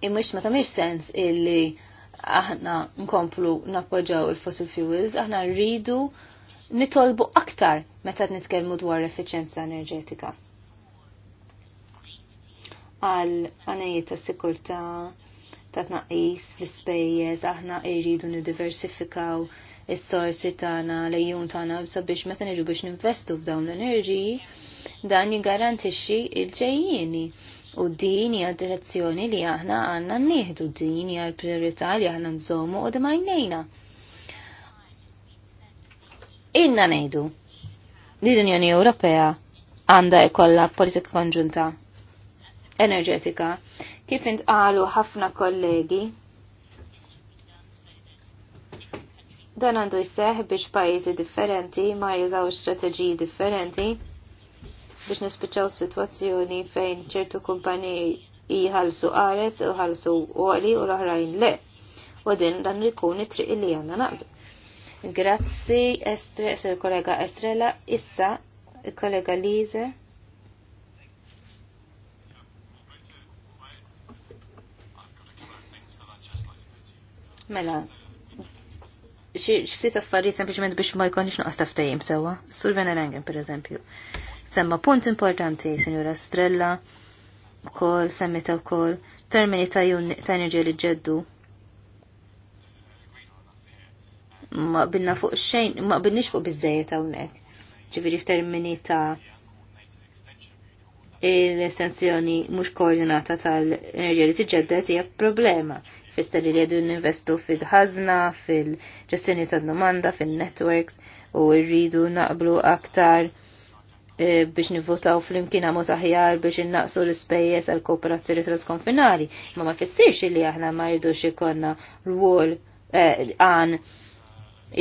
Imwix ma tamiex sens illi aħna nkomplu nappoġġaw il-fossil fuels, aħna rridu nitolbu aktar meta nitkellmu dwar effiċenza enerġetika għal għanajiet ta' sikurta ta' tnaqis fl-ispejjeż aħna irridu niddiversifikaw is-sorsi tagħna lejjun tagħna sabiex meta niġu biex ninvestu f'dawn l-enerġiji dan jiggarantixxi l-ġejjieni. U din hija direzzjoni li aħna għandna nnieħdu din hija l-prijorità li aħna nżommu u jnejna. Inna ngħidu li l-Unjoni Ewropea għandha jkollha politika konġunta enerġetika. Kif intqalu ħafna kollegi, dan għandu jseħ biex pajjiżi differenti ma jużaw strateġiji differenti biex nispiċċaw situazzjoni fejn ċertu kumpani jħallsu għares u ħallsu għoli u l-oħrajn le. U din dan jkun it-triq li għandna naqdu. Grazzi, estre, kollega Estrella, issa, kollega Lise. Mela, t affarijiet sempliċement biex ma jkunx nuqqas taftajim sewa. Sur Vena Langen, per eżempju. Semma punt importanti, Sinjura Strella, u kol, semmita u kol, termini ta' enerġija li ġeddu. Ma binna fuq xejn, ma binnix fuq bizzejiet hawnhekk. Ġifieri f'termini ta' l-estensjoni mhux koordinata tal-enerġija li tiġġedded hija problema fista li rridu ninvestu fil-ħazna, fil-ġestjoni ta' domanda, fil-networks u rridu naqblu aktar e, biex nivvotaw fl-imkien għamot aħjar biex innaqsu l-spejjes għal kooperazzjoni transkonfinali. Ma ma fissirx li aħna ma rridux ikonna rwol e, għan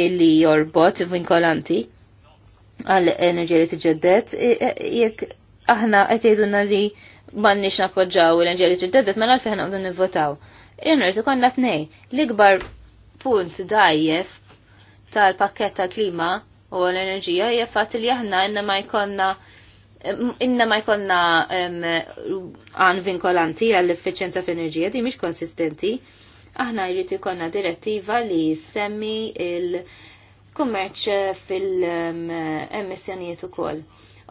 illi jorbot vinkolanti għal enerġija li tġeddet e, jekk aħna qed jgħidulna li m'għandniex nappoġġaw l-enerġija li ma mela nalfi għalfejn għandu nivvotaw Irnertu konna t-nej. L-ikbar punt dajjef tal-pakket tal-klima u l-enerġija hija fatt li aħna inna ma jkonna inna ma jkonna għan vinkolanti għall-effiċenza f'enerġija di mhix konsistenti. Aħna jrid ikonna direttiva li semmi il-kummerċ fil-emissjonijiet ukoll.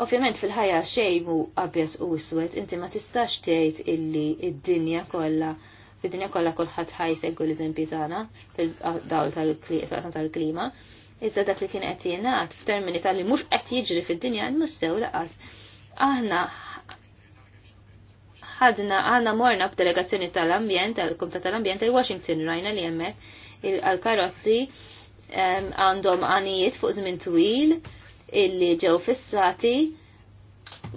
Ovvjament fil-ħajja xejn mu abjad u iswed, inti ma tistax tgħid illi id-dinja kollha fid-dinja kollha kulħadd ħajsegwu l-eżempju tagħna fil-dawl tal-klima. Iżda dak li kien qed jingħad f'termini tal-li mhux qed jiġri fid-dinja mhux sew laqas. Aħna ħadna għandna morna b'delegazzjoni tal-ambjent, tal-Kumitat tal-Ambjent il-Washington rajna li hemmhekk il-karozzi għandhom għanijiet fuq żmien twil illi ġew fissati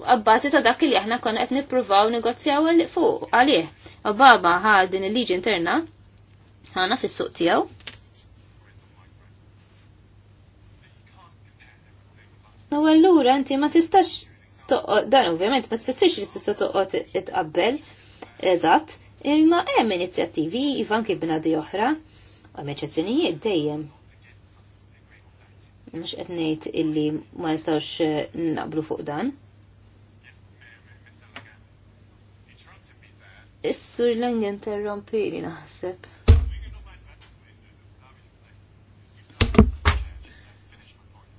għabbażi ta' dak li aħna konna qed nippruvaw negozjaw fuq għalih. Obama ħa din il-liġi interna ħana fis-suq tiegħu. U allura inti ma tistax toqgħod dan ovvjament ma tfissirx li tista' toqgħod itqabbel eżatt, imma hemm inizjattivi iva anke b'nadi oħra, u hemm eċezzjonijiet dejjem qed ngħid illi ma jistawx naqblu fuq dan. Is-sur lang jinterrompi li naħseb.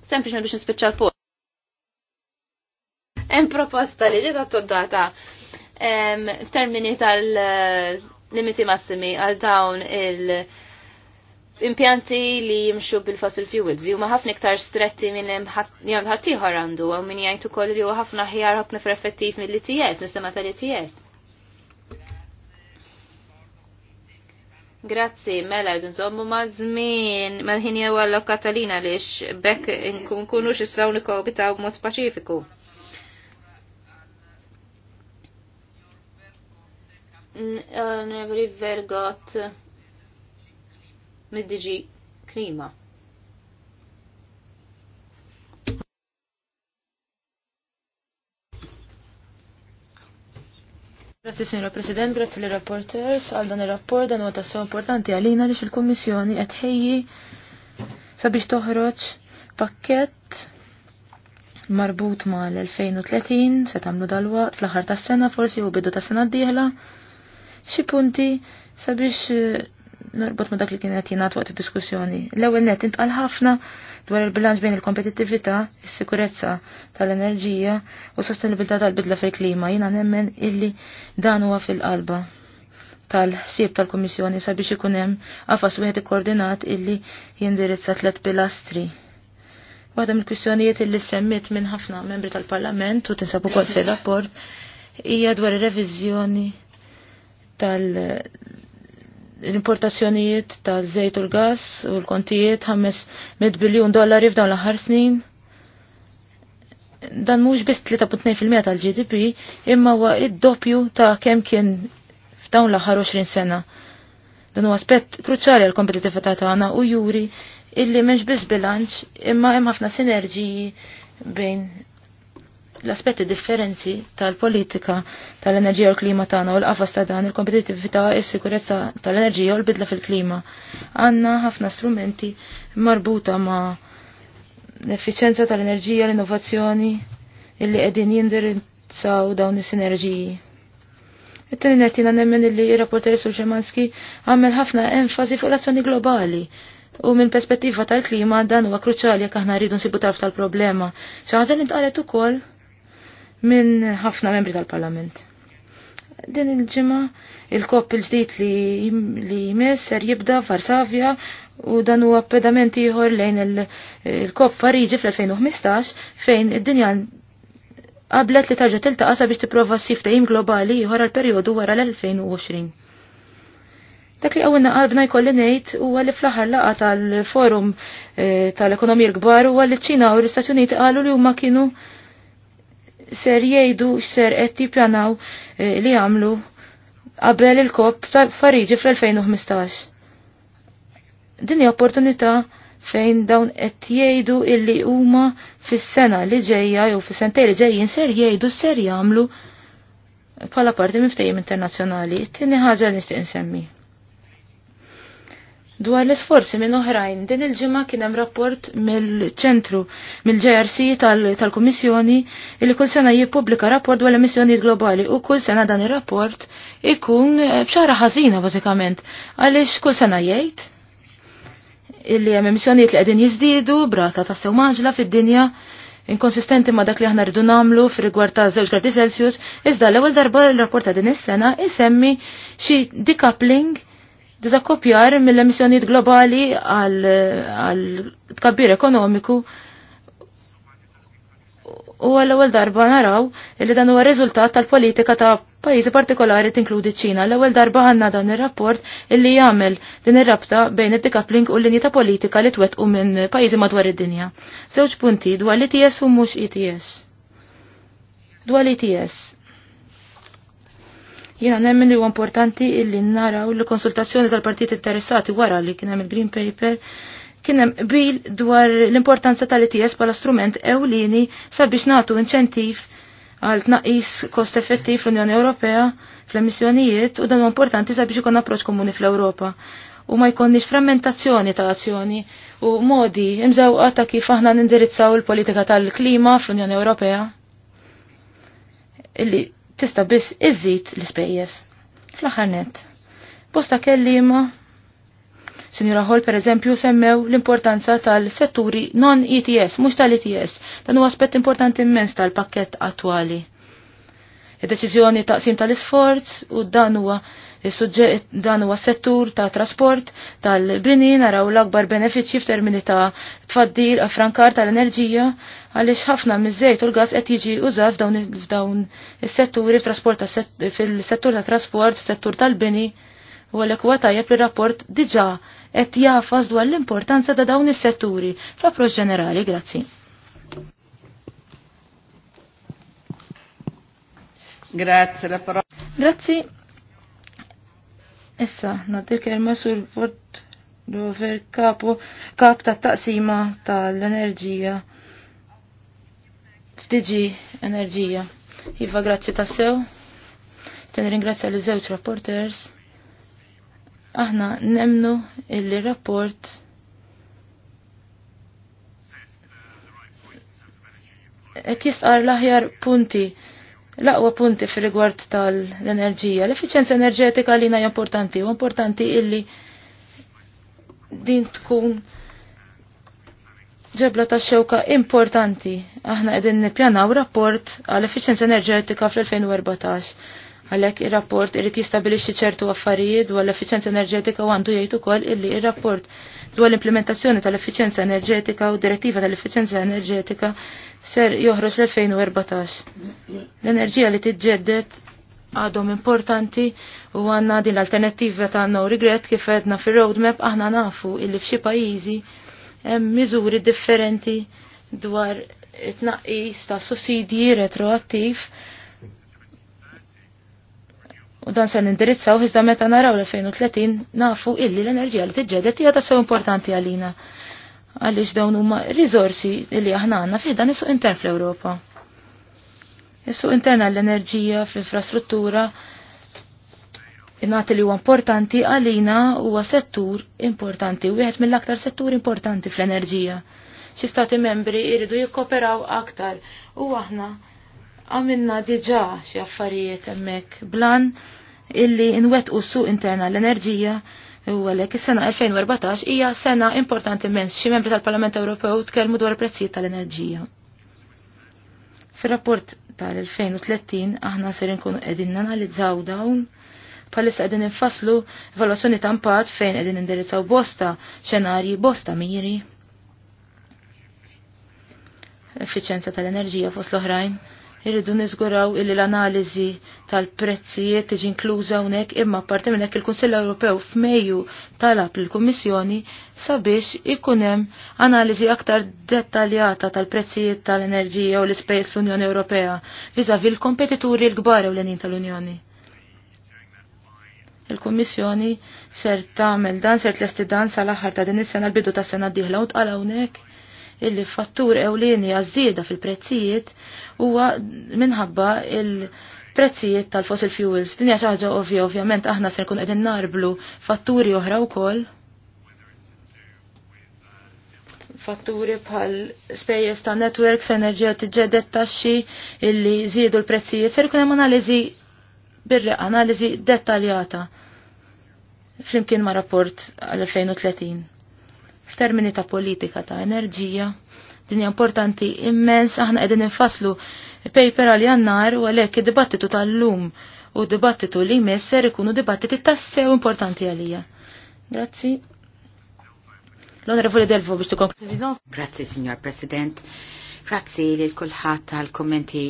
Sempliċement biex nispiċċa l-punt. Hemm proposta li ġiet attoddata f'termini tal-limiti massimi għal dawn il- impjanti li jimxu bil-fossil fuels huma ħafna iktar stretti minn hemm ħadd ieħor għandu u min jgħid ukoll li huwa ħafna ħjar ħafna effettiv mill-ITS, mis-sistema tal-ITS. Grazzi, mela, nżommu ma' zmin, ma' ħin jew għallu Katalina li bekk nkunu xislaw bitaw mod Pacifiku. Nerveri vergot mid-diġi klima. Grazzi signora President, grazie li rapporteurs għal dan il-rapport dan huwa so importanti għalina li il-Kummissjoni qed ħejji sabiex toħroġ pakkett marbut mal-2030 se tagħmlu dalwa fl-aħħar tas-sena forsi u bidu tas-sena d-dieħla xi punti sabiex norbot ma dak li kienet jingħad waqt id-diskussjoni. L-ewwel net intqal ħafna dwar il-bilanċ bejn il-kompetittività, is-sikurezza tal-enerġija u sostenibilità tal-bidla fil-klima. Jiena nemmen illi dan huwa fil-qalba tal sib tal-Kummissjoni sabiex ikun hemm qafas wieħed ikkoordinat illi jindirizza tliet pilastri. Waħda mill-kwistjonijiet illi semmiet minn ħafna membri tal-Parlament u tinsab ukoll fir-rapport hija dwar ir-reviżjoni tal- l-importazzjonijiet ta' żejt u l-gas u l-kontijiet 500 biljun dollari f'dawn l-aħħar snin. Dan mhux biss 3.2% tal-GDP imma huwa id-doppju ta' kemm kien f'dawn l-aħħar 20 sena. Dan huwa aspett kruċjali għal kompetitività tagħna u juri illi mhux biss bilanċ imma hemm ħafna sinerġiji bejn l-aspetti differenzi tal-politika tal-enerġija u l-klima tagħna u l-qafas ta' dan il-kompetittività s sikurezza tal-enerġija u l-bidla fil-klima. Għandna ħafna strumenti marbuta ma' l-effiċenza tal-enerġija, l-innovazzjoni illi qegħdin jindirizzaw dawn is-sinerġiji. It-tieni nettina nemmen illi rapporteri Sul Ġemanski għamel ħafna enfasi fuq l-azzjoni globali U minn perspettiva tal-klima dan huwa kruċjali jekk aħna rridu nsibu tarf tal-problema. Xi ħaġa li ntqalet ukoll minn ħafna membri tal-Parlament. Din il-ġimgħa il-kopp il-ġdid li jmiss ser jibda Varsavia u dan huwa pedament ieħor lejn il-kopp Pariġi fl-2015 fejn id-dinja qablet li tarġa' tiltaqa' sabiex tipprova ssib tajim globali ieħor għal-perjodu wara l-2020. Dak li għawna qalbna jkolli nejt u għalli fl-ħar laqa tal-forum eh, tal-ekonomija l-gbar u għalli ċina u l-Istati Uniti għallu li huma kienu ser jgħidu ser qed jippjanaw eh, li għamlu qabel il-kop ta' Fariġi fl-2015. Din hi opportunità fejn dawn qed jgħidu illi huma fis-sena li ġejja jew fis-sentej li ġejjin ser jgħidu ser jagħmlu bħala parti miftejjem internazzjonali. Tieni ħaġa li nixtieq insemmi. Dwar l-isforzi minn oħrajn, din il-ġimgħa kien hemm rapport mill-ċentru mill-JRC tal-Kummissjoni -tal li kull sena jippubblika rapport dwar l-emissjonijiet globali u kull sena dan ir-rapport ikun eh, b'xara ħażina bażikament għaliex kull sena jgħid illi hemm emissjonijiet li qegħdin jiżdiedu brata ta' sew maġla fid-dinja inkonsistenti ma' dak li aħna rridu nagħmlu fir-rigward ta' żewġ gradi Celsius, iżda l-ewwel darba l-rapport ta' din is-sena isemmi xi decoupling Dizakkoppjar mill-emissjonijiet globali għal tkabbir ekonomiku u għall ewwel darba naraw li dan huwa riżultat tal-politika ta' pajjiżi partikolari tinkludi ċina. L-ewwel darba għandna dan ir-rapport illi jagħmel din ir-rabta bejn id-decoupling u l-linji ta' politika li twettqu minn pajjiżi madwar id-dinja. Żewġ punti dwar l-ITS u mhux ETS. Dwar l-ITS, Jiena nemmen li huwa importanti illi naraw li konsultazzjoni tal partiti interessati wara li kien hemm il-Green Paper kien bil dwar l-importanza tal-ITS bħala strument ewlieni sabiex nagħtu inċentiv għal tnaqis kost effettiv fl-Unjoni Ewropea fl-emissjonijiet u dan huwa importanti sabiex ikun approċċ komuni fl-Ewropa u ma jkonniex frammentazzjoni ta' azzjoni u modi imżewqa ta' kif aħna nindirizzaw il-politika tal-klima fl-Unjoni Ewropea. Illi tista' biss iżid l-ispejjeż. Fl-aħħar net. Bosta kellima Sinjura Hall per eżempju semmew l-importanza tal-setturi non-ETS, mhux tal-ETS, dan huwa aspett importanti immens tal-pakkett attwali. Id-deċiżjoni taqsim tal-isforz u dan huwa dan huwa settur ta' trasport tal-bini naraw l-akbar benefiċċji f'termini ta' tfaddil affrankar tal-enerġija għaliex ħafna mizzejt u l-gas qed jiġi użaf f'dawn is-setturi fil-settur ta' trasport, settur tal-bini, u għalhekk huwa tajjeb li rapport diġà qed jafas dwar l-importanza ta' dawn is-setturi fl-approċċ ġenerali, grazzi. Grazie, la parola. Grazie. Issa, nadir kelma sur Ford dover kapu, kap ta' taqsima tal-enerġija tiġi Enerġija. Iva, grazzi tassew. Ten ringrazzja li żewġ rapporters. Aħna nemnu illi rapport Et jistqar l-aħjar punti l-aqwa punti fi rigward tal-enerġija. L-efficienza enerġetika li hija importanti u importanti illi din tkun ġebla ta' xewka importanti. Aħna qegħdin nippjanaw rapport għal efficienza enerġetika fl-2014. Għalhekk ir-rapport irid jistabilixxi ċertu affarijiet dwar l efficienza enerġetika u għandu jgħid ukoll illi il rapport dwar l-implementazzjoni tal efficienza enerġetika u direttiva tal efficienza enerġetika ser joħroġ l-2014. L-enerġija li tiġġedded għadhom importanti u għanna din l-alternattiva ta' no regret kif għedna fil-roadmap aħna nafu illi f'xi pajjiżi hemm miżuri differenti dwar it-tnaqqis ta' sussidji retroattiv u dan se nindirizzaw iżda meta naraw l-2030 nafu illi l-enerġija li tiġġedet hija tassew importanti għalina għaliex dawn huma riżorsi li aħna għandna fih dan is-suq intern fl-Ewropa. Is-suq intern għall-enerġija fl-infrastruttura fl ewropa is suq intern għall enerġija fl infrastruttura nagħti li huwa importanti għalina huwa settur importanti, wieħed mill-aktar settur importanti fl-enerġija. Xi stati membri jridu jikkoperaw aktar u aħna għamilna diġà xi affarijiet hemmhekk blan illi nwettqu s-suq interna l-enerġija u għalhekk is-sena 2014 hija sena importanti mens xi membri tal-Parlament Ewropew tkellmu dwar prezzijiet tal-enerġija. Fir-rapport tal-2030 aħna ser nkunu qegħdin nanalizzaw dawn bħalissa qegħdin infasslu evalwazzjoni ta' impatt fejn qegħdin indirizzaw bosta xenarji bosta miri. Effiċenza tal-enerġija fost l-oħrajn. Irridu niżguraw illi l-analiżi tal-prezzijiet tiġi inkluża hawnhekk imma apparti minn hekk il-Kunsill Ewropew f'Mejju talab lill-Kummissjoni sabiex ikun hemm analiżi aktar dettaljata tal-prezzijiet tal-enerġija u l-ispejjeż fl-Unjoni Ewropea viżavi l-kompetituri l-kbar ewlenin tal-Unjoni il-Kummissjoni ser tagħmel dan ser tlesti dan sal-aħħar ta' din is-sena l-bidu ta' sena diħla u tqal hawnhekk illi fattur ewlieni għażieda fil-prezzijiet huwa minħabba il-prezzijiet tal-fossil fuels. Din hija xi ħaġa ovvja ovvjament aħna ser nkun qegħdin narblu fatturi oħra wkoll fatturi bħal spejjeż ta' networks enerġija tiġġedet taxxi illi żiedu l-prezzijiet ser kun hemm analiżi birre analiżi dettaljata flimkien ma' rapport għal-2030. F'termini ta' politika ta' enerġija, din hija importanti immens aħna qegħdin infaslu paper għal jannar u għalhekk id-dibattitu tal-lum u dibattitu li messer ikunu dibattiti tassew importanti għalija. Grazzi. L-Onorevoli Delvo biex tukom. Grazzi, Signor President. Grazzi li l-kulħat tal-kommenti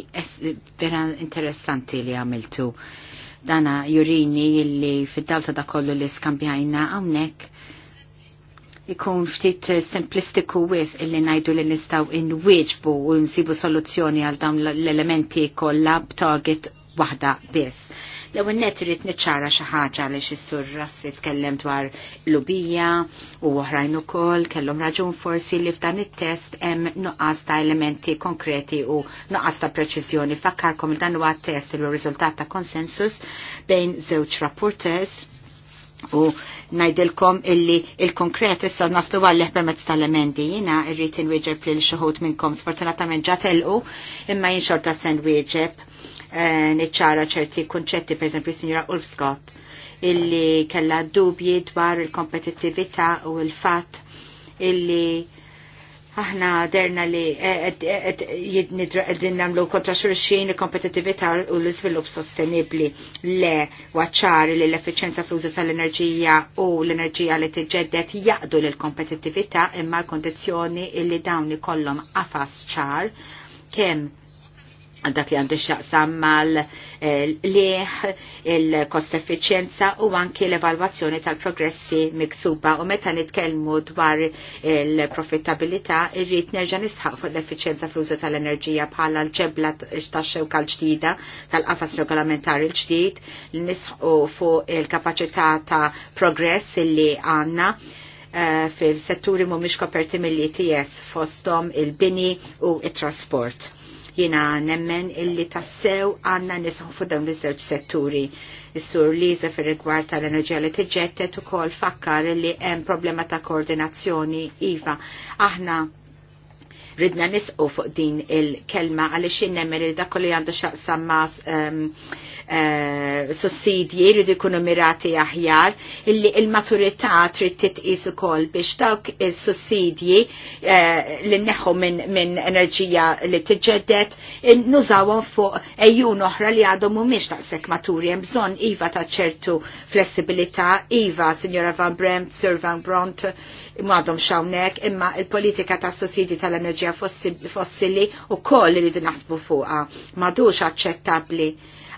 vera interessanti li għamiltu. Dana jurini li fid-dalta da kollu li skambjajna għawnek ikun ftit simplistiku wis illi najdu li nistaw inwieġbu u nsibu soluzzjoni għal dawn l-elementi kollha b'target waħda biss. Lew ewwel net irid niċċara xi ħaġa li xis-sur Rassi tkellem dwar l-ubija u oħrajn ukoll kellhom raġun forsi li f'dan it-test hemm nuqqas ta' elementi konkreti u nuqqas ta' preċiżjoni. Fakkarkom il dan huwa test li riżultat ta' konsensus bejn żewġ rapporters u najdilkom illi il-konkret issa nastu għalleħ permezz tal-emendi jina irrit inwieġeb li l-xuħut minnkom sfortunatament u imma jinxorta sen wieġeb eh, niċċara ċerti kunċetti per esempio signora Ulf Scott illi kella dubji dwar il-kompetittività u il-fat illi aħna derna li e, e, e, din namlu kontra xurxin il-kompetitivita u l-izvilup sostenibli le waċar li l-efficienza fl-użu tal-enerġija u l-enerġija li t-ġeddet jaqdu l-kompetitivita imma l-kondizjoni illi dawn ikollhom għafas ċar kemm dak li għandu xaqsam mal eh, liħ, il-kost effiċjenza u anki l-evalwazzjoni tal-progressi miksuba u meta nitkellmu dwar il-profittabilità irrid nerġa' nisħaq fuq l-effiċjenza fl-użu tal-enerġija bħala l-ġebla tax-xewka l-ġdida tal-qafas regolamentari l-ġdid li nisħu fuq il-kapaċità ta' progress li għandna eh, fil-setturi mhumiex koperti mill-ETS fosthom il-bini u il trasport jina nemmen illi tassew għanna nisħu fuq dawn iż-żewġ setturi. Is-sur Liza fir rigward tal-enerġija li tiġġettet ukoll fakkar li hemm problema ta' koordinazzjoni iva. Aħna ridna nisqu fuq din il-kelma għaliex innemmen il dak li għandu xaqsam mas um, uh, eh, sussidji jridu jkunu mirati aħjar illi il-maturità trid titqis ukoll biex dawk is-sussidji uh, eh, li neħu minn min enerġija li tiġġedet nużawhom fuq ejjun oħra li għadhom mhumiex taqsek maturi hemm bżonn iva ta' ċertu flessibilità, iva, Signora Van Bremt, Sir Van Bront, għadhom xawnek imma il-politika ta' sussidi tal-enerġija fossili u koll li naħsbu fuqa madux aċċettabli.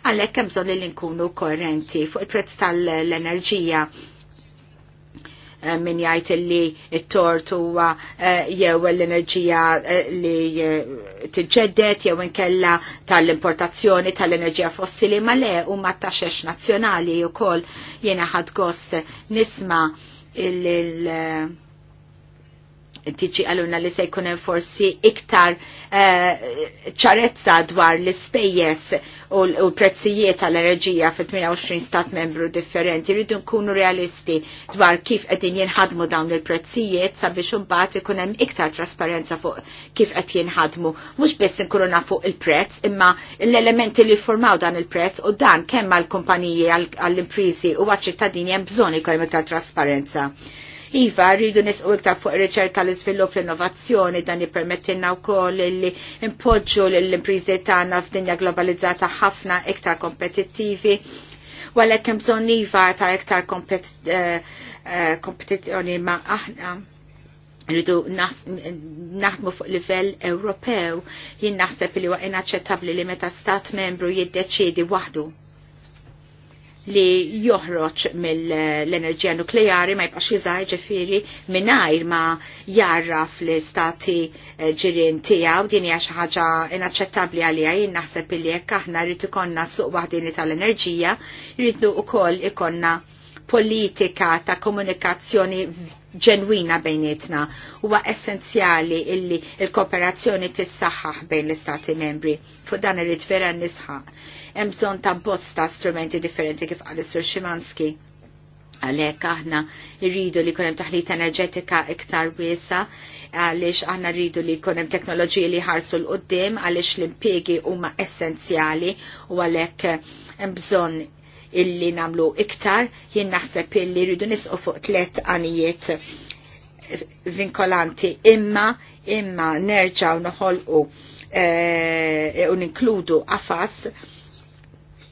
Għalhekk hemm bżonn li nkunu korrenti fuq il-prezz tal-enerġija eh, min jgħid li t-tort huwa eh, jew l-enerġija eh, li tiġġeddet jew inkella tal-importazzjoni tal-enerġija fossili ma le huma taxxex nazzjonali wkoll jiena ħadd gost nisma' il- tiġi għaluna li se jkun hemm forsi iktar eh, ċarezza uh, dwar l-ispejjeż u l-prezzijiet tal-enerġija fit-28 stat membru differenti. Rridu nkunu realisti dwar kif qegħdin jinħadmu dawn il-prezzijiet sabiex imbagħad ikun hemm iktar trasparenza fuq kif qed jinħadmu. Mhux biss inkunu nafu il-prezz, imma l-elementi li formaw dan il-prezz u dan kemm għall-kumpaniji għall-imprizi u għaċ-ċittadini hemm bżonn ikun iktar trasparenza. Iva, rridu nisqu iktar fuq riċerka l iżvilupp l-innovazzjoni dan jippermettilna wkoll li impoġġu l-impriżi tagħna f'dinja globalizzata ħafna iktar kompetittivi hemm bżonn iva ta' iktar eh, eh, kompetizzjoni ma' aħna rridu naħdmu fuq livell Ewropew jien naħseb li huwa inaċċettabbli li meta stat membru jiddeċiedi waħdu li joħroġ mill-enerġija nukleari ma jibqax jiżgħar ġifiri mingħajr ma jarraf fl istati eh, ġirien tiegħu din hija xi ħaġa inaċċettabbli għaliha jien naħseb illi jekk aħna rrid ikonna suq waħdini tal-enerġija rridu wkoll ikonna politika ta' komunikazzjoni ġenwina bejnietna. Huwa essenzjali illi il-kooperazzjoni tissaħħaħ bejn l-Istati membri. Fuq dan irrid vera nisħaq. Hemm bżonn ta' bosta strumenti differenti kif qal is-Sur Ximanski. Għalhekk aħna rridu li jkun hemm taħlit enerġetika iktar wiesa, għaliex aħna rridu li jkun hemm teknoloġiji li ħarsu l qudiem għaliex l-impjegi huma essenzjali u għalhekk hemm bżonn illi namlu iktar, jien naħseb illi rridu nisqu fuq tlet għanijiet vinkolanti imma imma nerġaw noħolqu eh, u ninkludu għafas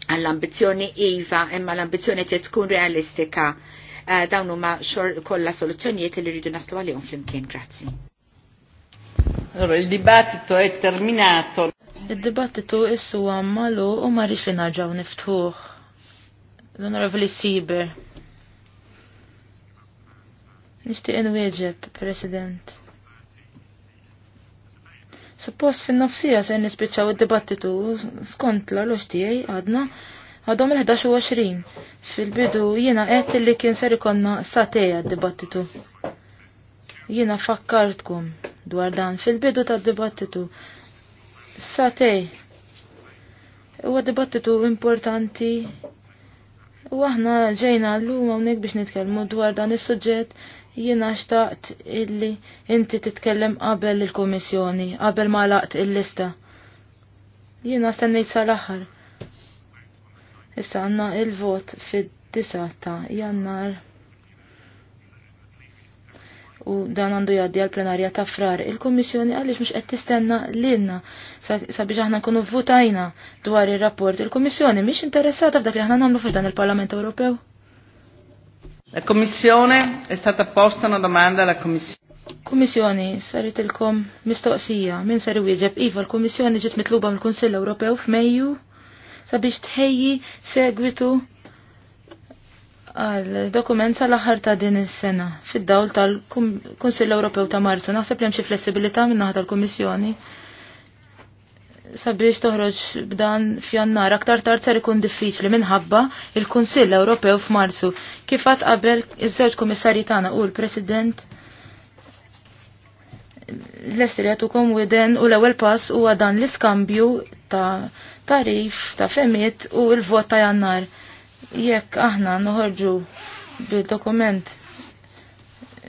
għall-ambizjoni iva imma l-ambizjoni tkun realistika eh, dawn huma xor kollha soluzzjonijiet li rridu naslu għalihom flimkien. Grazzi. Allora, il-dibattito è terminato. Il-dibattitu issu għammalu u marriċ li narġaw niftuħ l-Onorevoli Sieber. Nishtiq inwieġeb, President. Suppost fin nofsija se nispiċċaw id-dibattitu skont l oċtijaj tiegħi għadna għadhom l 11 fil-bidu jiena għet li kien ser ikonna sateja d-dibattitu. Jiena fakkartkom dwar dan fil-bidu tad-dibattitu. Satej. Huwa dibattitu importanti U aħna ġejna l-lum hawnhekk biex nitkellmu dwar dan is-suġġett jiena xtaqt illi inti titkellem qabel il-Kummissjoni, qabel ma laqt il-lista. Jiena stennejt sal-aħħar. Issa għandna il-vot fid disata Jannar u dan għandu jgħaddi għal plenarja ta' frar. Il-Kommissjoni għaliex mhux qed tistenna l-inna sabiex aħna nkunu votajna dwar ir-rapport. Il-Kommissjoni mhix interessata f'dak li aħna nagħmlu f'dan il-Parlament Ewropew. La Kommissjoni è stata posta una domanda alla Kommissjoni. Kommissjoni, saret ilkom mistoqsija minn sar iwieġeb iva l-Kommissjoni ġiet mitluba mill-Kunsill Ewropew f'Mejju sabiex tħejji segwitu għal dokument sal-aħħar ta' din is-sena fid-dawl tal-Kunsill Ewropew ta' Marzu. Naħseb li hemm xi flessibilità minnaħa tal-Kummissjoni sabiex toħroġ b'dan f'jannar aktar tard ser ikun diffiċli minħabba il-Kunsill Ewropew f'Marzu kif qatt qabel iż-żewġ kummissarji tagħna u l-President l-estri jagħtukom widen u l-ewwel pass huwa dan l-iskambju ta' tarif ta' femiet u l-vot ta' jannar jekk aħna noħorġu bil-dokument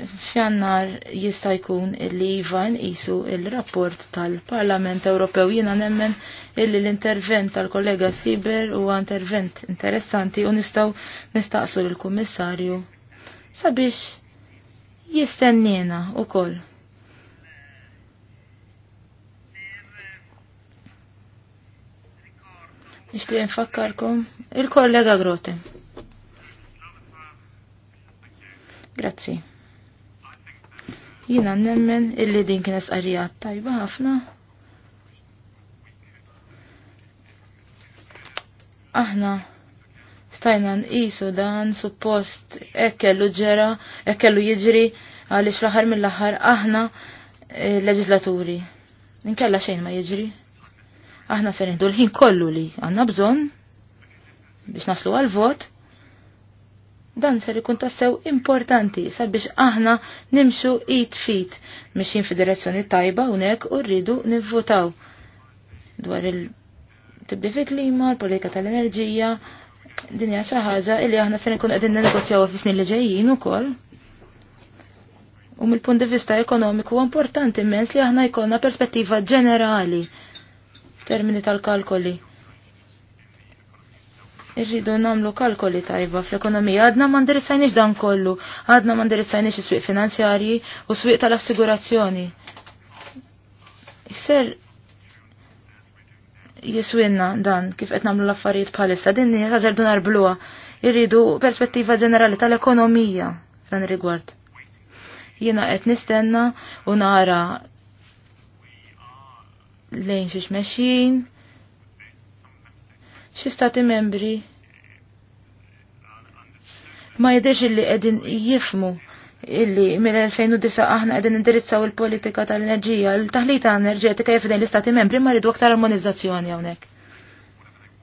f'jannar jista' jkun illi iva nqisu il-rapport tal-Parlament Ewropew jiena nemmen illi l-intervent tal-kollega Siber huwa intervent interessanti u nistgħu nistaqsu lill-Kummissarju sabiex jistennina koll. Nishtiq nfakkarkom il-kollega Grote. Grazzi. Jina nemmen illi din kien esqarija tajba ħafna. Aħna stajna nqisu dan suppost ekkellu ġera, ekkellu jiġri għaliex fl-aħħar mill-aħħar aħna eh, leġislaturi. Inkella xejn ma jiġri. Aħna se nieħdu l-ħin kollu li għandna bżonn biex naslu għal-vot. Dan ser ikun tassew importanti sabiex aħna nimxu eat fit mixin fi direzzjoni tajba unek u rridu nivvotaw dwar il-tibdi fi klima, l-politika tal-enerġija, dinja xi ħaġa li aħna se nkun qegħdin negozjaw fi snin li ġejjin ukoll. U mill-punt di vista ekonomiku importanti mens li aħna jkollna perspettiva ġenerali termini tal-kalkoli. Irridu namlu kalkoli tajba fl-ekonomija. Għadna ma ndirizzajniex dan kollu. Għadna ma ndirizzajniex is-swieq finanzjarji u swieq tal-assigurazzjoni. Isser jiswinna dan kif qed nagħmlu l-affarijiet bħalissa din hija ħażar irridu perspettiva ġenerali tal-ekonomija f'dan ir-rigward. Jiena qed nistenna u nara lejn xiex meċin, xie stati membri. Ma jidex illi edin jifmu illi mill-2009 aħna edin indirizzaw il-politika tal-enerġija, il-taħlita enerġetika jifden l-istati membri ma ridu aktar armonizzazzjoni għonek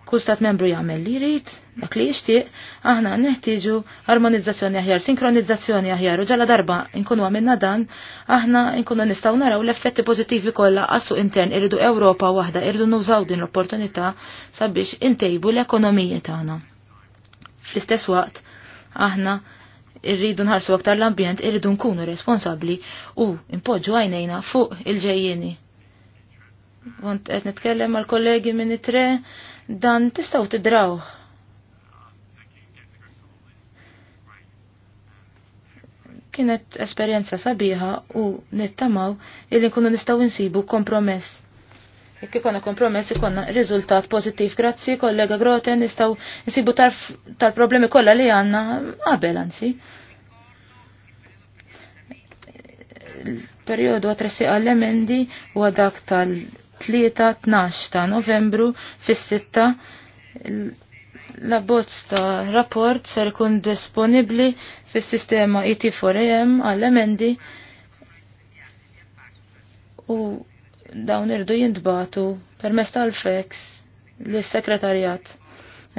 kull stat membru jagħmel li jrid, dak li jixtieq, aħna neħtieġu armonizzazzjoni aħjar, sinkronizzazzjoni aħjar u ġala darba nkunu għamilna dan, aħna nkunu nistgħu naraw l-effetti pożittivi kollha għassu intern irridu Ewropa waħda, irridu nużaw din l-opportunità sabiex intejbu l ekonomiji tagħna. Fl-istess waqt, aħna irridu nħarsu aktar l-ambjent, irridu nkunu responsabli u impoġġu għajnejna fuq il-ġejjeni. Għant qed nitkellem mal kollegi minn it-tre dan tistaw tidraw. Kienet esperjenza sabiħa u nittamaw illi nkunu nistaw insibu kompromess. Jekk ikonna kompromess ikonna riżultat pozittiv. Grazzi, kollega Groten, nistaw insibu tal-problemi kollha li għandna qabel anzi. Il-periodu għatressi għall-emendi u għadak tal- 3-12 ta' novembru fis-sitta l-abbozz ta' rapport ser kun disponibbli fis-sistema IT4AM e għall-emendi u dawn irdu jintbatu permess tal-fex l-sekretarjat.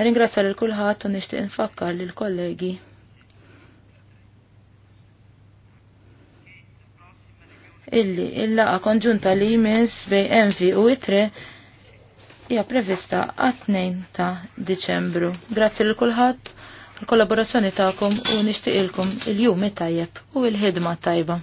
Ringrazzar il kulħat u nishtiq nfakkar l-kollegi. illi il-laqa konġunta li jmiss bej envi u itre hija prevista għat ta' Diċembru. Grazzi l kulħadd l-kollaborazzjoni ta'kom u nixtieqilkom il-jum tajjeb u il-ħidma tajba.